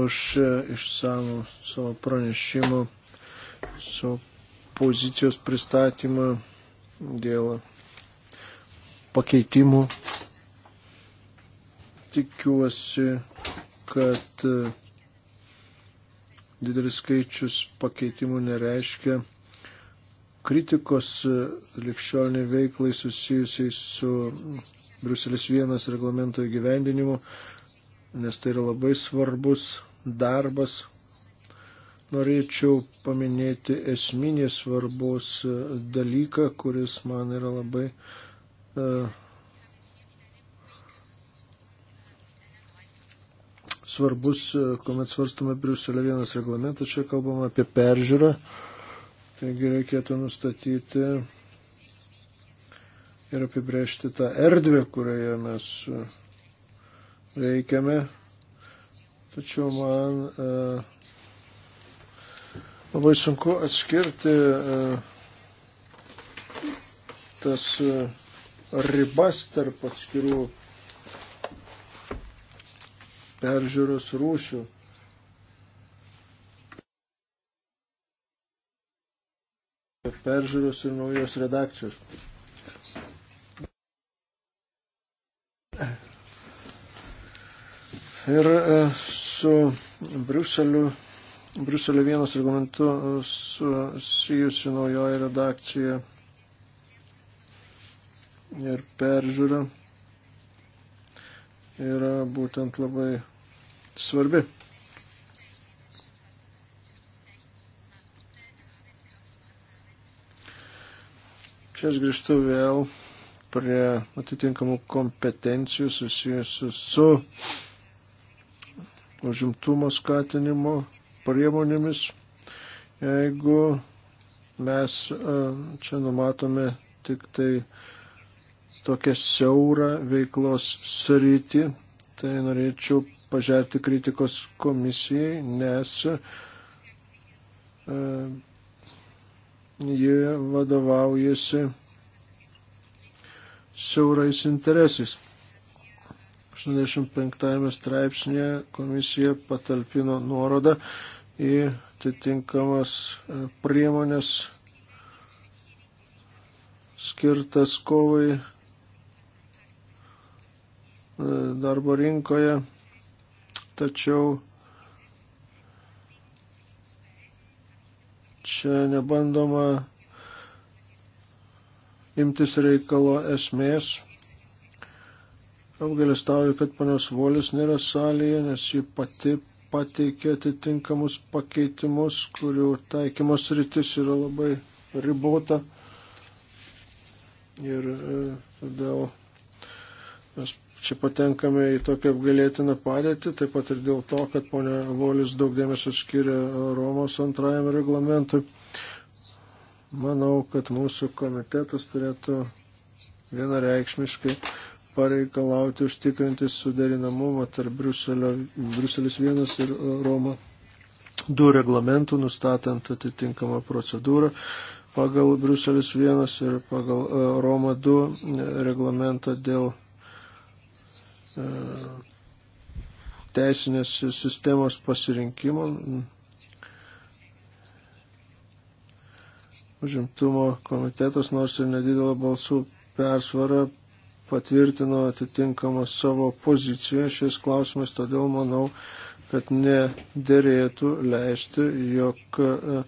už e, išsamų savo pranešimą, savo pozicijos pristatymą dėl pakeitimų. Tikiuosi, kad e, didelis skaičius pakeitimų nereiškia kritikos e, likščioliniai veiklai susijusiai su Bruselis vienas reglamento įgyvendinimu, nes tai yra labai svarbus darbas. Norėčiau paminėti esminį svarbus e, dalyką, kuris man yra labai uh, svarbus, kuomet svarstame Briuselio vienas reglamentą, čia kalbama apie peržiūrą. Uh, Taigi reikėtų nustatyti ir apibrėžti tą erdvę, kurioje mes veikiame. Tačiau man e, labai sunku atskirti e, tas e, ribas tarp atskirų peržiūros rūšių. peržiūros ir naujos redakcijos. Ir e, su Briuseliu, Briuselio vienas argumentu e, susijusi naujoji redakcija ir peržiūra yra būtent labai svarbi. Čia aš grįžtu vėl prie atitinkamų kompetencijų susijusių su užimtumo skatinimo priemonėmis. Jeigu mes e, čia numatome tik tai tokią siaurą veiklos sritį, tai norėčiau pažerti kritikos komisijai, nes e, ji vadovaujasi siaurais interesais. 85 straipsnėje komisija patalpino nuorodą į atitinkamas e, priemonės skirtas kovai e, darbo rinkoje, tačiau čia nebandoma imtis reikalo esmės. Apgalėstauju, kad panios Volis nėra salėje, nes ji pati pateikė atitinkamus pakeitimus, kurių taikymos rytis yra labai ribota. Ir e, todėl mes čia patenkame į tokią apgalėtiną padėtį, taip pat ir dėl to, kad ponia Volis daug dėmesio skiria Romos antrajam reglamentui. Manau, kad mūsų komitetas turėtų vienareikšmiškai pareikalauti užtikrinti suderinamumą tarp Bruselio, Bruselis 1 ir Roma 2 reglamentų, nustatant atitinkamą procedūrą pagal Bruselis 1 ir pagal e, Roma 2 reglamentą dėl teisinės sistemos pasirinkimo, užimtumo komitetas nors ir nedidelą balsų persvarą patvirtino atitinkamą savo poziciją šiais klausimais, todėl manau, kad nederėtų leisti, jog e,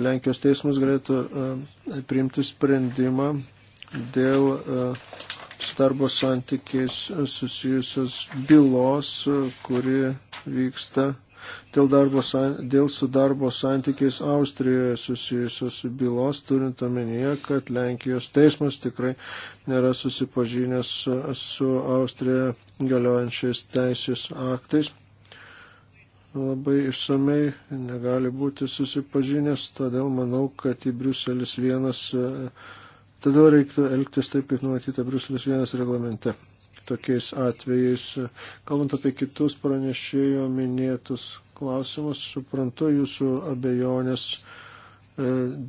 Lenkijos teismas galėtų e, priimti sprendimą dėl uh, darbo santykiais susijusios bylos, kuri vyksta dėl, darbo, dėl su darbo santykiais Austrijoje susijusios bylos, turint omenyje, kad Lenkijos teismas tikrai nėra susipažinęs su Austrija galiojančiais teisės aktais. Labai išsamei negali būti susipažinęs, todėl manau, kad į Bruselis vienas tada reiktų elgtis taip, kaip numatyta Bruselis vienas reglamente. Tokiais atvejais, kalbant apie kitus pranešėjo minėtus klausimus, suprantu jūsų abejonės e,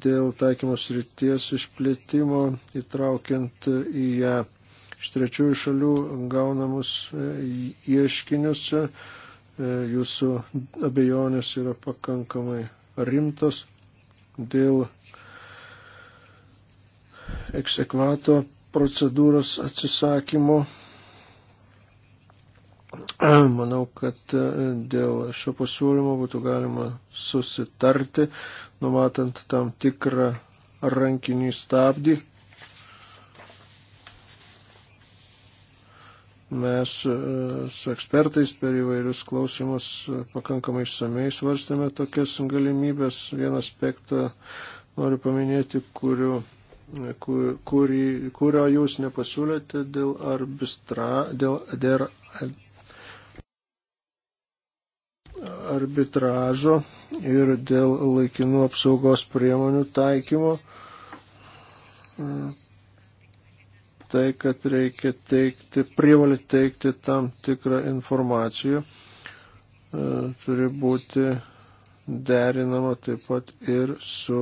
dėl taikymos ryties išplėtimo, įtraukiant į ją iš trečiųjų šalių gaunamus e, ieškinius. E, jūsų abejonės yra pakankamai rimtos dėl eksekvato procedūros atsisakymo. Manau, kad e, dėl šio pasiūlymo būtų galima susitarti, numatant tam tikrą rankinį stabdį. Mes e, su ekspertais per įvairius klausimus e, pakankamai išsamei svarstėme tokias galimybės. Vieną aspektą noriu paminėti, kuriuo kurį, kurio jūs nepasiūlėte dėl arbistra, dėl, dėl arbitražo ir dėl laikinų apsaugos priemonių taikymo. Tai, kad reikia teikti, prievalį teikti tam tikrą informaciją, e, turi būti derinama taip pat ir su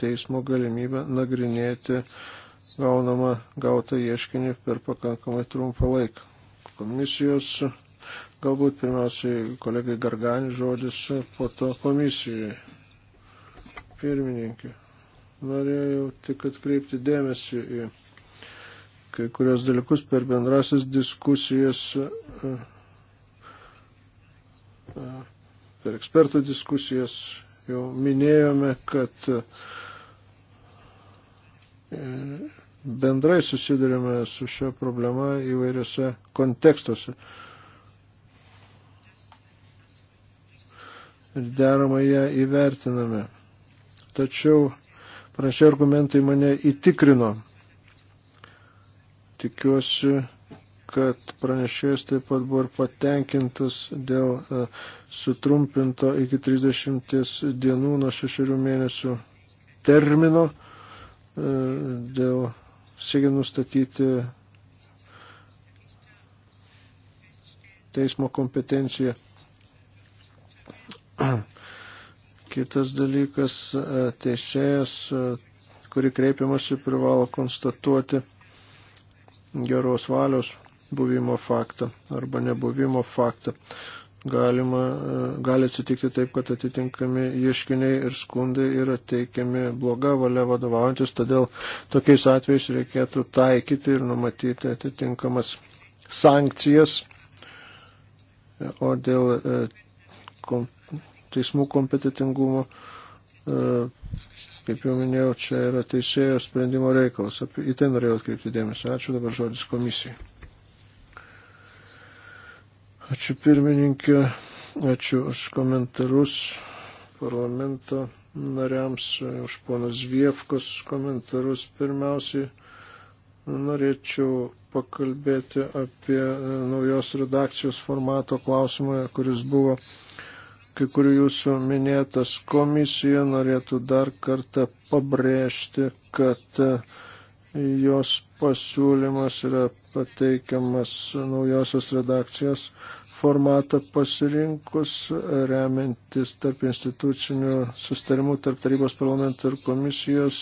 teismo galimybė nagrinėti gaunamą gautą ieškinį per pakankamai trumpą laiką. Komisijos, galbūt pirmiausiai kolegai Gargani žodis, po to komisijai. Pirmininkė, norėjau tik atkreipti dėmesį į kai kurios dalykus per bendrasis diskusijas per ekspertų diskusijas jau minėjome, kad e, bendrai susidurime su šia problema įvairiose kontekstuose. Ir deramą ją įvertiname. Tačiau panašiai argumentai mane įtikrino. Tikiuosi, kad pranešėjas taip pat buvo ir patenkintas dėl e, sutrumpinto iki 30 dienų nuo 6 mėnesių termino, e, dėl siekiant nustatyti teismo kompetenciją. Kitas dalykas, e, teisėjas, kuri kreipiamasi, privalo konstatuoti geros valios buvimo faktą arba nebuvimo faktą. Galima, e, gali atsitikti taip, kad atitinkami ieškiniai ir skundai yra teikiami bloga valia vadovaujantis, todėl tokiais atvejais reikėtų taikyti ir numatyti atitinkamas sankcijas. E, o dėl e, kom, teismų kompetitingumo kaip jau minėjau, čia yra teisėjo sprendimo reikalas. Į tai norėjau atkreipti dėmesį. Ačiū dabar žodis komisijai. Ačiū pirmininkė, ačiū už komentarus parlamento nariams, už ponas Vievkos komentarus. Pirmiausiai norėčiau pakalbėti apie naujos redakcijos formato klausimą, kuris buvo kai kurių jūsų minėtas komisija norėtų dar kartą pabrėžti, kad jos pasiūlymas yra pateikiamas naujosios redakcijos formatą pasirinkus, remiantis tarp institucinių sustarimų tarp tarybos parlamento ir komisijos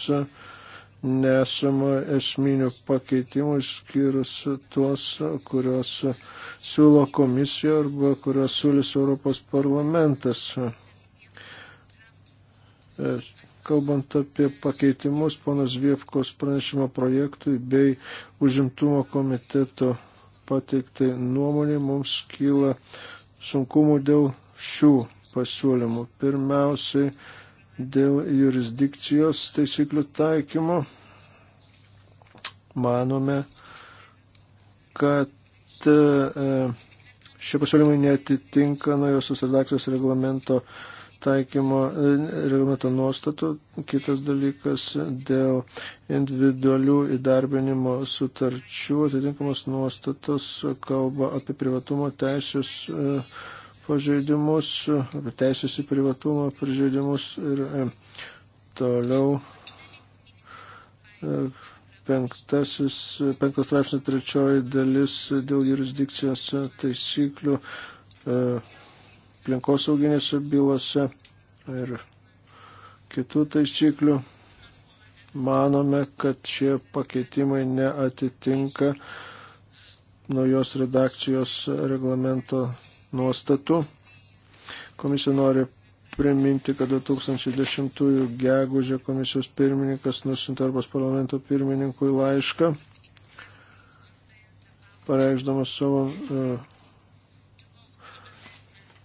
nesama esminių pakeitimų, išskyrus tuos, kurios siūlo komisija arba kurios siūlys Europos parlamentas kalbant apie pakeitimus ponos Vievkos pranešimo projektui bei užimtumo komiteto pateiktai nuomonė, mums kyla sunkumų dėl šių pasiūlymų. Pirmiausiai dėl jurisdikcijos taisyklių taikymo. Manome, kad e, šie pasiūlymai netitinka nuo jos redakcijos reglamento taikymo e, reglamento nuostatų, kitas dalykas dėl individualių įdarbinimo sutarčių atitinkamos nuostatos kalba apie privatumo teisės e, pažeidimus, apie teisės į privatumą pažeidimus ir e, toliau penktasis, penktas straipsnio trečioji dalis dėl jurisdikcijos taisyklių aplinkosauginėse bylose ir kitų taisyklių. Manome, kad šie pakeitimai neatitinka naujos redakcijos reglamento nuostatų. Komisija nori priminti, kad 2010 gegužė komisijos pirmininkas nusintė arba parlamento pirmininkui laišką, pareikšdamas savo uh,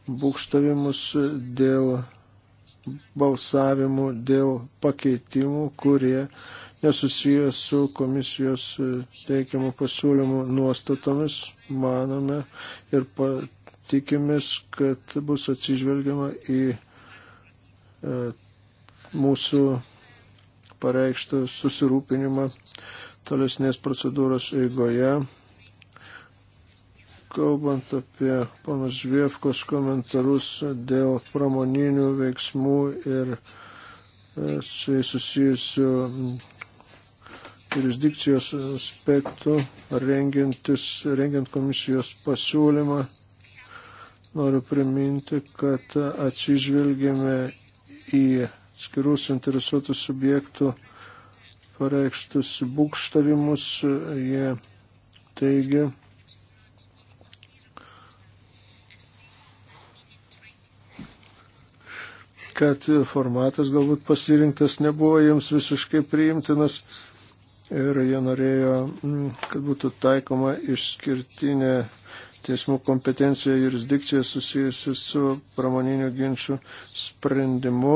būkštavimus dėl balsavimų, dėl pakeitimų, kurie nesusiję su komisijos e, teikiamų pasiūlymų nuostatomis. Manome ir tikimės, kad bus atsižvelgiama į e, mūsų pareikštą susirūpinimą tolesnės procedūros eigoje kalbant apie panas Žviefkos komentarus dėl pramoninių veiksmų ir e, su jais susijusių mm, jurisdikcijos aspektų, rengiant komisijos pasiūlymą, noriu priminti, kad atsižvelgėme į skirų suinteresuotų subjektų pareikštus būkštavimus. Jie teigia, kad formatas galbūt pasirinktas nebuvo jiems visiškai priimtinas ir jie norėjo, mm, kad būtų taikoma išskirtinė teismų kompetencija jurisdikcija susijusi su pramoninių ginčių sprendimu.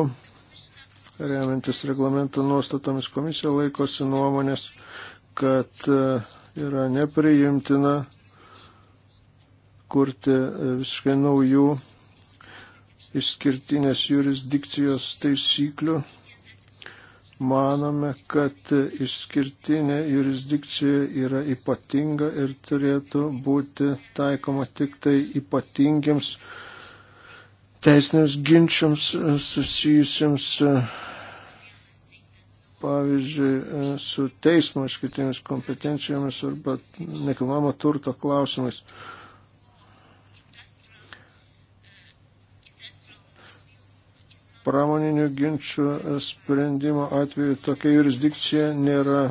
Remiantis reglamento nuostatomis komisija laikosi nuomonės, kad e, yra nepriimtina kurti e, visiškai naujų išskirtinės jurisdikcijos taisyklių. Manome, kad išskirtinė jurisdikcija yra ypatinga ir turėtų būti taikoma tik tai ypatingiams teisiniams ginčiams susijusiems, pavyzdžiui, su teismo išskirtinėmis kompetencijomis arba nekilnojamo turto klausimais. pramoninių ginčių sprendimo atveju tokia jurisdikcija nėra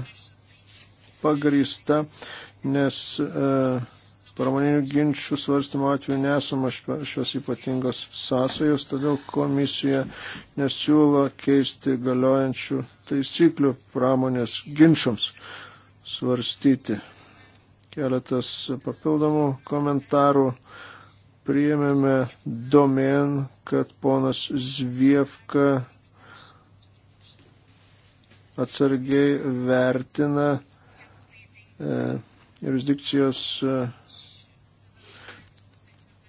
pagrįsta, nes e, pramoninių ginčių svarstymo atveju nesama šios ypatingos sąsajos, todėl komisija nesiūlo keisti galiojančių taisyklių pramonės ginčiams svarstyti. Keletas papildomų komentarų. E, priėmėme domen, kad ponas Zviefka atsargiai vertina e, jurisdikcijos e,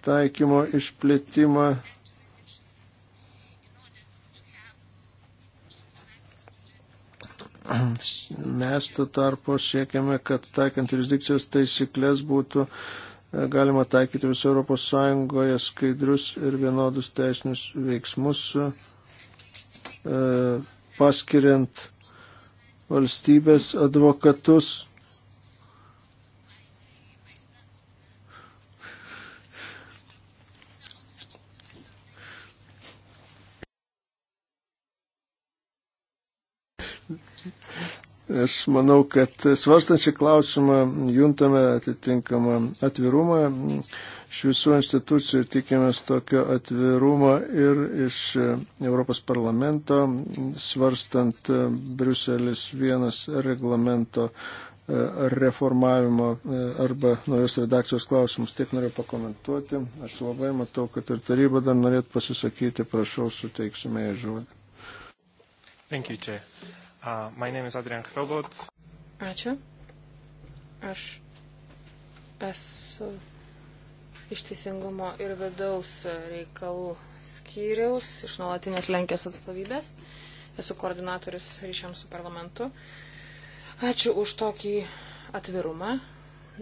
taikymo išplėtimą Mes tuo tarpu siekiame, kad taikant jurisdikcijos taisyklės būtų galima taikyti viso Europos Sąjungoje skaidrius ir vienodus teisinius veiksmus, e, paskiriant valstybės advokatus Aš manau, kad svarstant šį klausimą juntame atitinkamą atvirumą iš visų institucijų ir tikimės tokio atvirumo ir iš Europos parlamento, svarstant Bruselis vienas reglamento e, reformavimo e, arba naujos redakcijos klausimus. Tiek noriu pakomentuoti. Aš labai matau, kad ir taryba dar norėtų pasisakyti. Prašau, suteiksime į žodį. Thank you, Chair. Uh, my name is Adrian Hrobot. Ačiū. Aš esu iš teisingumo ir vidaus reikalų skyriaus, iš nuolatinės Lenkijos atstovybės. Esu koordinatorius ryšiams su parlamentu. Ačiū už tokį atvirumą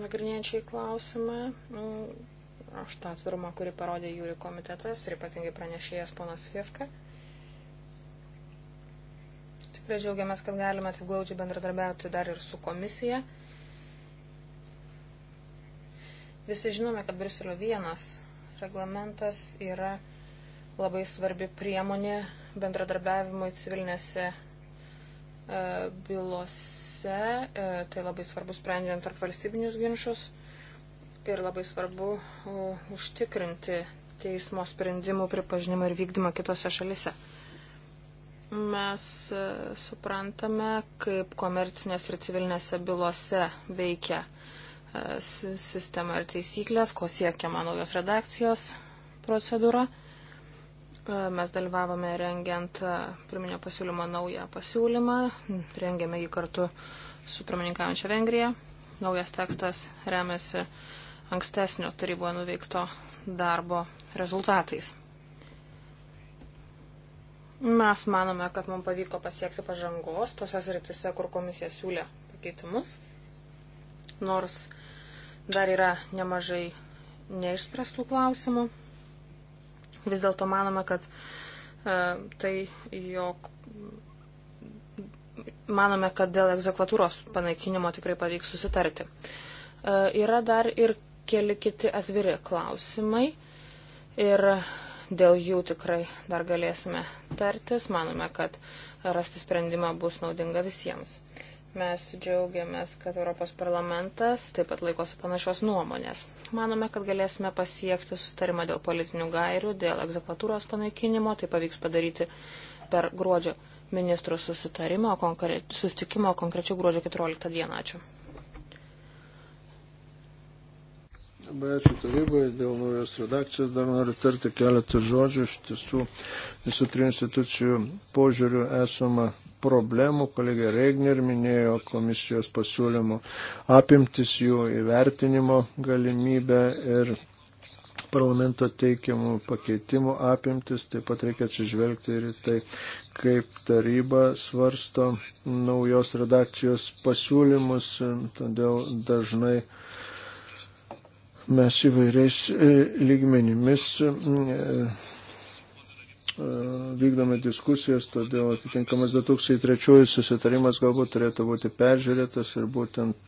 nagrinėjančiai klausimą. Nu, aš tą atvirumą, kurį parodė jūrių komitetas ir ypatingai pranešėjas ponas Fievka būklę. Džiaugiamės, kad galime taip glaudžiai bendradarbiauti dar ir su komisija. Visi žinome, kad Briuselio vienas reglamentas yra labai svarbi priemonė bendradarbiavimui civilinėse e, bylose. E, tai labai svarbu sprendžiant tarp valstybinius ginčius ir labai svarbu e, užtikrinti teismo sprendimų pripažinimą ir vykdymą kitose šalise mes e, suprantame, kaip komercinės ir civilinėse bylose veikia e, sistema ir taisyklės, ko siekiama naujos redakcijos procedūra. E, mes dalyvavome rengiant pirminio pasiūlymo naują pasiūlymą, rengėme jį kartu su pirmininkaujančia Vengrija. Naujas tekstas remiasi ankstesnio taryboje nuveikto darbo rezultatais. Mes manome, kad mums pavyko pasiekti pažangos tose sritise, kur komisija siūlė pakeitimus, nors dar yra nemažai neišspręstų klausimų. Vis dėlto manome, kad e, tai, jog manome, kad dėl egzekvatūros panaikinimo tikrai pavyks susitarti. E, yra dar ir keli kiti atviri klausimai. Ir dėl jų tikrai dar galėsime tartis. Manome, kad rasti sprendimą bus naudinga visiems. Mes džiaugiamės, kad Europos parlamentas taip pat laikosi panašios nuomonės. Manome, kad galėsime pasiekti sustarimą dėl politinių gairių, dėl egzekvatūros panaikinimo. Tai pavyks padaryti per gruodžio ministrų susitarimo, konkre... susitikimo konkrečiai gruodžio 14 dieną. Ačiū. Labai ačiū tarybai, dėl naujos redakcijos dar noriu tarti keletą žodžių. Iš tiesų visų trijų institucijų požiūrių esama problemų. Kolegė Regner minėjo komisijos pasiūlymų apimtis jų įvertinimo galimybę ir parlamento teikiamų pakeitimų apimtis, taip pat reikia atsižvelgti ir į tai, kaip taryba svarsto naujos redakcijos pasiūlymus, todėl dažnai mes įvairiais e, lygmenimis e, e, vykdome diskusijas, todėl atitinkamas 2003 susitarimas galbūt turėtų būti peržiūrėtas ir būtent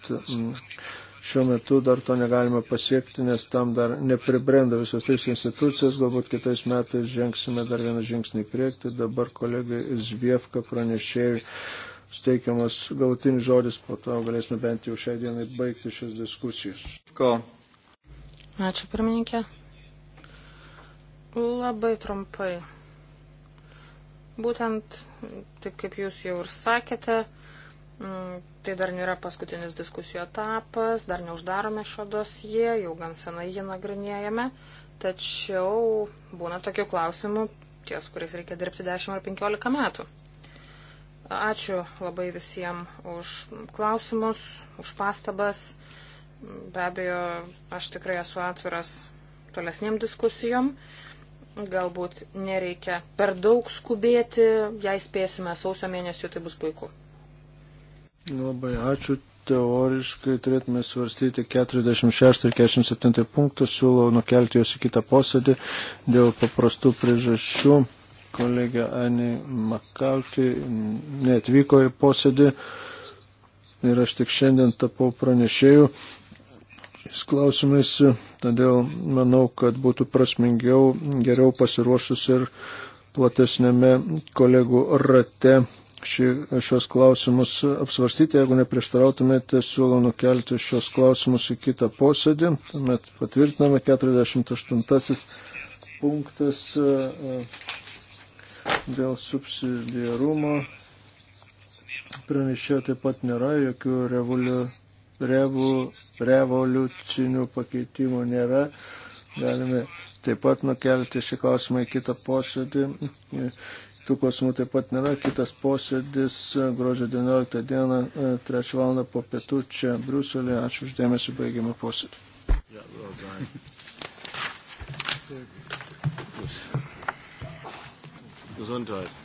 šiuo metu dar to negalima pasiekti, nes tam dar nepribrenda visos trys institucijos, galbūt kitais metais žengsime dar vieną žingsnį į priekį, dabar kolegai Zviefka pranešėjai steikiamas galutinis žodis, po to galėsime bent jau šią dieną baigti šias diskusijas. Ko? Ačiū pirmininkė. Labai trumpai. Būtent, taip kaip jūs jau ir sakėte, mm, tai dar nėra paskutinis diskusijų etapas, dar neuždarome šio dosie, jau gan senai jį nagrinėjame, tačiau būna tokių klausimų, ties kuriais reikia dirbti 10 ar 15 metų. Ačiū labai visiems už klausimus, už pastabas. Be abejo, aš tikrai esu atviras tolesniam diskusijom. Galbūt nereikia per daug skubėti, jei spėsime sausio mėnesio, tai bus puiku. Labai ačiū. Teoriškai turėtume svarstyti 46 ir 47 punktus, siūlau nukelti juos į kitą posėdį dėl paprastų priežasčių. Kolegė Ani Makalti neatvyko į posėdį ir aš tik šiandien tapau pranešėjų klausimais, todėl manau, kad būtų prasmingiau, geriau pasiruošus ir platesnėme kolegų rate šį, šios klausimus apsvarstyti. Jeigu neprieštarautumėte, siūlau nukelti šios klausimus į kitą posėdį. Tuomet patvirtiname 48 punktas e, dėl subsidiarumo. Pranešėjo taip pat nėra jokių revoliucijų revu, revoliucinių pakeitimų nėra. Galime taip pat nukelti šį klausimą į kitą posėdį. Tų klausimų taip pat nėra. Kitas posėdis e, gruodžio 19 dieną, 3 e, val. po pietų čia Bruselėje. Ačiū uždėmesi, baigiame posėdį. Ja, Gesundheit.